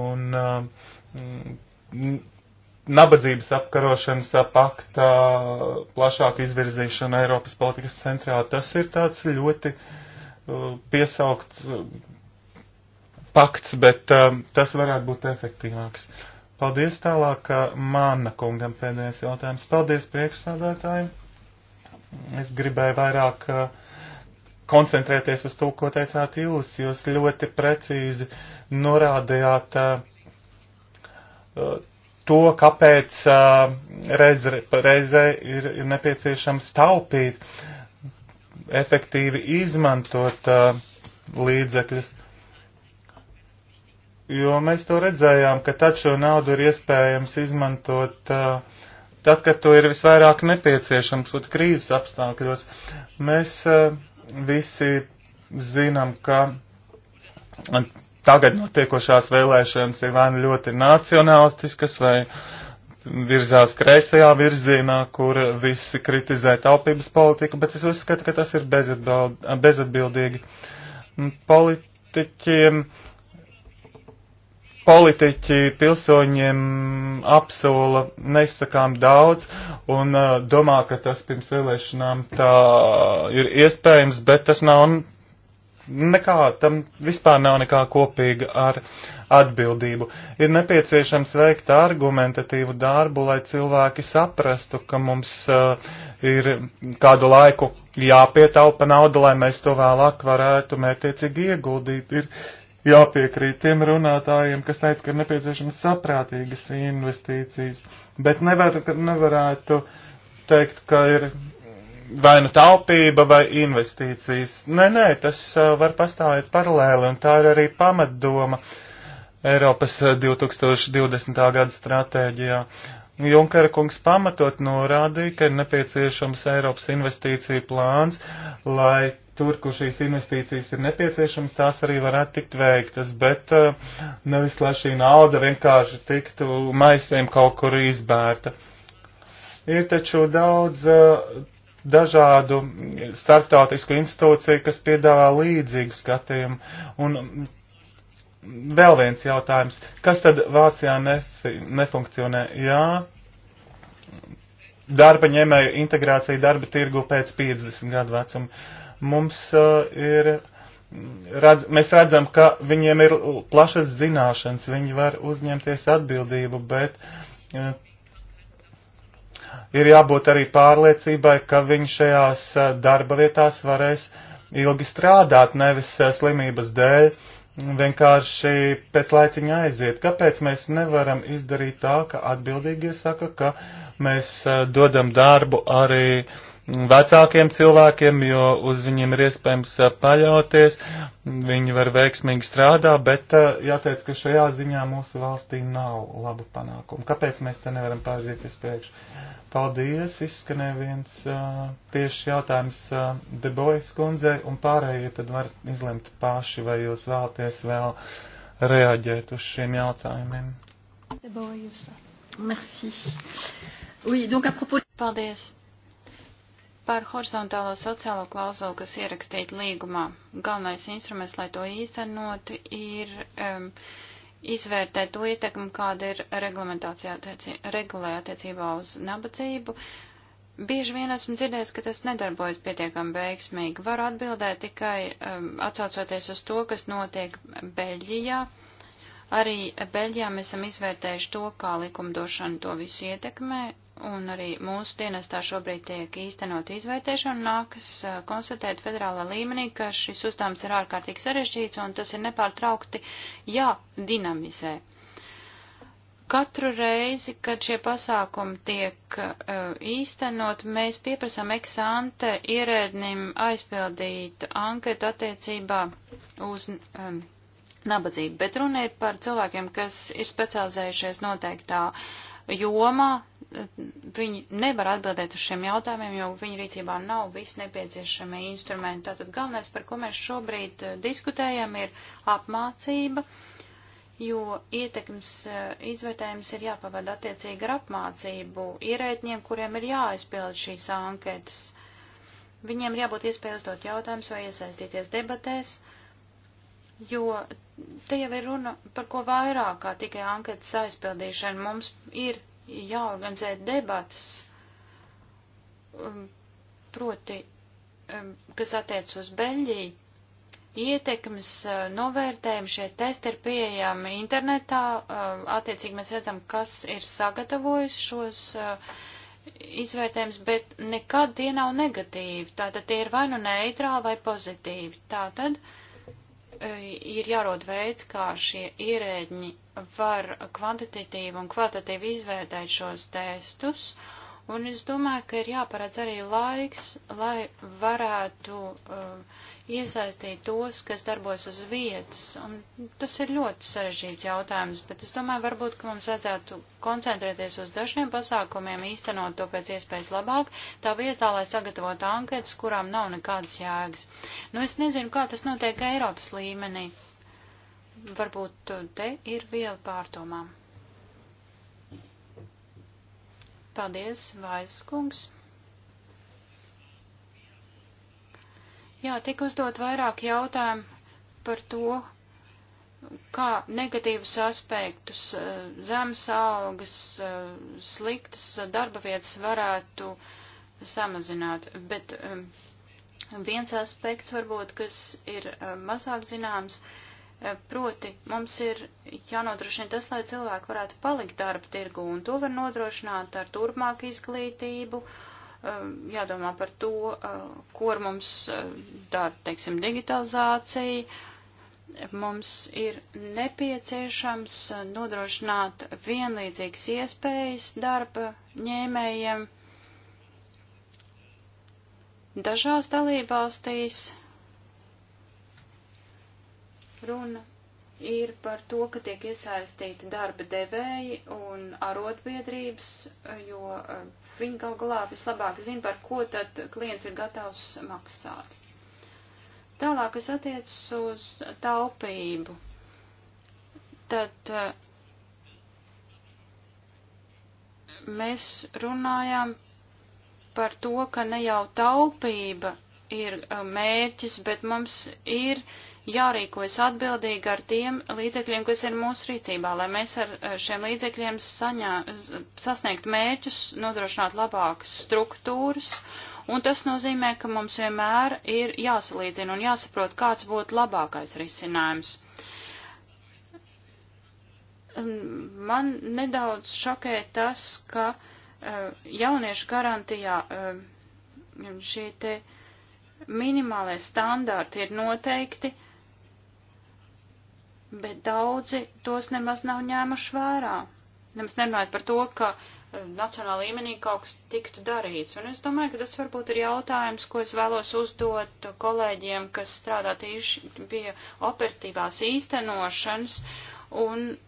un uh, nabadzības apkarošanas pakta plašāka izvirzīšana Eiropas politikas centrā. Tas ir tāds ļoti uh, piesaukts uh, pakts, bet um, tas varētu būt efektīvāks. Paldies tālāk uh, Māna kungam pēdējais jautājums. Paldies priekšsādātājiem. Es gribēju vairāk uh, koncentrēties uz to, ko teicāt jūs. Jūs ļoti precīzi norādījāt uh, uh to, kāpēc uh, reizē reiz ir, ir nepieciešams taupīt, efektīvi izmantot uh, līdzekļus. Jo mēs to redzējām, ka tad šo naudu ir iespējams izmantot uh, tad, kad to ir visvairāk nepieciešams, pat krīzes apstākļos. Mēs uh, visi zinām, ka tagad notiekošās vēlēšanas ir vai nu ļoti nacionālistiskas vai virzās kreisajā virzienā, kur visi kritizē taupības politiku, bet es uzskatu, ka tas ir bezatbild, bezatbildīgi. Politiķiem, politiķi pilsoņiem apsola nesakām daudz un domā, ka tas pirms vēlēšanām tā ir iespējams, bet tas nav nekā tam vispār nav nekā kopīga ar atbildību. Ir nepieciešams veikt argumentatīvu darbu, lai cilvēki saprastu, ka mums uh, ir kādu laiku jāpietaupa nauda, lai mēs to vēlāk varētu mērķiecīgi ieguldīt. Ir jāpiekrīt tiem runātājiem, kas teica, ka ir nepieciešams saprātīgas investīcijas, bet nevar, nevarētu teikt, ka ir vai nu taupība vai investīcijas. Nē, nē, tas uh, var pastāvēt paralēli, un tā ir arī pamatdoma Eiropas 2020. Uh, gada stratēģijā. Junkera kungs pamatot norādīja, ka ir nepieciešams Eiropas investīciju plāns, lai tur, kur šīs investīcijas ir nepieciešamas, tās arī varētu tikt veiktas, bet uh, nevis lai šī nauda vienkārši tiktu maisiem kaut kur izbērta. Ir taču daudz dažādu startautisku institūciju, kas piedāvā līdzīgu skatījumu. Un vēl viens jautājums. Kas tad Vācijā nef nefunkcionē? Jā, darba ņēmēju integrācija darba tirgu pēc 50 gadu vecuma. Mums uh, ir. Redz, mēs redzam, ka viņiem ir plašas zināšanas, viņi var uzņemties atbildību, bet uh, ir jābūt arī pārliecībai, ka viņi šajās eh, darba vietās varēs ilgi strādāt, nevis eh, slimības dēļ vienkārši pēc laiciņa aiziet. Kāpēc mēs nevaram izdarīt tā, ka atbildīgie saka, ka mēs eh, dodam darbu arī uh, vecākiem cilvēkiem, jo uz viņiem ir iespējams eh, paļauties, viņi var veiksmīgi strādāt, bet eh, jāteic, ka šajā ziņā mūsu valstī nav labu panākumu. Kāpēc mēs te nevaram pārzīties priekšu? Paldies, izskanēja viens uh, eh, tieši jautājums uh, Debojas kundzei, un pārējie tad var izlemt paši, vai jūs vēlaties vēl reaģēt uz šiem jautājumiem. Debojas. Merci. Oui, donc à propos... Paldies par horizontālo sociālo klauzulu, kas ierakstīta līgumā. Galvenais instruments, lai to īstenot, ir um, izvērtēt to ietekmi, kāda ir reglamentācijā attiecī, regulē attiecībā uz nabadzību. Bieži vien esmu dzirdējis, ka tas nedarbojas pietiekami veiksmīgi. Varu atbildēt tikai um, atsaucoties uz to, kas notiek Beļģijā. Arī Beļģijā mēs esam izvērtējuši to, kā likumdošana to visu ietekmē, un arī mūsu dienestā šobrīd tiek īstenot izvērtēšana, nākas konstatēt federālā līmenī, ka šis uzdevums ir ārkārtīgi sarežģīts un tas ir nepārtraukti jādinamizē. Katru reizi, kad šie pasākumi tiek uh, īstenot, mēs pieprasām eksante ierēdnim aizpildīt anketu attiecībā uz um, nabadzību, bet runa ir par cilvēkiem, kas ir specializējušies noteiktā jomā, viņi nevar atbildēt uz šiem jautājumiem, jo viņu rīcībā nav visi nepieciešamie instrumenti. Tātad galvenais, par ko mēs šobrīd eh, diskutējam, ir apmācība, jo ietekmes eh, izvērtējums ir jāpavada attiecīgi ar apmācību ierēģiem, kuriem ir jāaizpild šīs anketas. Viņiem ir jābūt iespēja uzdot jautājumus vai iesaistīties debatēs, jo te jau ir runa par ko vairāk kā tikai anketas aizpildīšana. Mums ir jāorganizē debatas, um, proti, um, kas attiec uz Beļģiju. Ietekmes uh, novērtējumi šie testi ir pieejami internetā, uh, attiecīgi mēs redzam, kas ir sagatavojis šos uh, izvērtējums, bet nekad tie nav negatīvi. Tātad tie ir vai nu neitrāli vai pozitīvi. Tātad uh, E, ir jārod veids, kā šie ierēģi var kvantitatīvi un kvalitatīvi izvērtēt šos testus, un es domāju, ka ir jāparedz arī laiks, lai varētu uh, iesaistīt tos, kas darbos uz vietas. Un tas ir ļoti sarežģīts jautājums, bet es domāju, varbūt, ka mums vajadzētu koncentrēties uz dažiem pasākumiem, īstenot to pēc iespējas labāk, tā vietā, lai sagatavotu anketas, kurām nav nekādas jēgas. Nu, es nezinu, kā tas notiek Eiropas līmenī. Varbūt uh, te ir viela pārdomām. Paldies, Vaiskungs. Jā, tika uzdot vairāk jautājumu par to, kā negatīvus aspektus, eh, zemes algas, eh, sliktas darba vietas varētu samazināt. Bet eh, viens aspekts varbūt, kas ir mazāk zināms, proti mums ir jānodrošina tas, lai cilvēki varētu palikt darba tirgu, un to var nodrošināt ar turpmāku izglītību. Uh, Eh, jādomā par to, eh, kur mums dara, eh, teiksim, digitalizācija. Mums ir nepieciešams nodrošināt vienlīdzīgas iespējas darba ņēmējiem dažās dalībvalstīs. Runa ir par to, ka tiek iesaistīti darba devēji un arotbiedrības, jo eh, viņi gal galā vislabāk zina, par ko tad klients ir gatavs maksāt. Tālāk, kas attiecas uz taupību, tad eh, mēs runājām par to, ka ne jau taupība ir eh, mērķis, bet mums ir uh, jārīkojas atbildīgi ar tiem līdzekļiem, kas ir mūsu rīcībā, lai mēs ar šiem līdzekļiem saņā, sasniegtu mērķus, nodrošinātu labākas struktūras, un tas nozīmē, ka mums vienmēr ir jāsalīdzina un jāsaprot, kāds būtu labākais risinājums. Man nedaudz šokē tas, ka e, jauniešu garantijā e, šie te minimālie standarti ir noteikti, bet daudzi tos nemaz nav ņēmuši vērā. Nemaz nerunājot par to, ka e, nacionāla līmenī kaut kas tiktu darīts. Un es domāju, ka tas varbūt ir jautājums, ko es vēlos uzdot kolēģiem, kas strādā tieši pie operatīvās īstenošanas un e,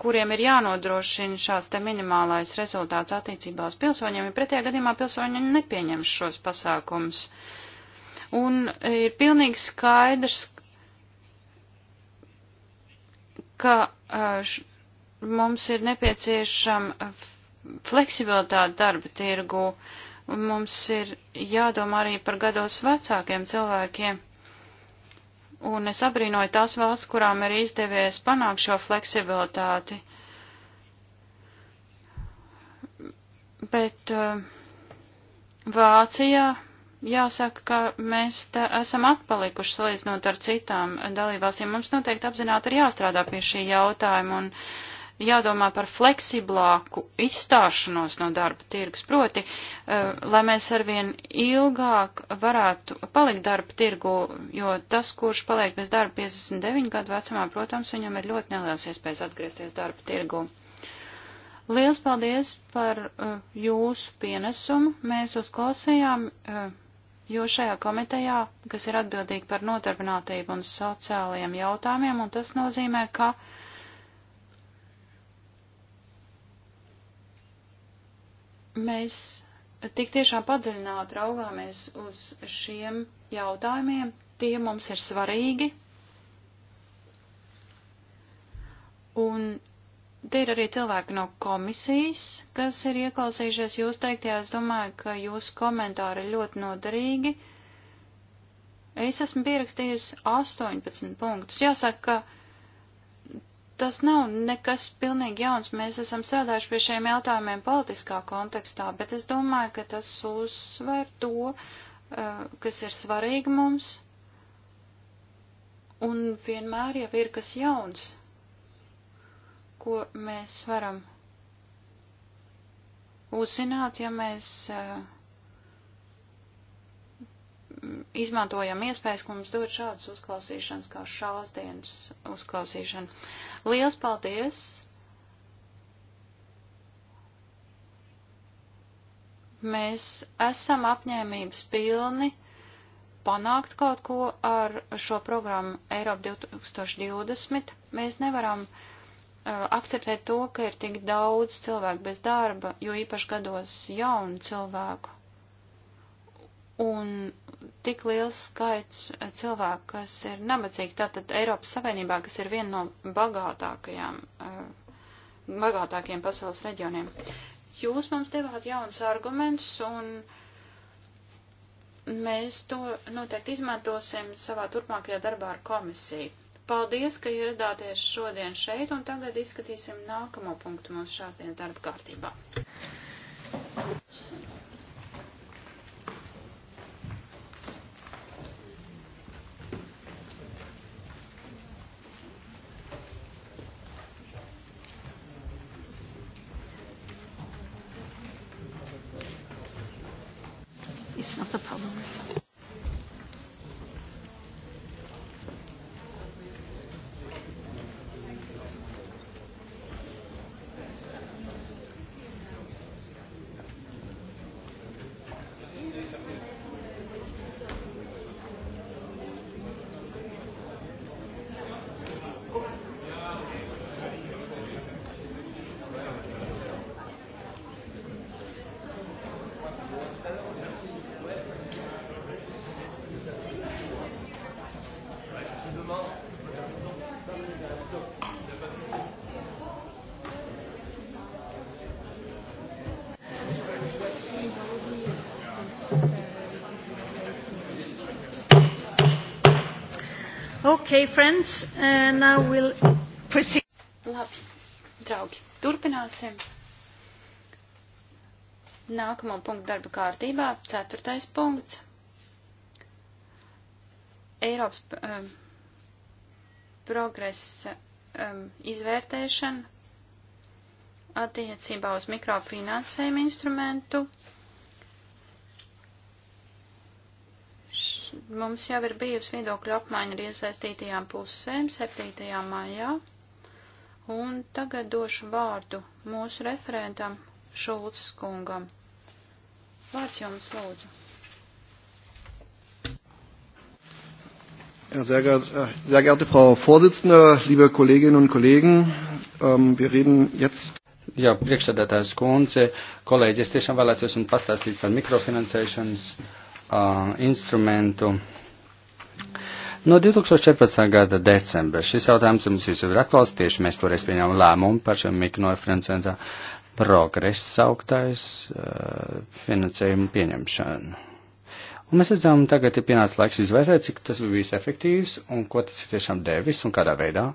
kuriem ir jānodrošina šāds te minimālais rezultāts attiecībā uz pilsoņiem, jo pretējā gadījumā pilsoņi nepieņems šos pasākumus. Un ir pilnīgi skaidrs, ka š, mums ir nepieciešama fleksibilitāte darba tirgu. Mums ir jādomā arī par gados vecākiem cilvēkiem. Un es abrīnoju tās valsts, kurām ir izdevies panākt šo fleksibilitāti. Bet uh, Vācijā Jāsaka, ka mēs esam atpalikuši salīdzinot ar citām dalībvalstīm. Mums noteikti apzināti ir jāstrādā pie šī jautājuma un jādomā par fleksiblāku izstāšanos no darba tirgus. Proti, uh, lai mēs arvien ilgāk varētu palikt darba tirgu, jo tas, kurš paliek bez darba 59 gadu vecumā, protams, viņam ir ļoti neliels iespējas atgriezties darba tirgu. Liels paldies par uh, jūsu pienesumu. Mēs uzklausījām. Uh, jo šajā komitejā, kas ir atbildīgi par notarbinātību un sociālajiem jautājumiem, un tas nozīmē, ka mēs tik tiešām padziļināti raugāmies uz šiem jautājumiem, tie mums ir svarīgi. Un Te ir arī cilvēki no komisijas, kas ir ieklausījušies jūs teiktajā. Es domāju, ka jūsu komentāri ir ļoti noderīgi. Es esmu pierakstījusi 18 punktus. Jāsaka, ka tas nav nekas pilnīgi jauns. Mēs esam strādājuši pie šiem jautājumiem politiskā kontekstā, bet es domāju, ka tas uzsver to, eh, kas ir svarīgi mums. Un vienmēr jau ir kas jauns ko mēs varam uzzināt, ja mēs uh, izmantojam iespējas, ko mums dod šādas uzklausīšanas, kā šās dienas uzklausīšana. Liels paldies! Mēs esam apņēmības pilni panākt kaut ko ar šo programmu Eiropa 2020. Mēs nevaram uh, akceptēt to, ka ir tik daudz cilvēku bez darba, jo īpaši gados jaunu cilvēku. Un tik liels skaits cilvēku, kas ir nabadzīgi, tātad Eiropas Savienībā, kas ir viena no bagātākajām, bagātākajiem pasaules reģioniem. Jūs mums devāt jaunas argumentus un mēs to noteikti izmantosim savā turpmākajā darbā ar komisiju. Paldies, ka ieradāties šodien šeit, un tagad izskatīsim nākamo punktu mūsu šās dienas darba kārtībā. Okay, friends, uh, now we'll proceed. Labi, draugi, turpināsim. Nākamo punktu darba kārtībā, ceturtais punkts. Eiropas um, progresa um, izvērtēšana attiecībā uz mikrofinansējumu instrumentu Mums jau ir bijusi viedokļu apmaiņa ar iesaistītajām pusēm 7. maijā, un tagad došu vārdu mūsu referentam Šulcis kungam. Vārds jums lūdzu. Ja, sehr, geehrte, äh, sehr geehrte Frau Vorsitzende, liebe Kolleginnen und Kollegen, ähm, wir reden jetzt. Jā, priekšsēdētājs kundze, kolēģi, es tiešām vēlētos jums pastāstīt par mikrofinansēšanas uh, uh, instrumentu. No 2014. gada decembra šis jautājums mums visur ir aktuāls, tieši mēs toreiz pieņēmām lēmumu par šo mikrofinansētā progresa augtais uh, finansējumu pieņemšanu. Un mēs redzam, tagad ir pienācis laiks izvērtēt, cik tas bija bijis efektīvs un ko tas ir tiešām devis un kādā veidā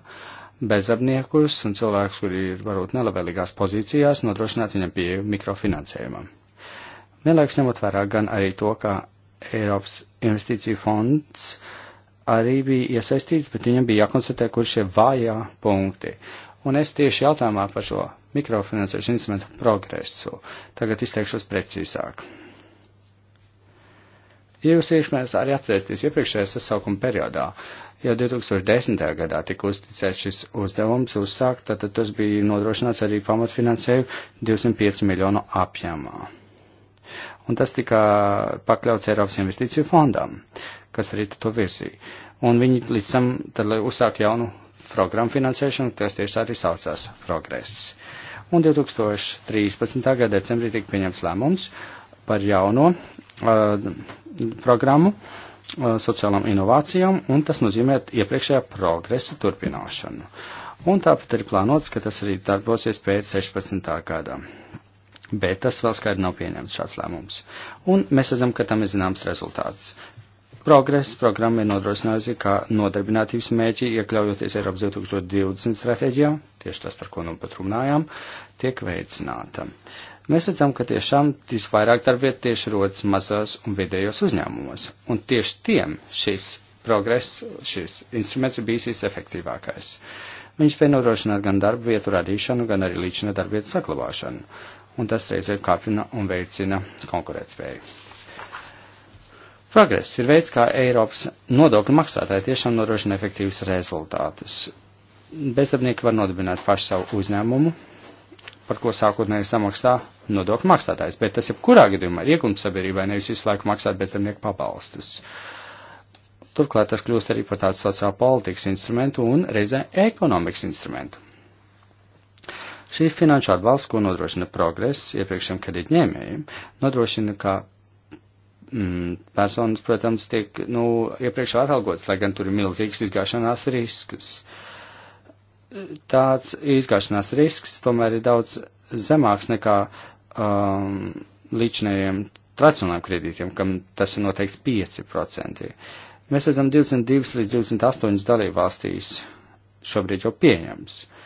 bezdarbniekus un cilvēkus, kuri ir varbūt nelabvēlīgās pozīcijās, nodrošināt viņam pieeju mikrofinansējumam. Vienlaiks ņemot vērā gan arī to, ka Eiropas investīcija fonds arī bija iesaistīts, bet viņam bija jākonstatē, kur šie vājā punkti. Un es tieši jautājumā par šo mikrofinansēšanas instrumentu progresu tagad izteikšos precīzāk. Ja jūs iekšmēs arī atcerēsties iepriekšējā sasaukuma periodā, jau 2010. gadā tika uzticēts šis uzdevums uzsākt, tad tas bija nodrošināts arī pamatfinansēju 205 miljonu apjāmā un tas tika pakļauts Eiropas investīciju fondam, kas arī to virzīja. Un viņi līdz tam, tad, lai uzsāk jaunu programmu finansēšanu, tas tieši arī saucās progress. Un 2013. gada decembrī tika pieņemts lēmums par jauno uh, programmu uh, sociālām inovācijām, un tas nozīmē iepriekšējā progresa turpināšanu. Un tāpat ir plānots, ka tas arī darbosies pēc 16. gadam bet tas vēl skaidri nav pieņemts šāds lēmums. Un mēs redzam, ka tam ir zināms rezultāts. Progress programma ir nodrošinājusi, ka nodarbinātības mērķi, iekļaujoties Eiropas 2020 stratēģijā, tieši tas, par ko nu pat runājām, tiek veicināta. Mēs redzam, ka tiešām visvairāk darbvietu tieši rodas mazās un vidējos uzņēmumos, un tieši tiem šis progress, šis instruments ir bijis visefektīvākais. Viņš spēja nodrošināt gan darba vietu radīšanu, gan arī līdzina darba vietu saglabāšanu un tas reizē kāpina un veicina konkurētspēju. Progress ir veids, kā Eiropas nodokļu maksātāji tiešām nodrošina efektīvus rezultātus. Bezdarbnieki var nodibināt pašu savu uzņēmumu, par ko sākotnēji samaksā nodokļu maksātājs, bet tas jebkurā gadījumā ir iegums sabiedrībai, nevis visu laiku maksāt bezdarbnieku pabalstus. Turklāt tas kļūst arī par tādu sociālu politikas instrumentu un reizē ekonomikas instrumentu. Šīs finanšu atbalsts, ko nodrošina progress iepriekšējiem kredītņēmējiem, nodrošina, ka mm, personas, protams, tiek nu, iepriekš atalgotas, lai gan tur ir milzīgs izgāšanās risks. Tāds izgāšanās risks tomēr ir daudz zemāks nekā um, līdzinējiem tradicionālajiem kredītiem, kam tas ir noteikts 5%. Mēs redzam 22 līdz 28 dalībvalstīs šobrīd jau pieejams. Uh,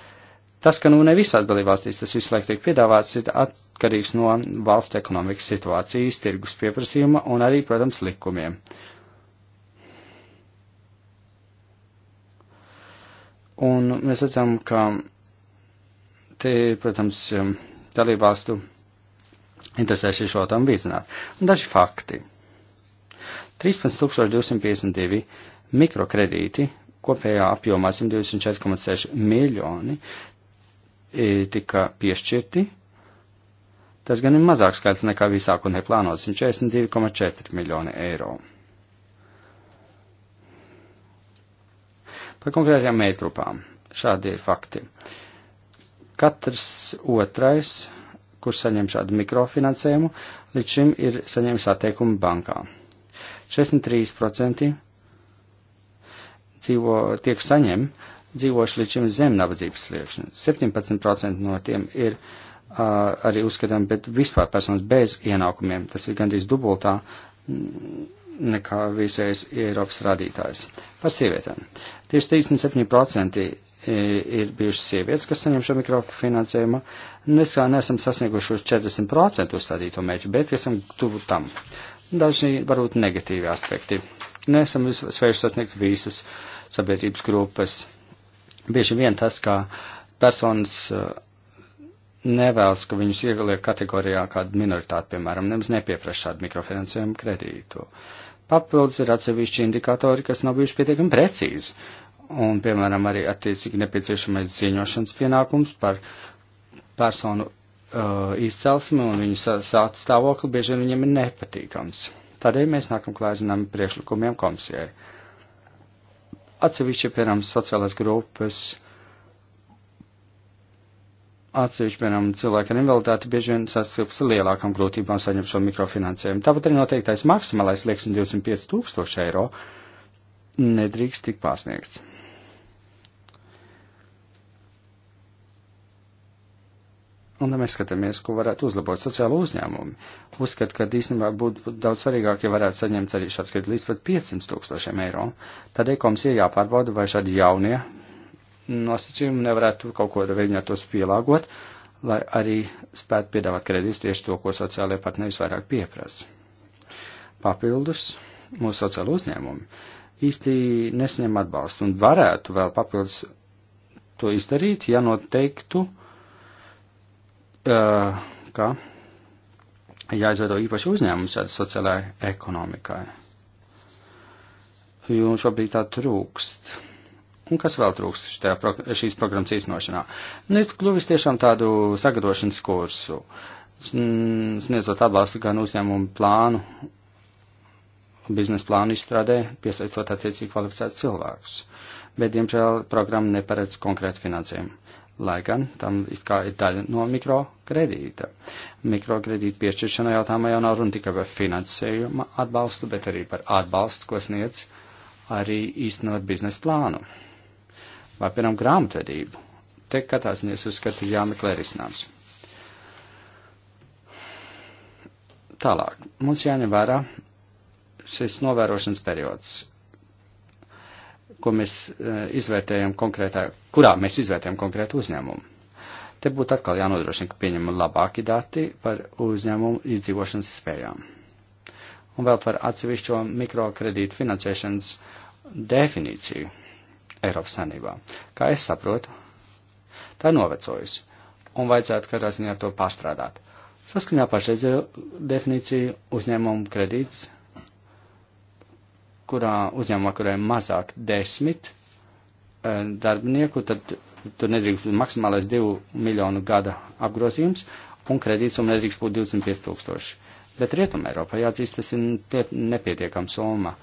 Tas, ka nu ne visās dalībvalstīs tas visu laiku tiek piedāvāts, ir atkarīgs no valsts ekonomikas situācijas, tirgus pieprasījuma un arī, protams, likumiem. Un mēs redzam, ka te, protams, um, dalībvalstu interesē šī šo tam vīdzināt. Un daži fakti. 13252 mikrokredīti kopējā apjomā 124,6 miljoni E, tika piešķirti. Tas gan ir mazāk skaits nekā visākotnē plānots - 142,4 miljoni eiro. Par konkrētajām mērķgrupām. Šādi ir fakti. Katrs otrais, kurš saņem šādu mikrofinansējumu, līdz šim ir saņēmis atteikumu bankā. 63% dzīvo, tiek saņem uh, dzīvojuši līdz šim zem nabadzības sliekšņa. 17% no tiem ir uh, arī uzskatām, bet vispār personas bez ienākumiem. Tas ir gandrīz dubultā nekā visais Eiropas rādītājs. Par sievietēm. Tieši 37% ir bijušas sievietes, kas saņem šo mikrofinansējumu. Mēs kā nesam sasnieguši uz 40% uzstādīto mērķu, bet esam tuvu tam. Daži varbūt negatīvi aspekti. Nesam spējuši sasniegt visas sabiedrības grupas. Bieži vien tas, ka personas uh, nevēlas, ka viņus ieliek kategorijā kāda minoritāte, piemēram, nemaz nepieprasa šādu mikrofinansējumu kredītu. Papildus ir atsevišķi indikatori, kas nav bijuši pietiekami precīzi, un, piemēram, arī attiecīgi nepieciešamais ziņošanas pienākums par personu uh, izcelsmi un viņu sāta stāvokli bieži vien viņiem ir nepatīkams. Tādēļ mēs nākam klāt zinām priekšlikumiem komisijai. Uh, Atsevišķi, piemēram, sociālās grupas, atsevišķi, piemēram, cilvēki ar invaliditāti bieži vien saskaras ar lielākām grūtībām saņemt šo mikrofinansējumu. Tāpat arī noteiktais maksimālais liekas 205 tūkstoši eiro nedrīkst tik pārsniegts. Un tad mēs skatāmies, ko varētu uzlabot sociālo uzņēmumu. Uzskat, ka īstenībā būtu daudz svarīgāk, ja varētu saņemt arī šāds kredit līdz pat 500 tūkstošiem eiro. Tādēļ komisija jāpārbauda, vai šādi jaunie nosacījumi nevarētu kaut ko mēģināt tos pielāgot, lai arī spētu piedāvāt kredītus tieši to, ko sociālajie partneri visvairāk pieprasa. Papildus mūsu sociālo uzņēmumu īsti nesaņem atbalstu un varētu vēl papildus to izdarīt, ja noteiktu, ka jāizveido īpaši uzņēmums sociālai ekonomikai. Jo šobrīd tā trūkst. Un kas vēl trūkst šitā, šīs programmas īstenošanā? Nu, ir kļuvis tiešām tādu sagatavošanas kursu, sniedzot atbalstu gan uzņēmumu plānu, biznesa plānu izstrādē, piesaistot attiecīgi kvalificētus cilvēkus. Bet, diemžēl, programma neparedz konkrētu finansējumu lai gan tam kā ir daļa no mikrokredīta. Mikrokredīta piešķiršana jautājumā jau nav runa tikai par finansējuma atbalstu, bet arī par atbalstu, ko sniedz arī īstenot biznesa plānu. Vai, piemēram, grāmatvedību. Te katrā ziņā uzskata ir jāmeklē risinājums. Tālāk. Mums jāņem vērā šis novērošanas periods ko mēs eh, izvērtējam konkrētā, kurā mēs izvērtējam konkrētu uzņēmumu. Te būtu atkal jānodrošina, ka pieņemam labāki dati par uzņēmumu izdzīvošanas spējām. Un vēl par atsevišķo mikrokredītu finansēšanas definīciju Eiropas sanībā. Kā es saprotu, tā novecojusi un vajadzētu katrā ziņā to pārstrādāt. Saskaņā pašreizējo definīciju uzņēmumu kredīts kurā uzņēmumā, kurā ir mazāk desmit eh, darbinieku, tad tur nedrīkst būt maksimālais 2 miljonu gada apgrozījums, un kredītsumma nedrīkst būt 25 tūkstoši. Bet Rietuma Eiropā jāatzīst, tas ir nepietiekama summa,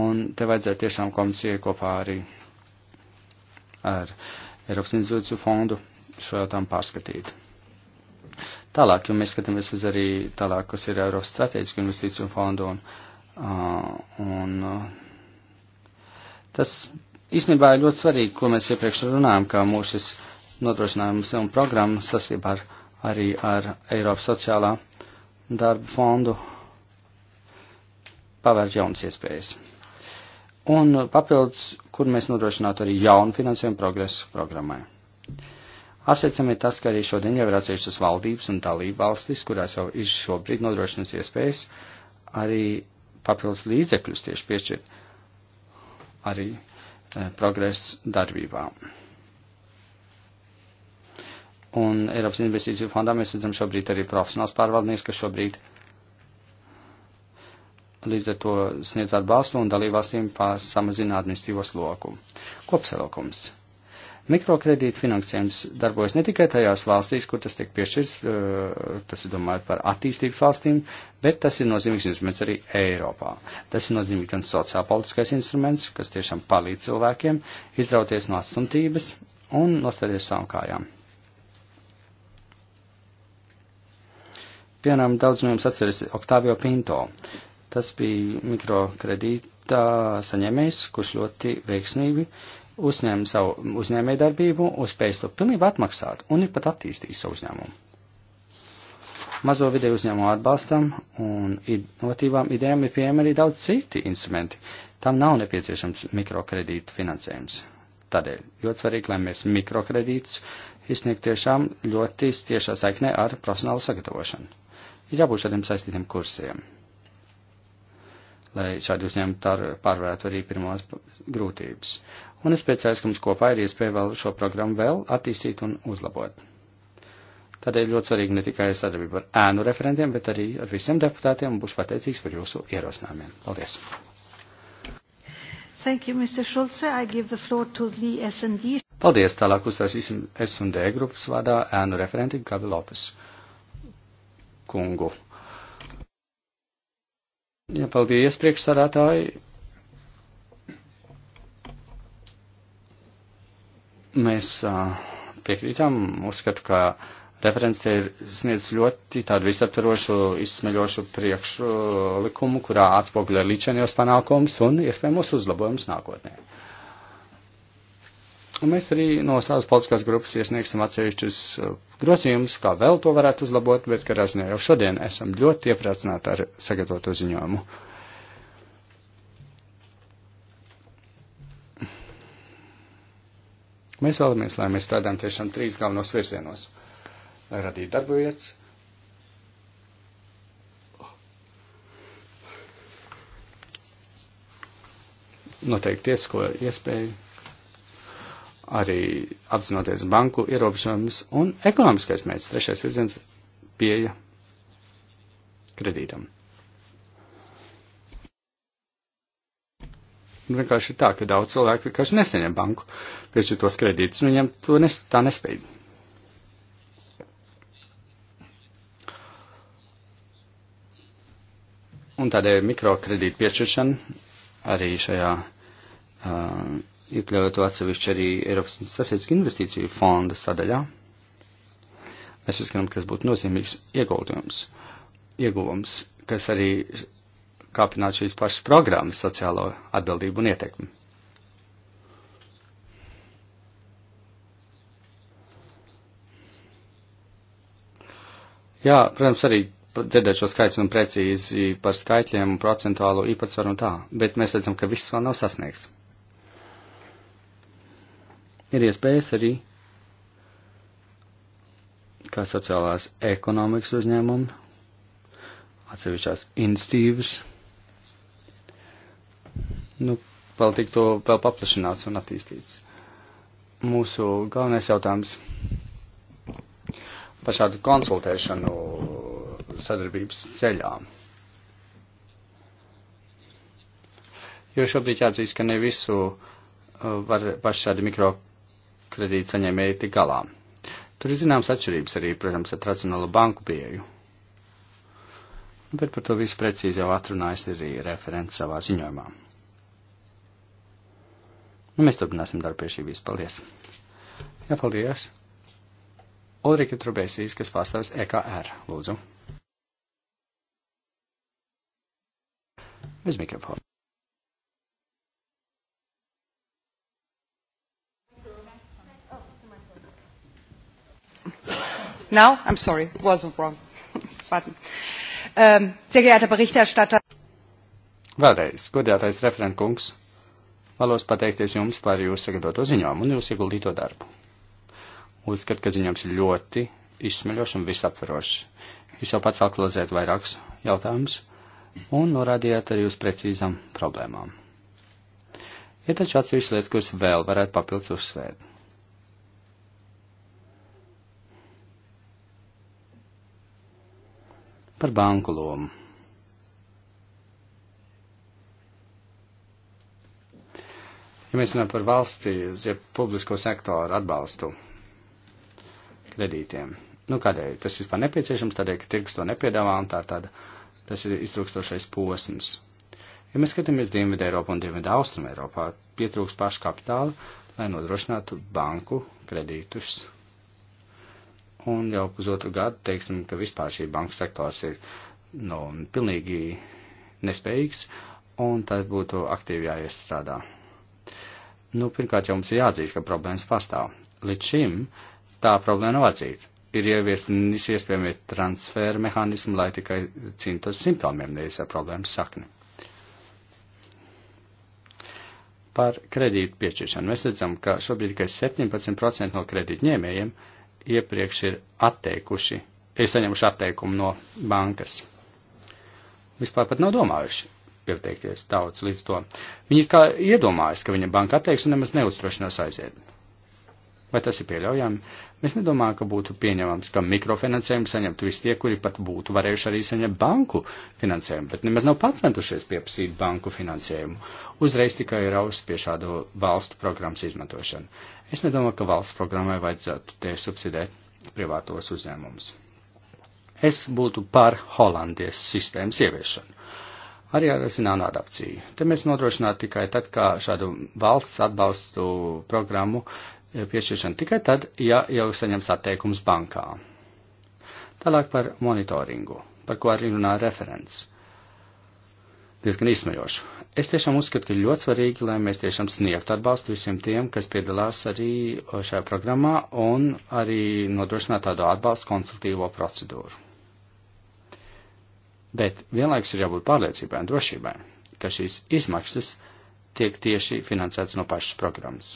un te vajadzētu tiešām komisijai kopā arī ar Eiropas institūciju fondu šo jautājumu pārskatīt. Tālāk, jo mēs skatāmies uz arī tālāk, kas ir Eiropas strateģisku investīciju fondu un uh, Un tas īstenībā ir ļoti svarīgi, ko mēs iepriekš runājam, ka mūsu šis nodrošinājums un programma sasībā ar, arī ar Eiropas sociālā darba fondu pavērt jaunas iespējas. Un papildus, kur mēs nodrošinātu arī jaunu finansējumu progresu programmai. Apsveicami ir tas, ka arī šodien jau ir atsevišķas valdības un dalība valstis, kurās jau ir šobrīd nodrošinas iespējas arī papildus līdzekļus tieši piešķirt arī eh, progress darbībā. Un Eiropas investīciju fondā mēs redzam šobrīd arī profesionāls pārvaldnieks, kas šobrīd līdz ar to sniedz atbalstu un dalībvalstīm samazina administrīvos loku. Kopsavilkums. Mikrokredīta finansējums darbojas ne tikai tajās valstīs, kur tas tiek piešķirts, eh, tas ir domājot par attīstības valstīm, bet tas ir nozīmīgs instruments arī Eiropā. Tas ir nozīmīgs gan sociālpolitiskais instruments, kas tiešām palīdz cilvēkiem izrauties no atstumtības un nostāties savām kājām. Piemēram, daudz no jums atceras Oktāvio Pinto. Tas bija mikrokredīta saņēmējs, kurš ļoti veiksmīgi uh, uzņēma savu uzņēmēju darbību, uzspēj to pilnībā atmaksāt un ir pat attīstījis savu uzņēmumu. Mazo vidēju uzņēmumu atbalstam un inovatīvām idejām ir pieejami arī daudz citi instrumenti. Tam nav nepieciešams mikrokredītu finansējums. Tādēļ ļoti svarīgi, lai mēs mikrokredītus izsniegt tiešām ļoti tiešā saiknē ar profesionālu sagatavošanu. Ir jābūt šādiem saistītiem kursiem lai šādi uzņēmumi pārvarētu arī pirmās grūtības. Un es priecājos, ka mums kopā ir iespēja vēl šo programmu vēl attīstīt un uzlabot. Tādēļ ļoti svarīgi ne tikai sadarbība ar ēnu referentiem, bet arī ar visiem deputātiem un būšu pateicīgs par jūsu ierosinājumiem. Paldies! Thank you, Mr. Schulze. I give the floor to the S&D. Paldies, tālāk uzstāsīsim S&D grupas vārdā ēnu referenti Gabi Lopes kungu. Jā, paldies, priekšsādātāji. Mēs uh, piekrītam, uzskatu, ka referents te ir sniedz ļoti tādu visaptarošu, izsmeļošu priekšlikumu, kurā atspoguļo līdšanos panākums un iespējamos uzlabojums nākotnē. Un mēs arī no savas politiskās grupas iesniegsim atsevišķus uh, grozījumus, kā vēl to varētu uzlabot, bet, kā raziņā jau šodien, esam ļoti iepriecināti ar sagatavoto ziņojumu. Mēs vēlamies, lai mēs strādājam tiešām trīs galvenos virzienos. Lai radītu darba vietas, noteikti tiesisko iespēju arī apzinoties banku ierobežojumus un ekonomiskais mērķis, trešais virziens - pieeja kredītam. Un nu, vienkārši ir tā, ka daudz cilvēku vienkārši nesaņem banku piešķir tos kredītus, un viņam to nes, tā nespēj. Un tādēļ mikrokredītu piešķiršana arī šajā uh, iekļaujot to atsevišķi arī Eiropas starptautisku investīciju fonda sadaļā. Mēs uzskatām, ka tas būtu nozīmīgs ieguldījums, ieguvums, kas arī kāpinātu šīs pašas programmas sociālo atbildību un ietekmi. Jā, protams, arī dzirdēt šo skaitļu un precīzi par skaitļiem un procentuālo īpatsvaru un tā, bet mēs redzam, ka viss vēl nav sasniegts ir iespējas arī kā sociālās ekonomikas uzņēmumi, atsevišķās institīvas, nu, vēl tik to vēl paplašināts un attīstīts. Mūsu galvenais jautājums par šādu konsultēšanu sadarbības ceļā. Jo šobrīd jāatzīst, ka ne visu uh, var paši šādi mikro kredīta saņēmēji tik galā. Tur ir zināmas atšķirības arī, protams, ar tradicionālo banku pieeju. Bet par to visu precīzi jau atrunājas arī referents savā ziņojumā. Nu, mēs turpināsim darbu pie šī visa. Paldies! Jā, paldies! Ulrika Trubēsīs, kas pārstāvis EKR, lūdzu. Bez mikrofona. now? I'm sorry, wasn't wrong. Pardon. Um, sehr geehrter Berichterstatter. Vēlreiz, godātais referentkungs, vēlos pateikties jums par jūsu sagatavoto ziņojumu un jūsu ieguldīto darbu. Uzskatu, ka ziņojums ir ļoti izsmeļošs un visaptverošs. Jūs jau pats aktualizējat vairākus jautājumus un norādījāt arī uz precīzām problēmām. Ir taču atsevišķas lietas, kuras vēl varētu papildus uzsvērt. Par banku lomu. Ja mēs runājam par valstī, ja publisko sektoru atbalstu kredītiem, nu kādēļ tas vispār nepieciešams, tādēļ, ka tirgus to nepiedāvā un tā tāda, tas ir iztrūkstošais posms. Ja mēs skatāmies Dienvidu Eiropu un Dienvidu Austrumu Eiropā, pietrūks pašu kapitāla, lai nodrošinātu banku kredītus. Un jau pusotru gadu teiksim, ka vispār šī banka sektors ir nu, pilnīgi nespējīgs, un tad būtu aktīvi jāiestrādā. Nu, pirmkārt, jau mums ir jāatzīst, ka problēmas pastāv. Līdz šim tā problēma nav atzīta. Ir ieviesti visi iespējamie transferu mehānismi, lai tikai cīnītos simptomiem, nevis ar problēmas sakni. Par kredītu piešķiršanu mēs redzam, ka šobrīd tikai 17% no kredītņēmējiem ņēmējiem iepriekš ir atteikuši, ir saņemuši atteikumu no bankas. Vispār pat nav domājuši pieteikties daudz līdz to. Viņi kā iedomājas, ka viņa banka atteiks un nemaz neuztrošinās aiziet. Vai tas ir pieļaujami? Mēs nedomājam, ka būtu pieņemams, ka mikrofinansējumu saņemtu visi tie, kuri pat būtu varējuši arī saņemt banku finansējumu, bet nemaz nav pats centušies pieprasīt banku finansējumu. Uzreiz tikai ir auss pie šādu valstu programmas izmantošanu. Es nedomāju, ka valsts programmai vajadzētu tieši subsidēt privātos uzņēmumus. Es būtu par Holandies sistēmas ieviešanu. Arī ar zināmu adapciju. Te mēs nodrošinātu tikai tad, kā šādu valsts atbalstu programmu piešķiršanu tikai tad, ja jau saņems atteikums bankā. Tālāk par monitoringu, par ko arī runā referents diezgan izsmejošu. Es tiešām uzskatu, ka ir ļoti svarīgi, lai mēs tiešām sniegtu atbalstu visiem tiem, kas piedalās arī šajā programmā un arī nodrošinātu tādu atbalstu konsultīvo procedūru. Bet vienlaikus ir jābūt pārliecībai un drošībai, ka šīs izmaksas tiek tieši finansētas no pašas programmas.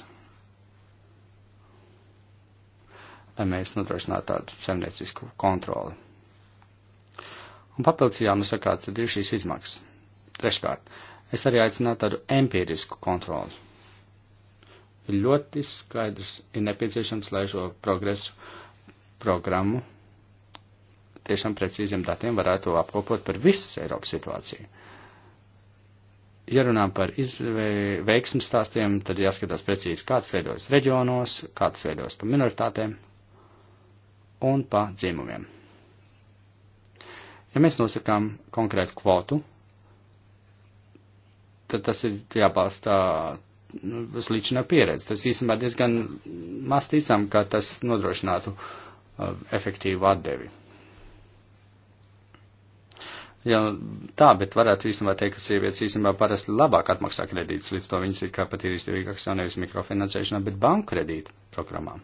Lai mēs nodrošinātu tādu saimniecisku kontroli. Un papildus jānosaka, tad ir šīs izmaksas Treškārt, es arī aicinātu tādu empirisku kontroli. Ir ļoti skaidrs, ir nepieciešams, lai šo progresu programmu tiešām precīziem datiem varētu apkopot par visas Eiropas situāciju. Ja runām par izvē, veiksmes stāstiem, tad jāskatās precīzi, kāds veidojas reģionos, kāds veidojas pa minoritātēm un pa dzimumiem. Ja mēs nosakām konkrētu kvotu tad tas ir jābalstā uz nu, līdzinā pieredze. Tas īstenībā diezgan maz ticam, ka tas nodrošinātu uh, efektīvu atdevi. Jā, tā, bet varētu īstenībā teikt, ka sievietes īstenībā parasti labāk atmaksā kredītus, līdz to viņas ir kā pat ir izdevīgākas jau nevis mikrofinansēšanā, bet banku kredītu programmām.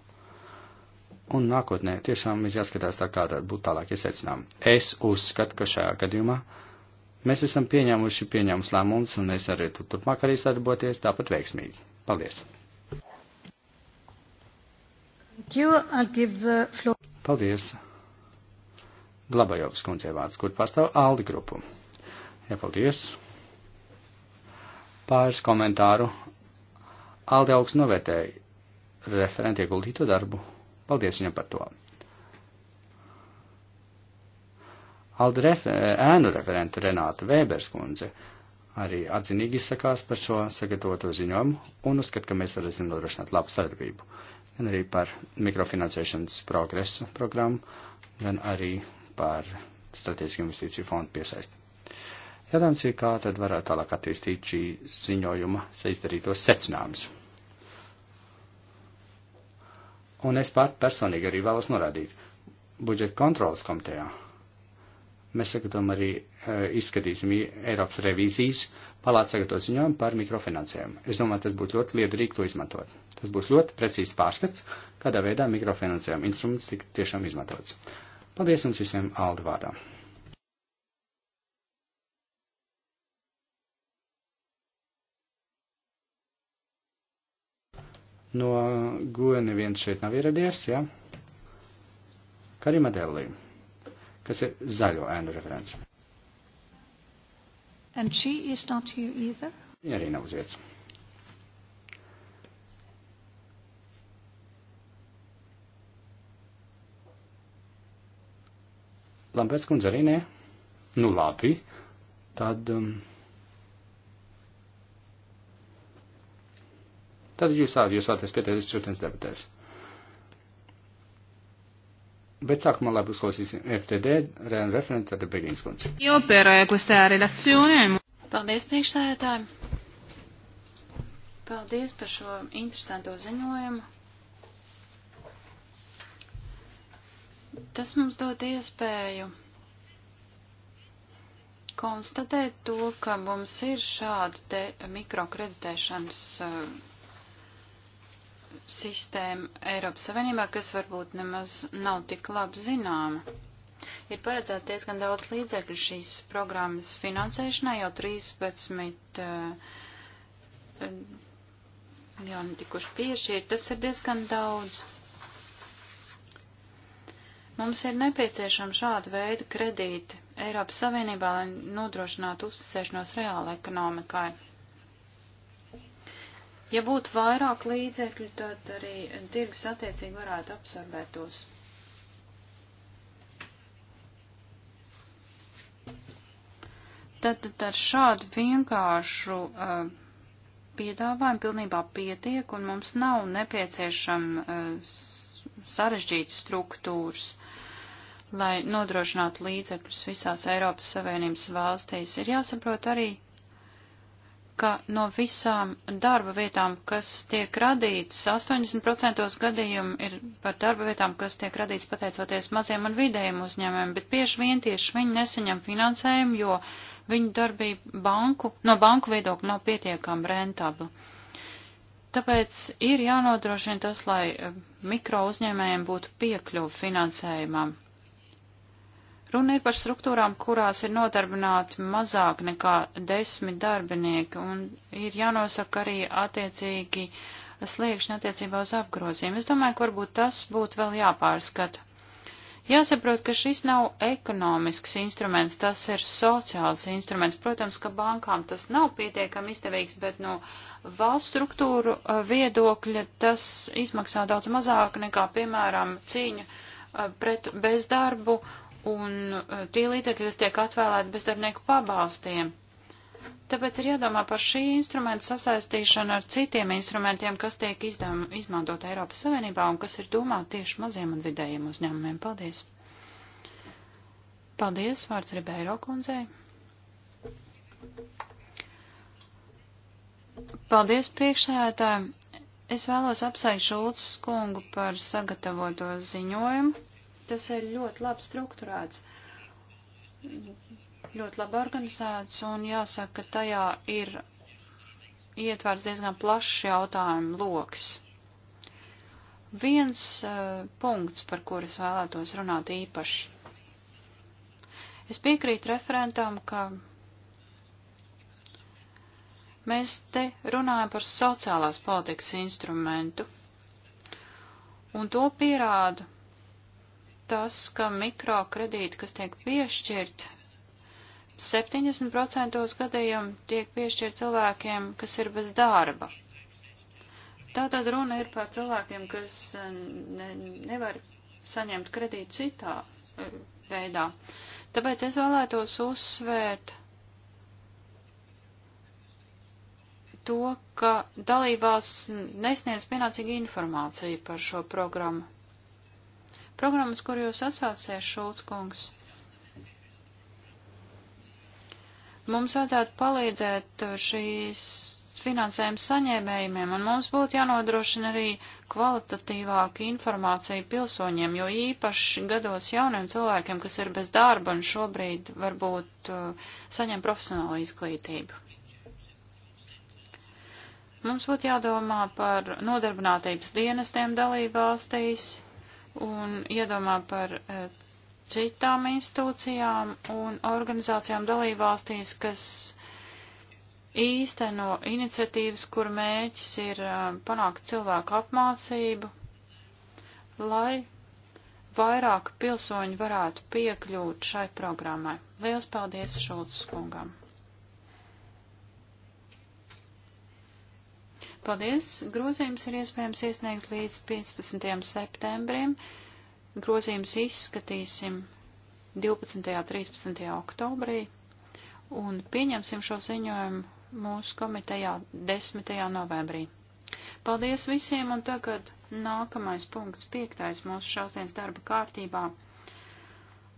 Un nākotnē tiešām ir jāskatās tā, kā būtu tālāk iesecinām. Es uzskatu, ka šajā gadījumā uh, Mēs esam pieņēmuši pieņēmus lēmumus, un es arī tur, turpmāk arī sadarboties tāpat veiksmīgi. Paldies! Paldies! Glabajovas kundze vārds, kur pastāv Aldi grupu. Jā, paldies! Pāris komentāru. Aldi augsts novērtēja referenti ieguldīto darbu. Paldies viņam par to! Alda refer ēnu referente Renāta Vēberskundze arī atzinīgi izsakās par šo sagatavoto ziņojumu un uzskat, ka mēs varēsim nodrošināt labu sadarbību. Gan arī par mikrofinansēšanas progresu programmu, gan arī par strateģisku investīciju fondu piesaisti. Jautājums ir, kā tad varētu tālāk attīstīt šī ziņojuma saizdarītos secinājumus. Un es pat personīgi arī vēlos norādīt budžeta kontrolas komitejā Mēs sagatavojam arī e, izskatīsim Eiropas revīzijas palāca sagatavot ziņojumu par mikrofinansējumu. Es domāju, tas būtu ļoti liederīgi to izmantot. Tas būs ļoti precīzs pārskats, kādā veidā mikrofinansējuma instruments tik tiešām izmantots. Paldies jums visiem Alda vārdā. No guļa neviens šeit nav ieradies, jā? Ja? Karimadellī kas ir zaļo ēnu referents. And she is not here either? Viņa arī nav uz vietas. Lampēc kundze arī nē. Nu labi, tad. Um, tad jūs, jūs vēlaties pieteikties šodienas debatēs. Bet sākumā labi uzklausīsim FTD referentu, tad Begins kundze. Jo per eh, questa relazione. Paldies priekšstādātājiem. Paldies par šo interesanto ziņojumu. Tas mums dod iespēju konstatēt to, ka mums ir šāda te mikrokreditēšanas uh, sistēma Eiropas Savienībā, kas varbūt nemaz nav tik labi zināma. Ir paredzēta diezgan daudz līdzekļu šīs programmas finansēšanai, jau 13 uh, eh, jau tikuši piešķirt, tas ir diezgan daudz. Mums ir nepieciešama šāda veida kredīti Eiropas Savienībā, lai nodrošinātu uzticēšanos reāla ekonomikai. Ja būtu vairāk līdzekļu, tad arī tirgus attiecīgi varētu absorbēt tos. Tad, tad ar šādu vienkāršu uh, piedāvājumu pilnībā pietiek, un mums nav nepieciešama uh, sarežģītas struktūras, lai nodrošinātu līdzekļus visās Eiropas Savienības valstīs. Ir jāsaprot arī, ka no visām darba vietām, kas tiek radītas, 80% gadījumu ir par darba vietām, kas tiek radītas pateicoties maziem un vidējiem uzņēmumiem, bet bieži vien tieši viņi nesaņem finansējumu, jo viņu darbība banku, no banku viedokļa nav pietiekami rentabla. Tāpēc ir jānodrošina tas, lai mikro uzņēmējiem būtu piekļuvi finansējumam. Runa ir par struktūrām, kurās ir nodarbināti mazāk nekā desmit darbinieki, un ir jānosaka arī attiecīgi sliekšņi attiecībā uz apgrozījumu. Es domāju, ka varbūt tas būtu vēl jāpārskata. Jāsaprot, ka šis nav ekonomisks instruments, tas ir sociāls instruments. Protams, ka bankām tas nav pietiekami izdevīgs, bet no valsts struktūru uh, viedokļa tas izmaksā daudz mazāk nekā, piemēram, cīņa uh, pret bezdarbu un uh, tie līdzekļi, kas tiek atvēlēti bezdarbnieku pabalstiem. Tāpēc ir jādomā par šī instrumenta sasaistīšanu ar citiem instrumentiem, kas tiek izdām, izmantot Eiropas Savienībā un kas ir domāti tieši maziem un vidējiem uzņēmumiem. Paldies! Paldies! Vārds Ribeiro kundzei! Paldies priekšsēdētājiem! Es vēlos apsveikt Šulcis kungu par sagatavoto ziņojumu tas ir ļoti labi strukturēts, ļoti labi organizēts, un jāsaka, ka tajā ir ietvērts diezgan plašs jautājumu loks. Viens uh, punkts, par kur es vēlētos runāt īpaši. Es piekrītu referentam, ka mēs te runājam par sociālās politikas instrumentu, un to pierāda tas, ka mikrokredīti, kas tiek piešķirt, 70% gadījumu tiek piešķirt cilvēkiem, kas ir bez darba. Tātad runa ir par cilvēkiem, kas eh, ne, nevar saņemt kredītu citā eh, veidā. Tāpēc es vēlētos uzsvērt to, ka dalībās nesniedz pienācīgu informāciju par šo programmu programmas, kur jūs atsaucies, Šulc kungs. Mums vajadzētu palīdzēt šīs finansējuma saņēmējumiem, un mums būtu jānodrošina arī kvalitatīvāka informācija pilsoņiem, jo īpaši gados jauniem cilvēkiem, kas ir bez darba un šobrīd varbūt uh, saņem profesionālu izglītību. Mums būtu jādomā par nodarbinātības dienestiem dalībvalstīs, un iedomā par eh, citām institūcijām un organizācijām dalībvalstīs, kas īsteno iniciatīvas, kur mēģis ir eh, panākt cilvēku apmācību, lai vairāk pilsoņi varētu piekļūt šai programmai. Lielas paldies Šulcis kungam! Paldies! Grozījums ir iespējams iesniegt līdz 15. septembrim. Grozījums izskatīsim 12. un 13. oktobrī un pieņemsim šo ziņojumu mūsu komitejā 10. novembrī. Paldies visiem, un tagad nākamais punkts, piektais mūsu šās dienas darba kārtībā.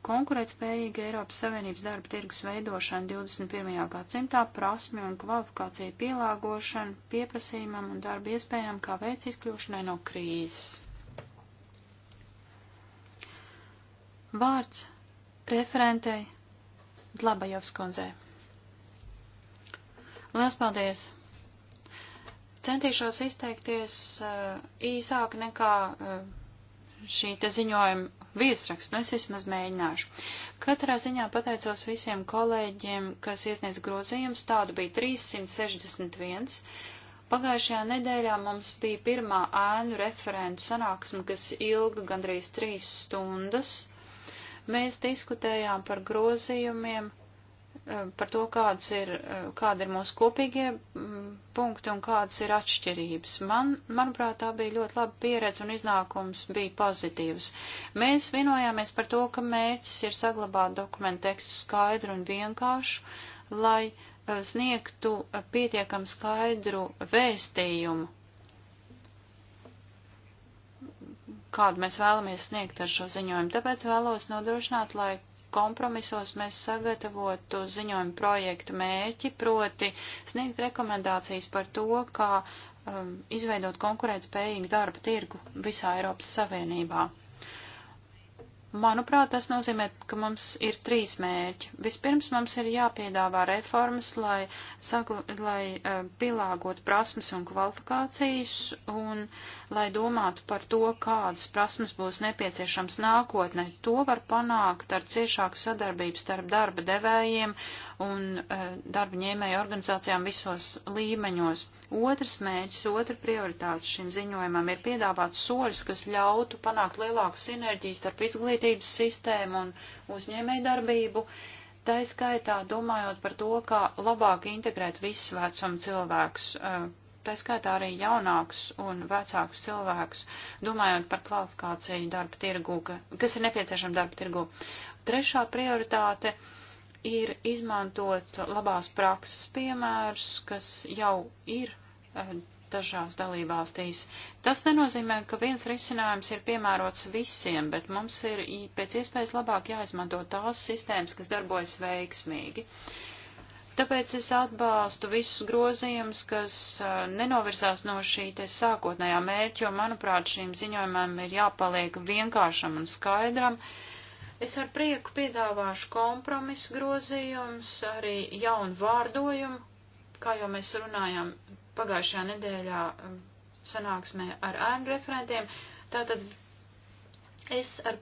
Konkurētspējīga Eiropas Savienības darba tirgus veidošana 21. gadsimtā prasmi un kvalifikācija pielāgošana pieprasījumam un darba iespējām kā veids izkļūšanai no krīzes. Vārds referentei Dlabajovs kundzei. Lielas paldies! Centīšos izteikties uh, īsāk nekā uh, šī te ziņojuma viesrakstu, nu es vismaz mēģināšu. Katrā ziņā pateicos visiem kolēģiem, kas iesniedz grozījumus, tādu bija 361. Pagājušajā nedēļā mums bija pirmā ēnu referentu sanāksme, kas ilga gandrīz trīs stundas. Mēs diskutējām par grozījumiem, Eh, par to, kādas ir, eh, kāda ir mūsu kopīgie mm, punkti un kādas ir atšķirības. Man, manuprāt, tā bija ļoti laba pieredze un iznākums bija pozitīvs. Mēs vienojāmies par to, ka mērķis ir saglabāt dokumentu tekstu skaidru un vienkāršu, lai eh, sniegtu pietiekam skaidru vēstījumu, kādu mēs vēlamies sniegt ar šo ziņojumu. Tāpēc vēlos nodrošināt, lai kompromisos mēs sagatavotu ziņojumu projektu mērķi, proti sniegt rekomendācijas par to, kā um, izveidot konkurētspējīgu darba tirgu visā Eiropas Savienībā. Manuprāt, tas nozīmē, ka mums ir trīs mērķi. Vispirms mums ir jāpiedāvā reformas, lai, saku, lai uh, pielāgotu prasmes un kvalifikācijas un lai domātu par to, kādas prasmes būs nepieciešams nākotnē. To var panākt ar ciešāku sadarbību starp darba devējiem un eh, darba ņēmēju organizācijām visos līmeņos. Otrs mēģis, otra prioritāte šim ziņojumam ir piedāvāt soļus, kas ļautu panākt lielāku sinerģiju starp izglītības sistēmu un uzņēmēju darbību, tā skaitā domājot par to, kā labāk integrēt visus vecumu cilvēkus, eh, tā skaitā arī jaunākus un vecākus cilvēkus, domājot par kvalifikāciju darba tirgu, kas ir nepieciešama darba tirgu. Trešā prioritāte. Uh, ir izmantot labās prakses piemērus, kas jau ir eh, dažās dalībvalstīs. Tas nenozīmē, ka viens risinājums ir piemērots visiem, bet mums ir pēc iespējas labāk jāizmanto tās sistēmas, kas darbojas veiksmīgi. Tāpēc es atbalstu visus grozījumus, kas eh, nenovirzās no šī te sākotnējā mērķa, jo, manuprāt, šīm ziņojumam ir jāpaliek vienkāršam un skaidram. Uh, Es ar prieku piedāvāšu kompromisu grozījums, arī jaunu vārdojumu, kā jau mēs runājām pagājušajā nedēļā um, sanāksmē ar ēnu referentiem. Tātad es ar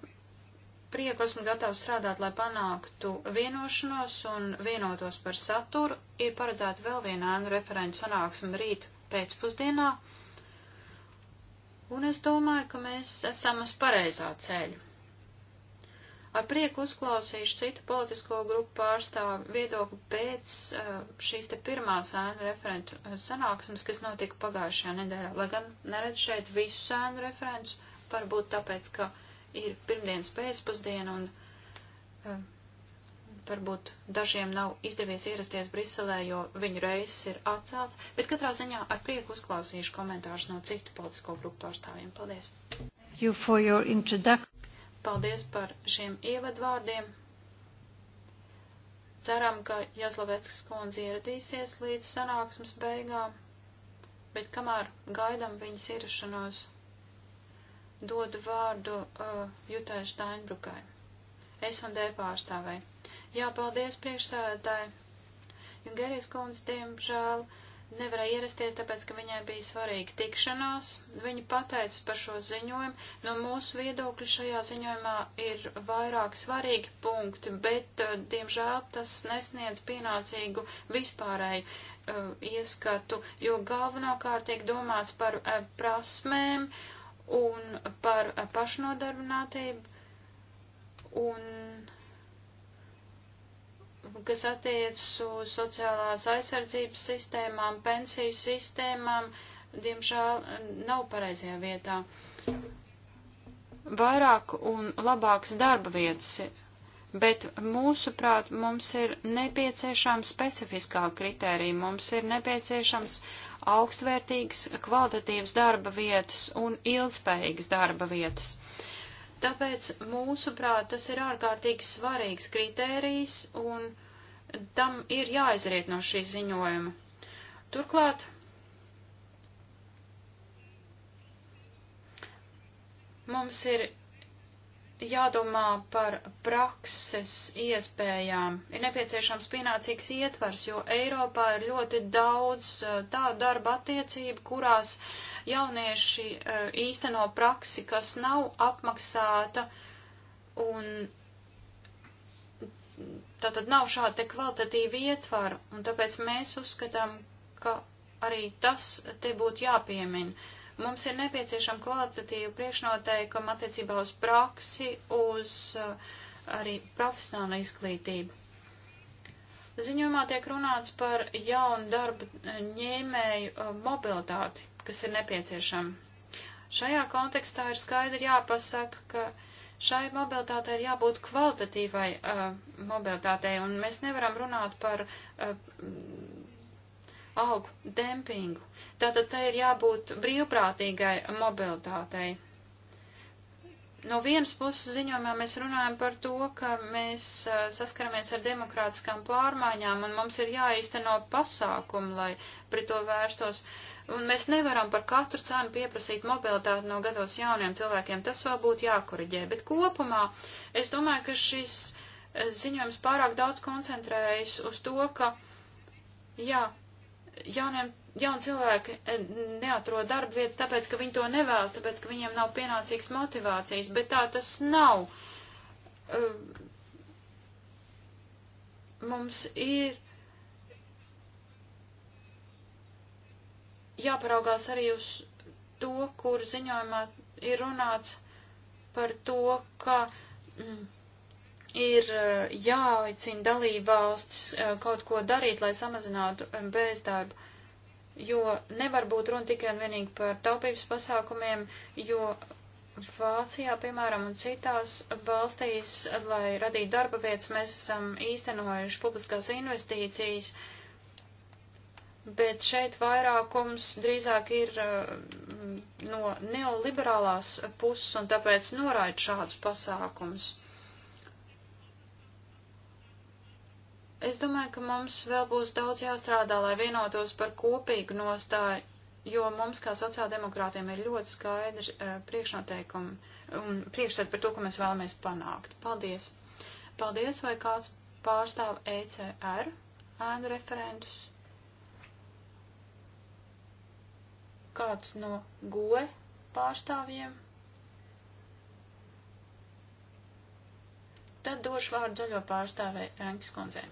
prieku esmu gatavs strādāt, lai panāktu vienošanos un vienotos par saturu. Ir paredzēta vēl viena ēnu referentu sanāksme rīt pēcpusdienā. Un es domāju, ka mēs esam uz pareizā ceļa. Ar prieku uzklausīšu citu politisko grupu pārstāvu viedokli pēc eh, šīs te pirmās ēnu referentu eh, sanāksmes, kas notika pagājušajā nedēļā. Lai gan neredz šeit visus ēnu referentus, varbūt tāpēc, ka ir pirmdienas pēcpusdiena un eh, varbūt dažiem nav izdevies ierasties Briselē, jo viņu reizes ir atcelts, bet katrā ziņā ar prieku uzklausīšu komentārus no citu politisko grupu pārstāvjiem. Paldies! You Paldies par šiem ievadvārdiem. Ceram, ka Jazlovetskas kundze ieradīsies līdz sanāksmes beigām, bet kamēr gaidam viņas ierašanos, dodu vārdu uh, Jutai Steinbrukai, es un D pārstāvei. Jā, paldies priekšsēdētāji. Jungerijas kundze, diemžēl, uh, nevarēja ierasties, tāpēc, ka viņai bija svarīga tikšanās. Viņa pateica par šo ziņojumu. No mūsu viedokļa šajā ziņojumā ir vairāk svarīgi punkti, bet, eh, diemžēl, tas nesniedz pienācīgu vispārēju uh, ieskatu, jo galvenokārt tiek domāts par uh, prasmēm un par uh, pašnodarbinātību. Un kas attiecas uz sociālās aizsardzības sistēmām, pensiju sistēmām, diemžēl nav pareizajā vietā. Vairāk un labāks darba vietas, bet mūsuprāt, mums ir nepieciešama specifiskā kritērija, mums ir nepieciešams augstvērtīgas, kvalitatīvas darba vietas un ilgspējīgas darba vietas. Tāpēc, mūsuprāt, tas ir ārkārtīgi svarīgs kritērijs, un tam ir jāizriet no šī ziņojuma. Turklāt, mums ir jādomā par prakses iespējām. Ir nepieciešams pienācīgs ietvars, jo Eiropā ir ļoti daudz uh, tādu darba attiecību, kurās uh, jaunieši e, īsteno praksi, kas nav apmaksāta un tātad nav šāda te kvalitatīva ietvara, un tāpēc mēs uzskatām, ka arī tas te būtu jāpiemina. Mums ir nepieciešama kvalitatīva priekšnoteikuma attiecībā uz praksi, uz e, arī profesionālu izglītību. Ziņojumā tiek runāts par jaunu darba ņēmēju e, mobilitāti kas ir nepieciešama. Šajā kontekstā ir skaidri jāpasaka, ka šai mobilitātei ir jābūt kvalitatīvai uh, mobilitātei, un mēs nevaram runāt par uh, algu dempingu. Tātad tai ir jābūt brīvprātīgai mobilitātei no vienas puses ziņojumā mēs runājam par to, ka mēs saskaramies ar demokrātiskām pārmaiņām un mums ir jāīsteno pasākumi, lai pret to vērstos. Un mēs nevaram par katru cenu pieprasīt mobilitāti no gados jauniem cilvēkiem. Tas vēl būtu jākoriģē. Bet kopumā es domāju, ka šis ziņojums pārāk daudz koncentrējas uz to, ka, jā, jauniem, jauni cilvēki eh, neatrod darba vietas, tāpēc, ka viņi to nevēlas, tāpēc, ka viņiem nav pienācīgas motivācijas, bet tā tas nav. Eh, mums ir jāparaugās arī uz to, kur ziņojumā ir runāts par to, ka. Mm, ir eh, jāaicina dalībvalstis eh, kaut ko darīt, lai samazinātu eh, bezdarbu. Jo nevar būt runa tikai un vienīgi par taupības pasākumiem, jo Vācijā, piemēram, un citās valstīs, lai radītu darba vietas, mēs esam īstenojuši publiskās investīcijas, bet šeit vairākums drīzāk ir no neoliberālās puses un tāpēc noraida šādus pasākumus. Es domāju, ka mums vēl būs daudz jāstrādā, lai vienotos par kopīgu nostāju, jo mums kā sociāldemokrātiem ir ļoti skaidri uh, priekšnoteikumi un priekšstat par to, ko mēs vēlamies panākt. Paldies! Paldies, vai kāds pārstāv ECR ēnu referentus? Kāds no GOE pārstāvjiem? Tad došu vārdu zaļo pārstāvē Rankas kundzei.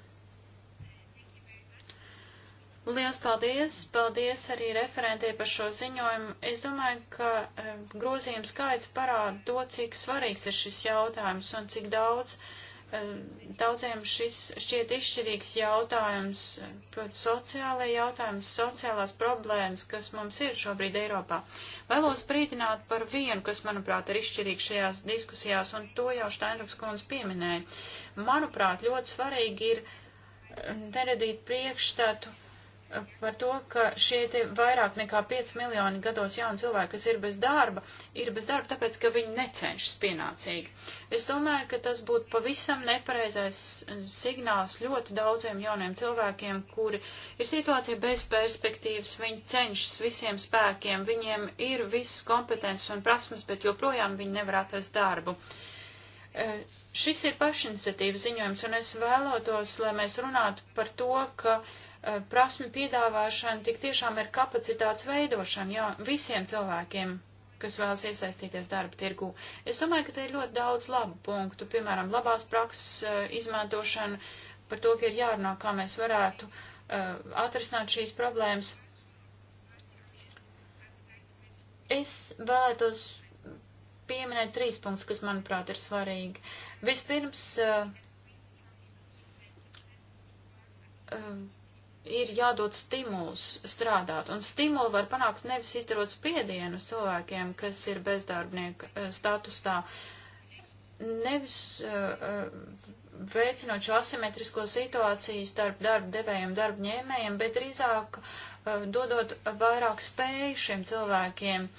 Liels paldies! Paldies arī referentiem par šo ziņojumu. Es domāju, ka eh, grozījuma skaits parāda to, cik svarīgs ir šis jautājums un cik daudz eh, daudziem šis šķiet izšķirīgs jautājums, proti sociālai jautājums, sociālās problēmas, kas mums ir šobrīd Eiropā. Vēlos brīdināt par vienu, kas, manuprāt, ir izšķirīgs šajās diskusijās, un to jau Štainruks kundze pieminēja. Manuprāt, ļoti svarīgi ir eh, neredīt priekšstatu par to, ka šie vairāk nekā 5 miljoni gados jauni cilvēki, kas ir bez darba, ir bez darba tāpēc, ka viņi necenšas pienācīgi. Es domāju, ka tas būtu pavisam nepareizais eh, signāls ļoti daudziem jauniem cilvēkiem, kuri ir situācija bez perspektīvas, viņi cenšas visiem spēkiem, viņiem ir visas kompetences un prasmes, bet joprojām viņi nevar atrast darbu. Eh, šis ir pašiniciatīvas ziņojums, un es vēlotos, lai mēs runātu par to, ka uh, Eh, prasmi piedāvāšana tik tiešām ir kapacitātes veidošana jā, visiem cilvēkiem, kas vēlas iesaistīties darba tirgū. Es domāju, ka te ir ļoti daudz labu punktu, piemēram, labās prakses eh, izmantošana, par to, ka ir jārunā, kā mēs varētu uh, atrisināt šīs problēmas. Es vēlētos pieminēt trīs punktus, kas, manuprāt, ir svarīgi. Vispirms, uh, uh, ir jādod stimuls strādāt, un stimulu var panākt nevis izdarot spiedienu uz cilvēkiem, kas ir bezdarbnieka eh, statustā, nevis uh, veicinot šo asimetrisko situāciju starp darba devējiem, darba ņēmējiem, bet drīzāk uh, dodot vairāk spēju šiem cilvēkiem,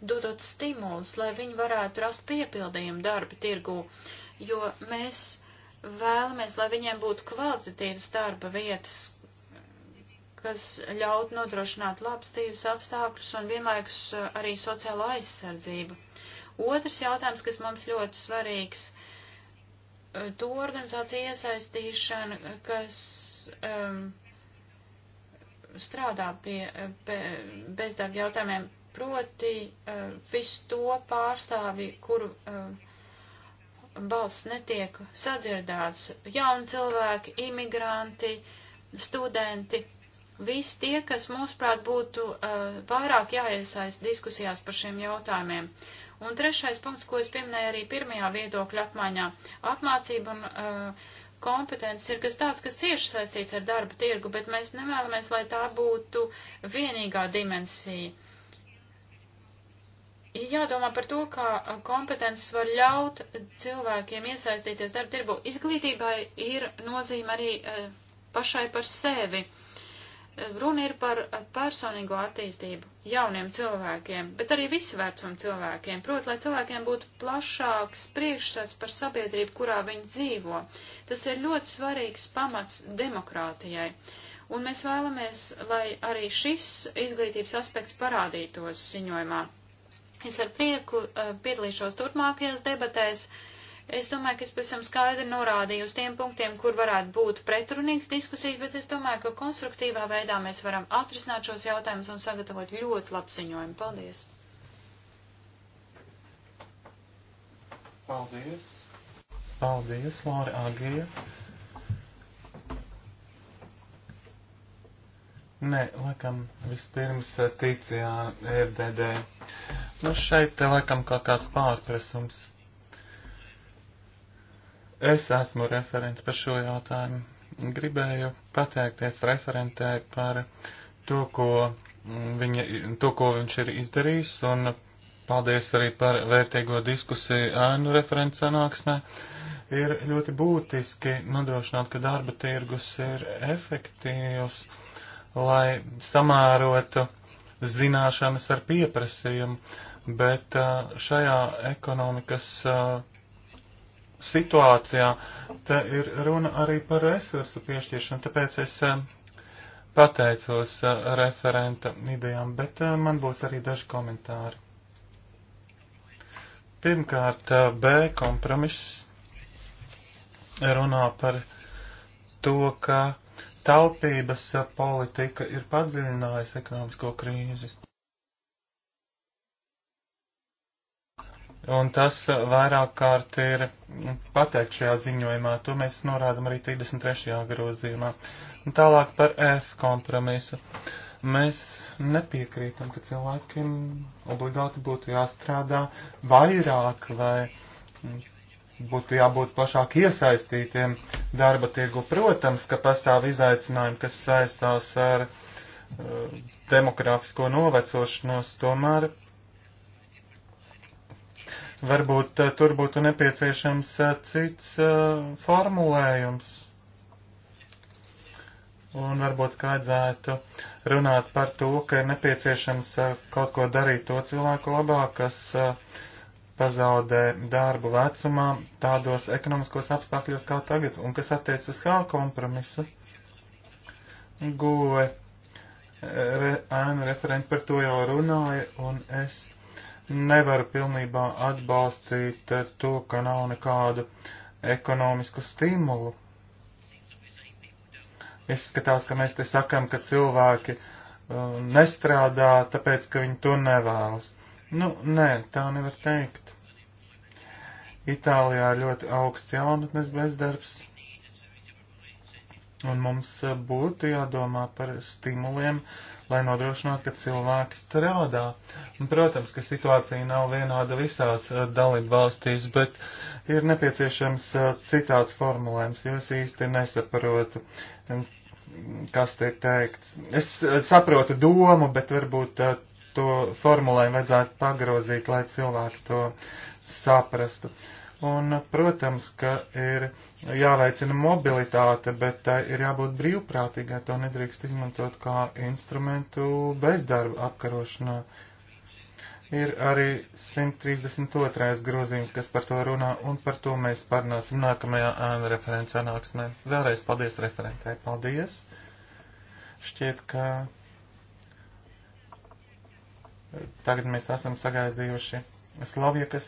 dodot stimulus, lai viņi varētu rast piepildījumu darba tirgū, jo mēs vēlamies, lai viņiem būtu kvalitatīvas darba vietas, kas ļaut nodrošināt labs dzīves apstākļus un vienlaikus eh, arī sociālo aizsardzību. Otrs jautājums, kas mums ļoti svarīgs, eh, to organizāciju iesaistīšana, kas um, strādā pie eh, be, bezdarba jautājumiem, proti uh, visu to pārstāvi, kuru uh, balss netiek sadzirdēts. Jauni cilvēki, imigranti, studenti, visi tie, kas mūsuprāt būtu uh, vairāk jāiesaist diskusijās par šiem jautājumiem. Un trešais punkts, ko es pieminēju arī pirmajā viedokļa apmaiņā - apmācība un uh, eh, kompetences ir kas tāds, kas cieši saistīts ar darba tirgu, bet mēs nevēlamies, lai tā būtu vienīgā dimensija. Jādomā par to, kā eh, kompetences var ļaut cilvēkiem iesaistīties darba tirgu. Izglītībai ir nozīme arī uh, pašai par sevi. Uh, runa ir par personīgo attīstību jauniem cilvēkiem, bet arī visvērtsumu cilvēkiem. Proti, lai cilvēkiem būtu plašāks priekšstats par sabiedrību, kurā viņi dzīvo. Tas ir ļoti svarīgs pamats demokrātijai. Un mēs vēlamies, lai arī šis izglītības aspekts parādītos ziņojumā. Es ar prieku uh, piedalīšos turpmākajās debatēs. Uh, Es domāju, ka es pavisam skaidri norādīju uz tiem punktiem, kur varētu būt pretrunīgas diskusijas, bet es domāju, ka konstruktīvā veidā mēs varam atrisināt šos jautājumus un sagatavot ļoti labu ziņojumu. Paldies! Paldies! Paldies, Lāra Agija! Nē, laikam vispirms eh, Tīcijā RDD. Nu šeit te eh, laikam kaut kāds pārpresums. Es esmu referents par šo jautājumu. Gribēju pateikties referentē par to, ko, viņa, to, ko viņš ir izdarījis, un paldies arī par vērtīgo diskusiju ēnu referents sanāksmē. Ir ļoti būtiski nodrošināt, ka darba tirgus ir efektīvs, lai samērotu zināšanas ar pieprasījumu, bet šajā ekonomikas situācijā. Te ir runa arī par resursu piešķiršanu, tāpēc es eh, pateicos eh, referenta idejām, bet eh, man būs arī daži komentāri. Pirmkārt, B kompromiss runā par to, ka taupības politika ir padziļinājusi ekonomisko krīzi. Un tas eh, vairāk kārt ir pateikt šajā ziņojumā, to mēs norādam arī 33. grozījumā. Un tālāk par F kompromisu. Mēs nepiekrītam, ka cilvēkiem obligāti būtu jāstrādā vairāk vai būtu jābūt plašāk iesaistītiem darba tirgu. Protams, ka pastāv izaicinājumi, kas saistās ar uh, eh, demografisko novecošanos, tomēr uh, Varbūt eh, tur būtu nepieciešams eh, cits eh, formulējums. Un varbūt vajadzētu runāt par to, ka ir nepieciešams kaut ko darīt to cilvēku labā, kas pazaudē darbu vecumā tādos ekonomiskos apstākļos kā tagad, un kas attiec uz kā kompromisu. Guve, re, ēnu referenti par to jau runāja, un es nevaru pilnībā atbalstīt eh, to, ka nav nekādu ekonomisku stimulu. Izskatās, ka mēs te sakam, ka cilvēki uh, nestrādā, tāpēc, ka viņi to nevēlas. Nu, nē, tā nevar teikt. Itālijā ļoti augsts jaunatnes bezdarbs, un mums eh, būtu jādomā par stimuliem, uh, lai nodrošinātu, ka cilvēki strādā. Un, protams, ka situācija nav vienāda visās eh, dalību valstīs, bet ir nepieciešams eh, citāds formulējums, jo es īsti nesaprotu, kas tiek teikts. Es eh, saprotu domu, bet varbūt to formulējumu vajadzētu pagrozīt, lai cilvēki to saprastu. Un, protams, ka ir jāveicina mobilitāte, bet tai ir jābūt brīvprātīgai. To nedrīkst izmantot kā instrumentu bezdarba apkarošanā. Ir arī 132. grozījums, kas par to runā, un par to mēs parunāsim nākamajā ēnu referents sanāksmē. Vēlreiz paldies referentai. Paldies! Šķiet, ka tagad mēs esam sagaidījuši Slavjekas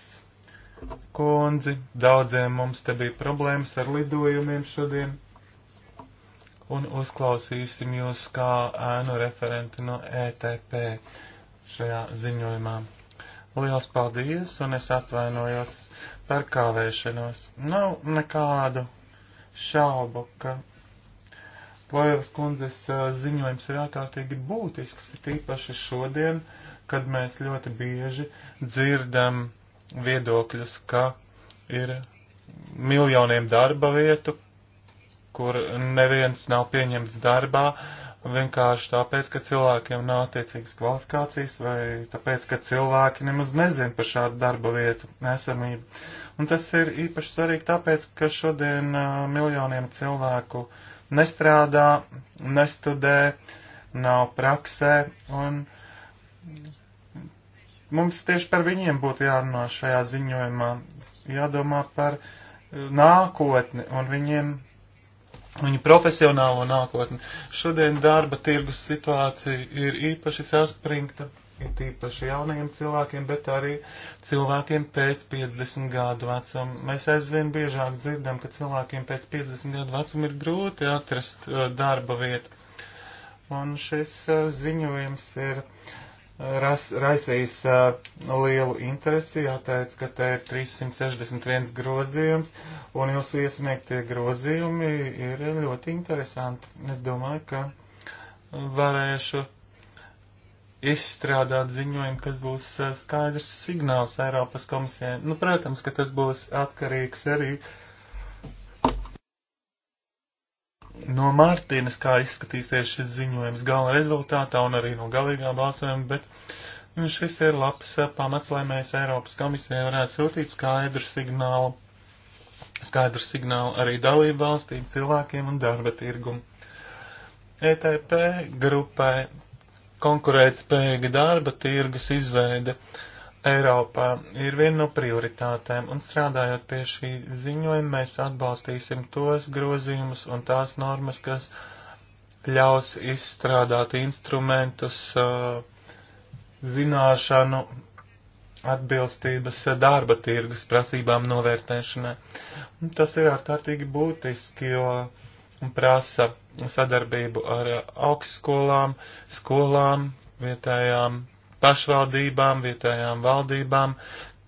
kundzi. Daudziem mums te bija problēmas ar lidojumiem šodien. Un uzklausīsim jūs kā ēnu referenti no ETP šajā ziņojumā. Liels paldies un es atvainojos par kāvēšanos. Nav nekādu šaubu, ka Lojas kundzes ziņojums ir ārkārtīgi būtisks, ir tīpaši šodien, kad mēs ļoti bieži dzirdam viedokļus, ka ir miljoniem darba vietu, kur neviens nav pieņemts darbā, vienkārši tāpēc, ka cilvēkiem nav attiecīgas kvalifikācijas vai tāpēc, ka cilvēki nemaz nezin par šādu darba vietu esamību. Un tas ir īpaši svarīgi tāpēc, ka šodien miljoniem cilvēku nestrādā, nestudē, nav praksē un Mums tieši par viņiem būtu jārunā šajā ziņojumā, jādomā par e, nākotni un viņiem, viņu profesionālo nākotni. Šodien darba tirgus situācija ir īpaši saspringta, ir īpaši jaunajiem cilvēkiem, bet arī cilvēkiem pēc 50 gadu vecuma. Mēs aizvien biežāk dzirdam, ka cilvēkiem pēc 50 gadu vecuma ir grūti atrast uh, darba vietu. Un šis uh, ziņojums ir uh, ras, raisījis uh, lielu interesi, jāteic, ka te ir 361 grozījums, un jūsu iesniegtie grozījumi ir ļoti interesanti. Es domāju, ka varēšu izstrādāt ziņojumu, kas būs skaidrs signāls Eiropas komisijai. Nu, protams, ka tas būs atkarīgs arī uh, no Mārtīnas, kā izskatīsies šis ziņojums gala rezultātā un arī no galīgā balsojuma, bet nu, šis ir labs eh, pamats, lai mēs Eiropas komisijai varētu sūtīt skaidru signālu, skaidru signālu arī dalību valstīm, cilvēkiem un darba tirgumu. ETP grupai konkurētspējīga darba tirgus izveide Eiropā ir viena no prioritātēm, un strādājot pie šī ziņojuma, mēs atbalstīsim tos grozījumus un tās normas, kas ļaus izstrādāt instrumentus uh, zināšanu atbilstības uh, darba tirgus prasībām novērtēšanai. Un tas ir ārkārtīgi būtiski, jo prasa sadarbību ar uh, augstskolām, skolām, vietējām pašvaldībām, vietējām valdībām,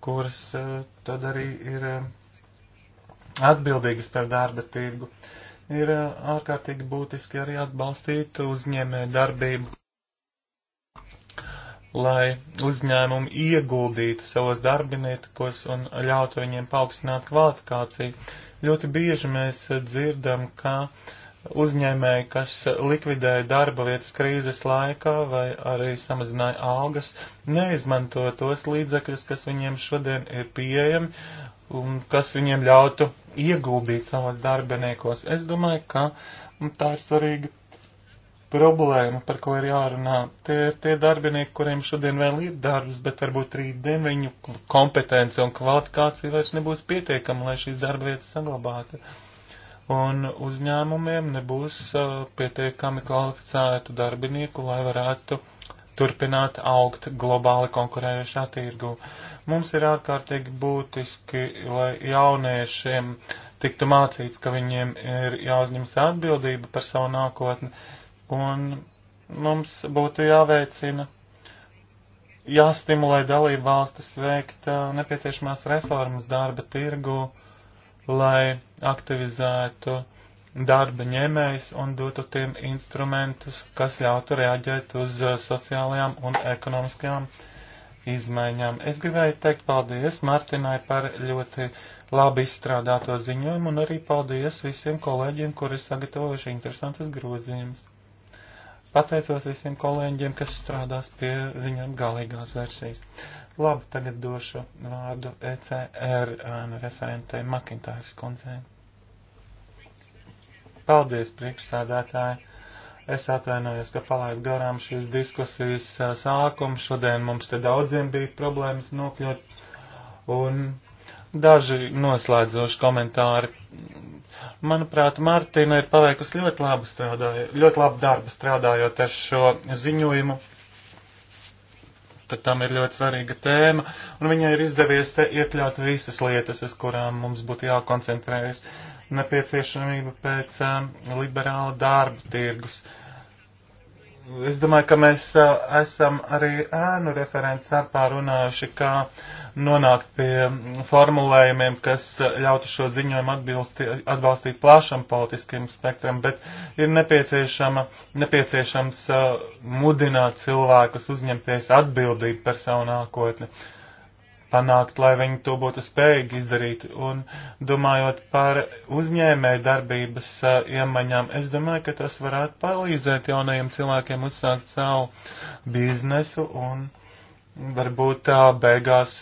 kuras eh, tad arī ir eh, atbildīgas par darba tirgu. Ir eh, ārkārtīgi būtiski arī atbalstīt uzņēmē darbību, lai uzņēmumi ieguldītu savos darbiniekos un ļautu viņiem paaugstināt kvalifikāciju. Ļoti bieži mēs dzirdam, ka uh, uzņēmēji, kas likvidēja darba vietas krīzes laikā vai arī samazināja algas, neizmanto tos līdzekļus, kas viņiem šodien ir pieejami un kas viņiem ļautu ieguldīt savos darbiniekos. Es domāju, ka tā ir svarīga problēma, par ko ir jārunā. Tie, tie darbinieki, kuriem šodien vēl ir darbs, bet varbūt rītdien viņu kompetence un kvalifikācija vairs nebūs pietiekama, lai šīs darba vietas saglabātu. Uh, un uzņēmumiem nebūs uh, pietiekami kvalificētu darbinieku, lai varētu turpināt augt globāli konkurējošā tirgu. Mums ir ārkārtīgi būtiski, lai jauniešiem tiktu mācīts, ka viņiem ir jāuzņems atbildība par savu nākotni, un mums būtu jāveicina, jāstimulē dalību valstis veikt uh, nepieciešamās reformas darba tirgu, lai aktivizētu darba ņēmējs un dotu tiem instrumentus, kas ļautu reaģēt uz uh, sociālajām un ekonomiskajām izmaiņām. Es gribēju teikt paldies Martinai par ļoti labi izstrādāto ziņojumu un arī paldies visiem kolēģiem, kuri sagatavojuši interesantas grozījumus. Pateicos visiem kolēģiem, kas strādās pie ziņojuma galīgās versijas. Labi, tagad došu vārdu ECR referentei Makintājas kundzei. Paldies, priekšstādātāji! Es atvainojos, ka palaidu garām šīs diskusijas uh, sākumu. Šodien mums te daudziem bija problēmas nokļūt. Un daži noslēdzoši komentāri. Manuprāt, Martina ir paveikusi ļoti labu, strādāju, ļoti labu darbu strādājot ar šo ziņojumu. Tad tam ir ļoti svarīga tēma, un viņai ir izdevies te iekļaut visas lietas, uz kurām mums būtu jākoncentrējas. Uh, nepieciešamība pēc eh, liberāla darba tirgus. Es domāju, ka mēs eh, esam arī ēnu referents starpā runājuši, kā nonākt pie formulējumiem, kas eh, ļautu šo ziņojumu atbilsti, atbalstīt plašam politiskiem spektram, bet ir nepieciešams mudināt cilvēkus uzņemties atbildību par savu nākotni. Uh, panākt, lai viņi to būtu spējīgi izdarīt. Un domājot par uzņēmē darbības iemaņām, es domāju, ka tas varētu palīdzēt jaunajiem cilvēkiem uzsākt savu biznesu un varbūt tā beigās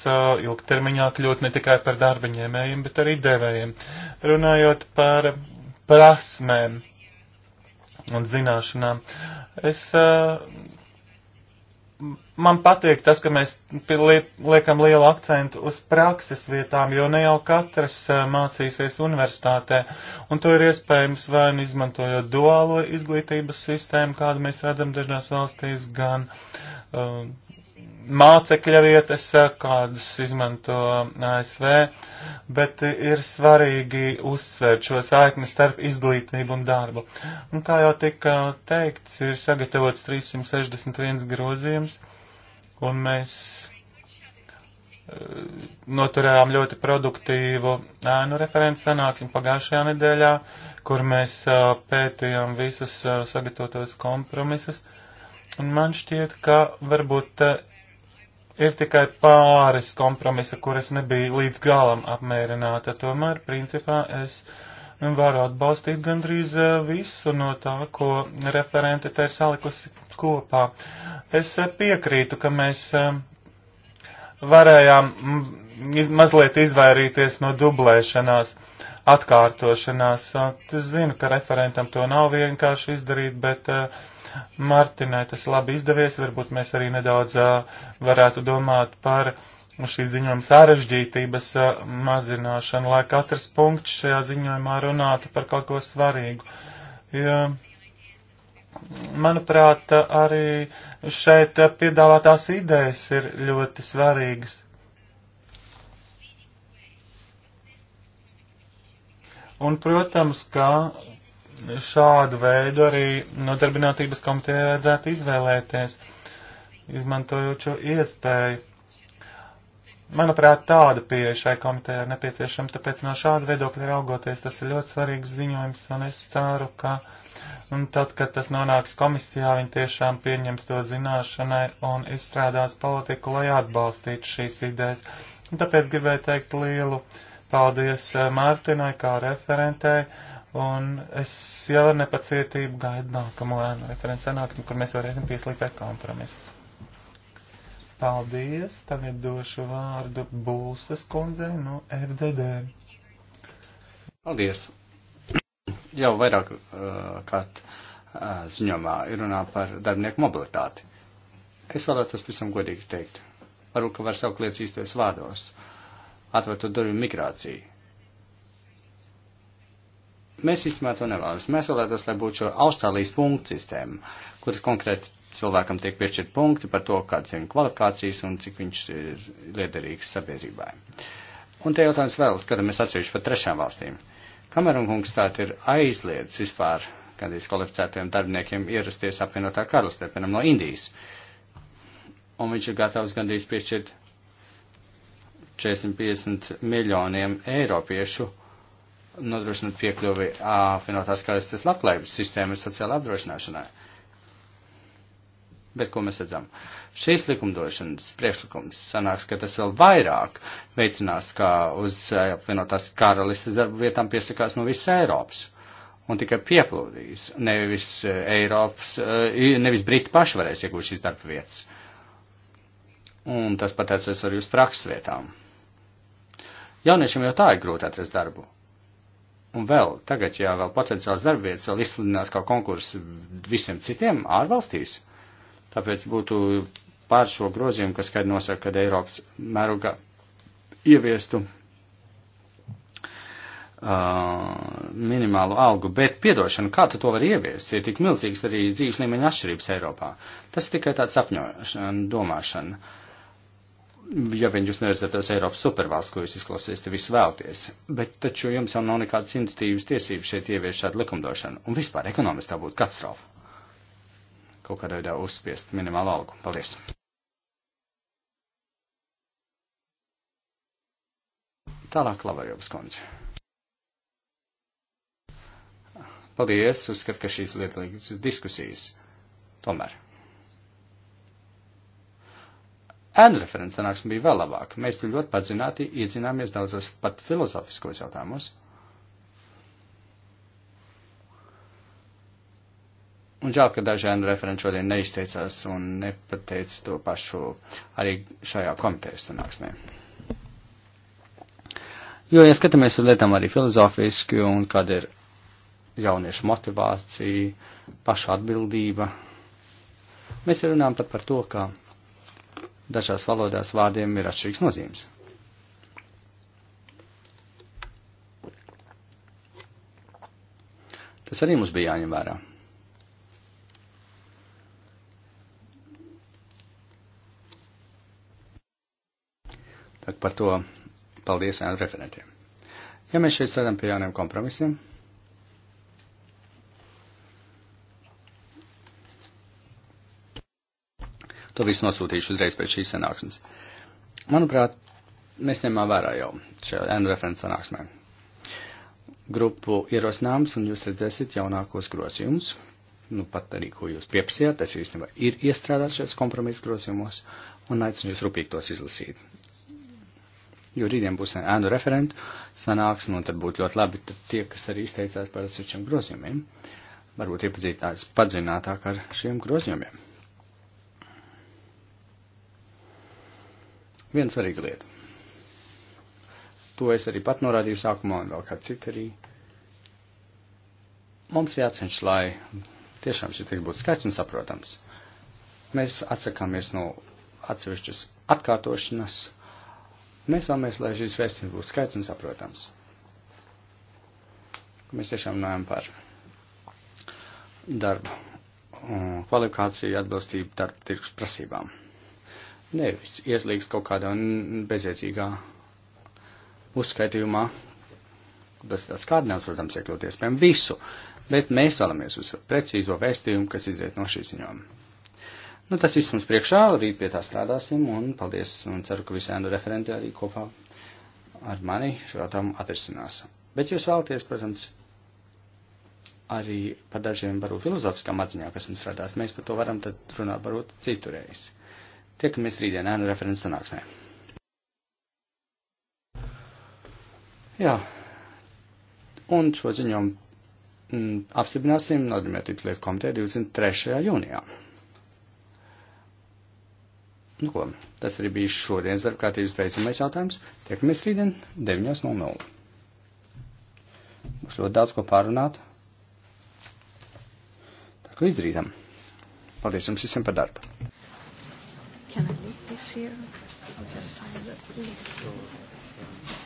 ilgtermiņā kļūt ne tikai par darbaņēmējiem, bet arī devējiem. Runājot par prasmēm un zināšanām, es man patīk tas, ka mēs liekam lielu akcentu uz prakses vietām, jo ne jau katrs mācīsies universitātē, un to ir iespējams vai nu izmantojot duālo izglītības sistēmu, kādu mēs redzam dažās valstīs, gan uh, mācekļa vietas, eh, kādas izmanto eh, ASV, bet ir svarīgi uzsvērt šo saikni starp izglītību un darbu. Un kā jau tika eh, teikts, ir sagatavots 361 grozījums, un mēs noturējām ļoti produktīvu ēnu referents sanāksim pagājušajā nedēļā, kur mēs pētījām visus sagatavotos kompromisus. Un man šķiet, ka varbūt Ir tikai pāris kompromisa, kuras nebija līdz galam apmierināta. Tomēr, principā, es varu atbalstīt gandrīz eh, visu no tā, ko referente te ir salikusi kopā. Es eh, piekrītu, ka mēs eh, varējām mm, mazliet izvairīties no dublēšanās, atkārtošanās. Es zinu, ka referentam to nav vienkārši izdarīt, bet uh, Martinai tas labi izdevies, varbūt mēs arī nedaudz varētu domāt par šīs ziņojuma sarežģītības mazināšanu, lai katrs punkts šajā ziņojumā runātu par kaut ko svarīgu. Ja, manuprāt, arī šeit piedāvātās idejas ir ļoti svarīgas. Un, protams, kā šādu veidu arī nodarbinātības komitejai vajadzētu izvēlēties, izmantojot šo iespēju. Manuprāt, tāda pieeja šai komitejai ir nepieciešama, tāpēc no šāda viedokļa raugoties, tas ir ļoti svarīgs ziņojums, un es ceru, ka tad, kad tas nonāks komisijā, viņi tiešām pieņems to zināšanai un izstrādās politiku, lai atbalstītu šīs idejas. Un tāpēc gribēju teikt lielu paldies eh, Mārtiņai kā referentei Un es jau ar nepacietību gaidu nākamo ēnu referents sanāksmi, kur mēs varēsim pieslīpēt kompromisus. Paldies, tagad došu vārdu Bulsas kundzei no FDD. Paldies. Jau vairāk uh, kārt uh, ziņomā ir runā par darbinieku mobilitāti. Es vēlētos visam godīgi teikt. Varbūt, ka var saukt lietas īstajos vārdos. Atvērtu durvju migrāciju Mēs īstenībā to nevēlamies. Mēs vēlētos, lai būtu šo Austrālijas punktu sistēmu, kur konkrēti cilvēkam tiek piešķirt punkti par to, kādas ir kvalifikācijas un cik viņš ir liederīgs sabiedrībai. Un te jautājums vēl, kad mēs atsevišķi par trešām valstīm. Kamerun kungs tāt ir aizliedz vispār kādreiz kvalificētiem darbiniekiem ierasties apvienotā karalistē, piemēram, no Indijas. Un viņš ir gatavs gandrīz piešķirt 450 miljoniem eiropiešu nodrošinot piekļuvi apvienotās karalistes labklājības sistēmas sociāla apdrošināšanai. Bet ko mēs redzam? Šīs likumdošanas priekšlikums sanāks, ka tas vēl vairāk veicinās, ka uz apvienotās karalistes darba vietām piesakās no visas Eiropas. Un tikai pieplūdīs. Nevis eh, Eiropas, eh, nevis Briti paši varēs iegūt šīs darba vietas. Un tas pateicas arī uz prakses vietām. Jauniešiem jau tā ir grūti atrast darbu. Un vēl tagad, ja vēl potenciāls darbvietas vēl izsludinās kā konkurss visiem citiem ārvalstīs, tāpēc būtu pār šo grozījumu, kas skaidri nosaka, kad Eiropas mēroga ieviestu uh, minimālu algu, bet piedošanu, kā tu to var ieviest, ir tik milzīgs arī dzīves līmeņa atšķirības Eiropā. Tas ir tikai tāds apņošana, domāšana. Uh, ja vien jūs neredzētos Eiropas supervalsts, ko jūs izklausīsiet, visu vēlties. Bet taču jums jau nav nekādas inicitīvas tiesības šeit ievies šādu likumdošanu. Un vispār ekonomiski tā būtu katastrofa. Kaut kādā veidā uzspiest minimālu algu. Paldies! Tālāk, Lavajovs kundze. Paldies, uzskat, ka šīs lietas diskusijas. Tomēr. Ēnu referents sanāksme bija vēl labāk. Mēs tur ļoti padzināti iedzināmies daudzos pat filozofiskos jautājumos. Un žēl, ka daži ēnu referenti šodien neizteicās un nepateica to pašu arī šajā komitejas sanāksmē. Jo, ja skatāmies uz lietām arī filozofiski un kāda ir jauniešu motivācija, pašu atbildība, mēs runājam pat par to, ka dažās valodās vārdiem ir atšķirīgs nozīmes. Tas arī mums bija jāņem vērā. Tad par to paldies referentiem. Ja mēs šeit strādājam pie jauniem kompromisiem, To visu nosūtīšu uzreiz pēc šīs sanāksmes. Manuprāt, mēs ņemam vērā jau šajā ēnu referents sanāksmē. Grupu ierosinājums, un jūs redzēsiet jaunākos grozījumus, nu pat arī, ko jūs pieprasījāt, tas īstenībā ir iestrādāts šajos kompromisu grozījumos, un aicinu jūs rūpīgi tos izlasīt. Jo rītdien būs ēnu referentu sanāksme, un tad būtu ļoti labi, tad tie, kas arī izteicās par atsevišķiem grozījumiem, varbūt iepazītās padzinātāk ar šiem grozījumiem. Viens svarīga lieta. To es arī pat norādīju sākumā, un vēl kā cita arī. Mums jāceņš, lai tiešām šī teiks būtu skaidrs un saprotams. Mēs atsakāmies no atsevišķas atkārtošanas. Mēs vēlamies, lai šīs vēstījums būtu skaidrs un saprotams. Mēs tiešām runājam par darbu, kvalifikāciju, atbilstību darba tirgus prasībām nevis ieslīgst kaut kādā bezjēdzīgā uzskaitījumā. Tas tāds kārdinājums, protams, iekļaut iespējami visu, bet mēs vēlamies uz precīzo vēstījumu, kas iziet no šīs ziņām. Nu, tas viss mums priekšā, rīt pie tā strādāsim, un paldies, un ceru, ka visiem referenti arī kopā ar mani šo jautājumu atrisinās. Bet jūs vēlaties, protams, arī par dažiem varbūt filozofiskām atziņām, kas mums radās. Mēs par to varam tad runāt varbūt citurreiz. Tiekamies rītdienā no referents sanāksmē. Jā. Un šo ziņojumu mm, apstiprināsim Nodarbinātības lietu komitē 23. jūnijā. Nu, ko, tas arī bija šodienas darbkārtības beidzamais jautājums. Tiekamies rītdien 9.00. Mums ļoti daudz ko pārunāt. Tā kā līdz rītam. Paldies jums visiem par darbu. Can I leave this here? I'll just sign it, please.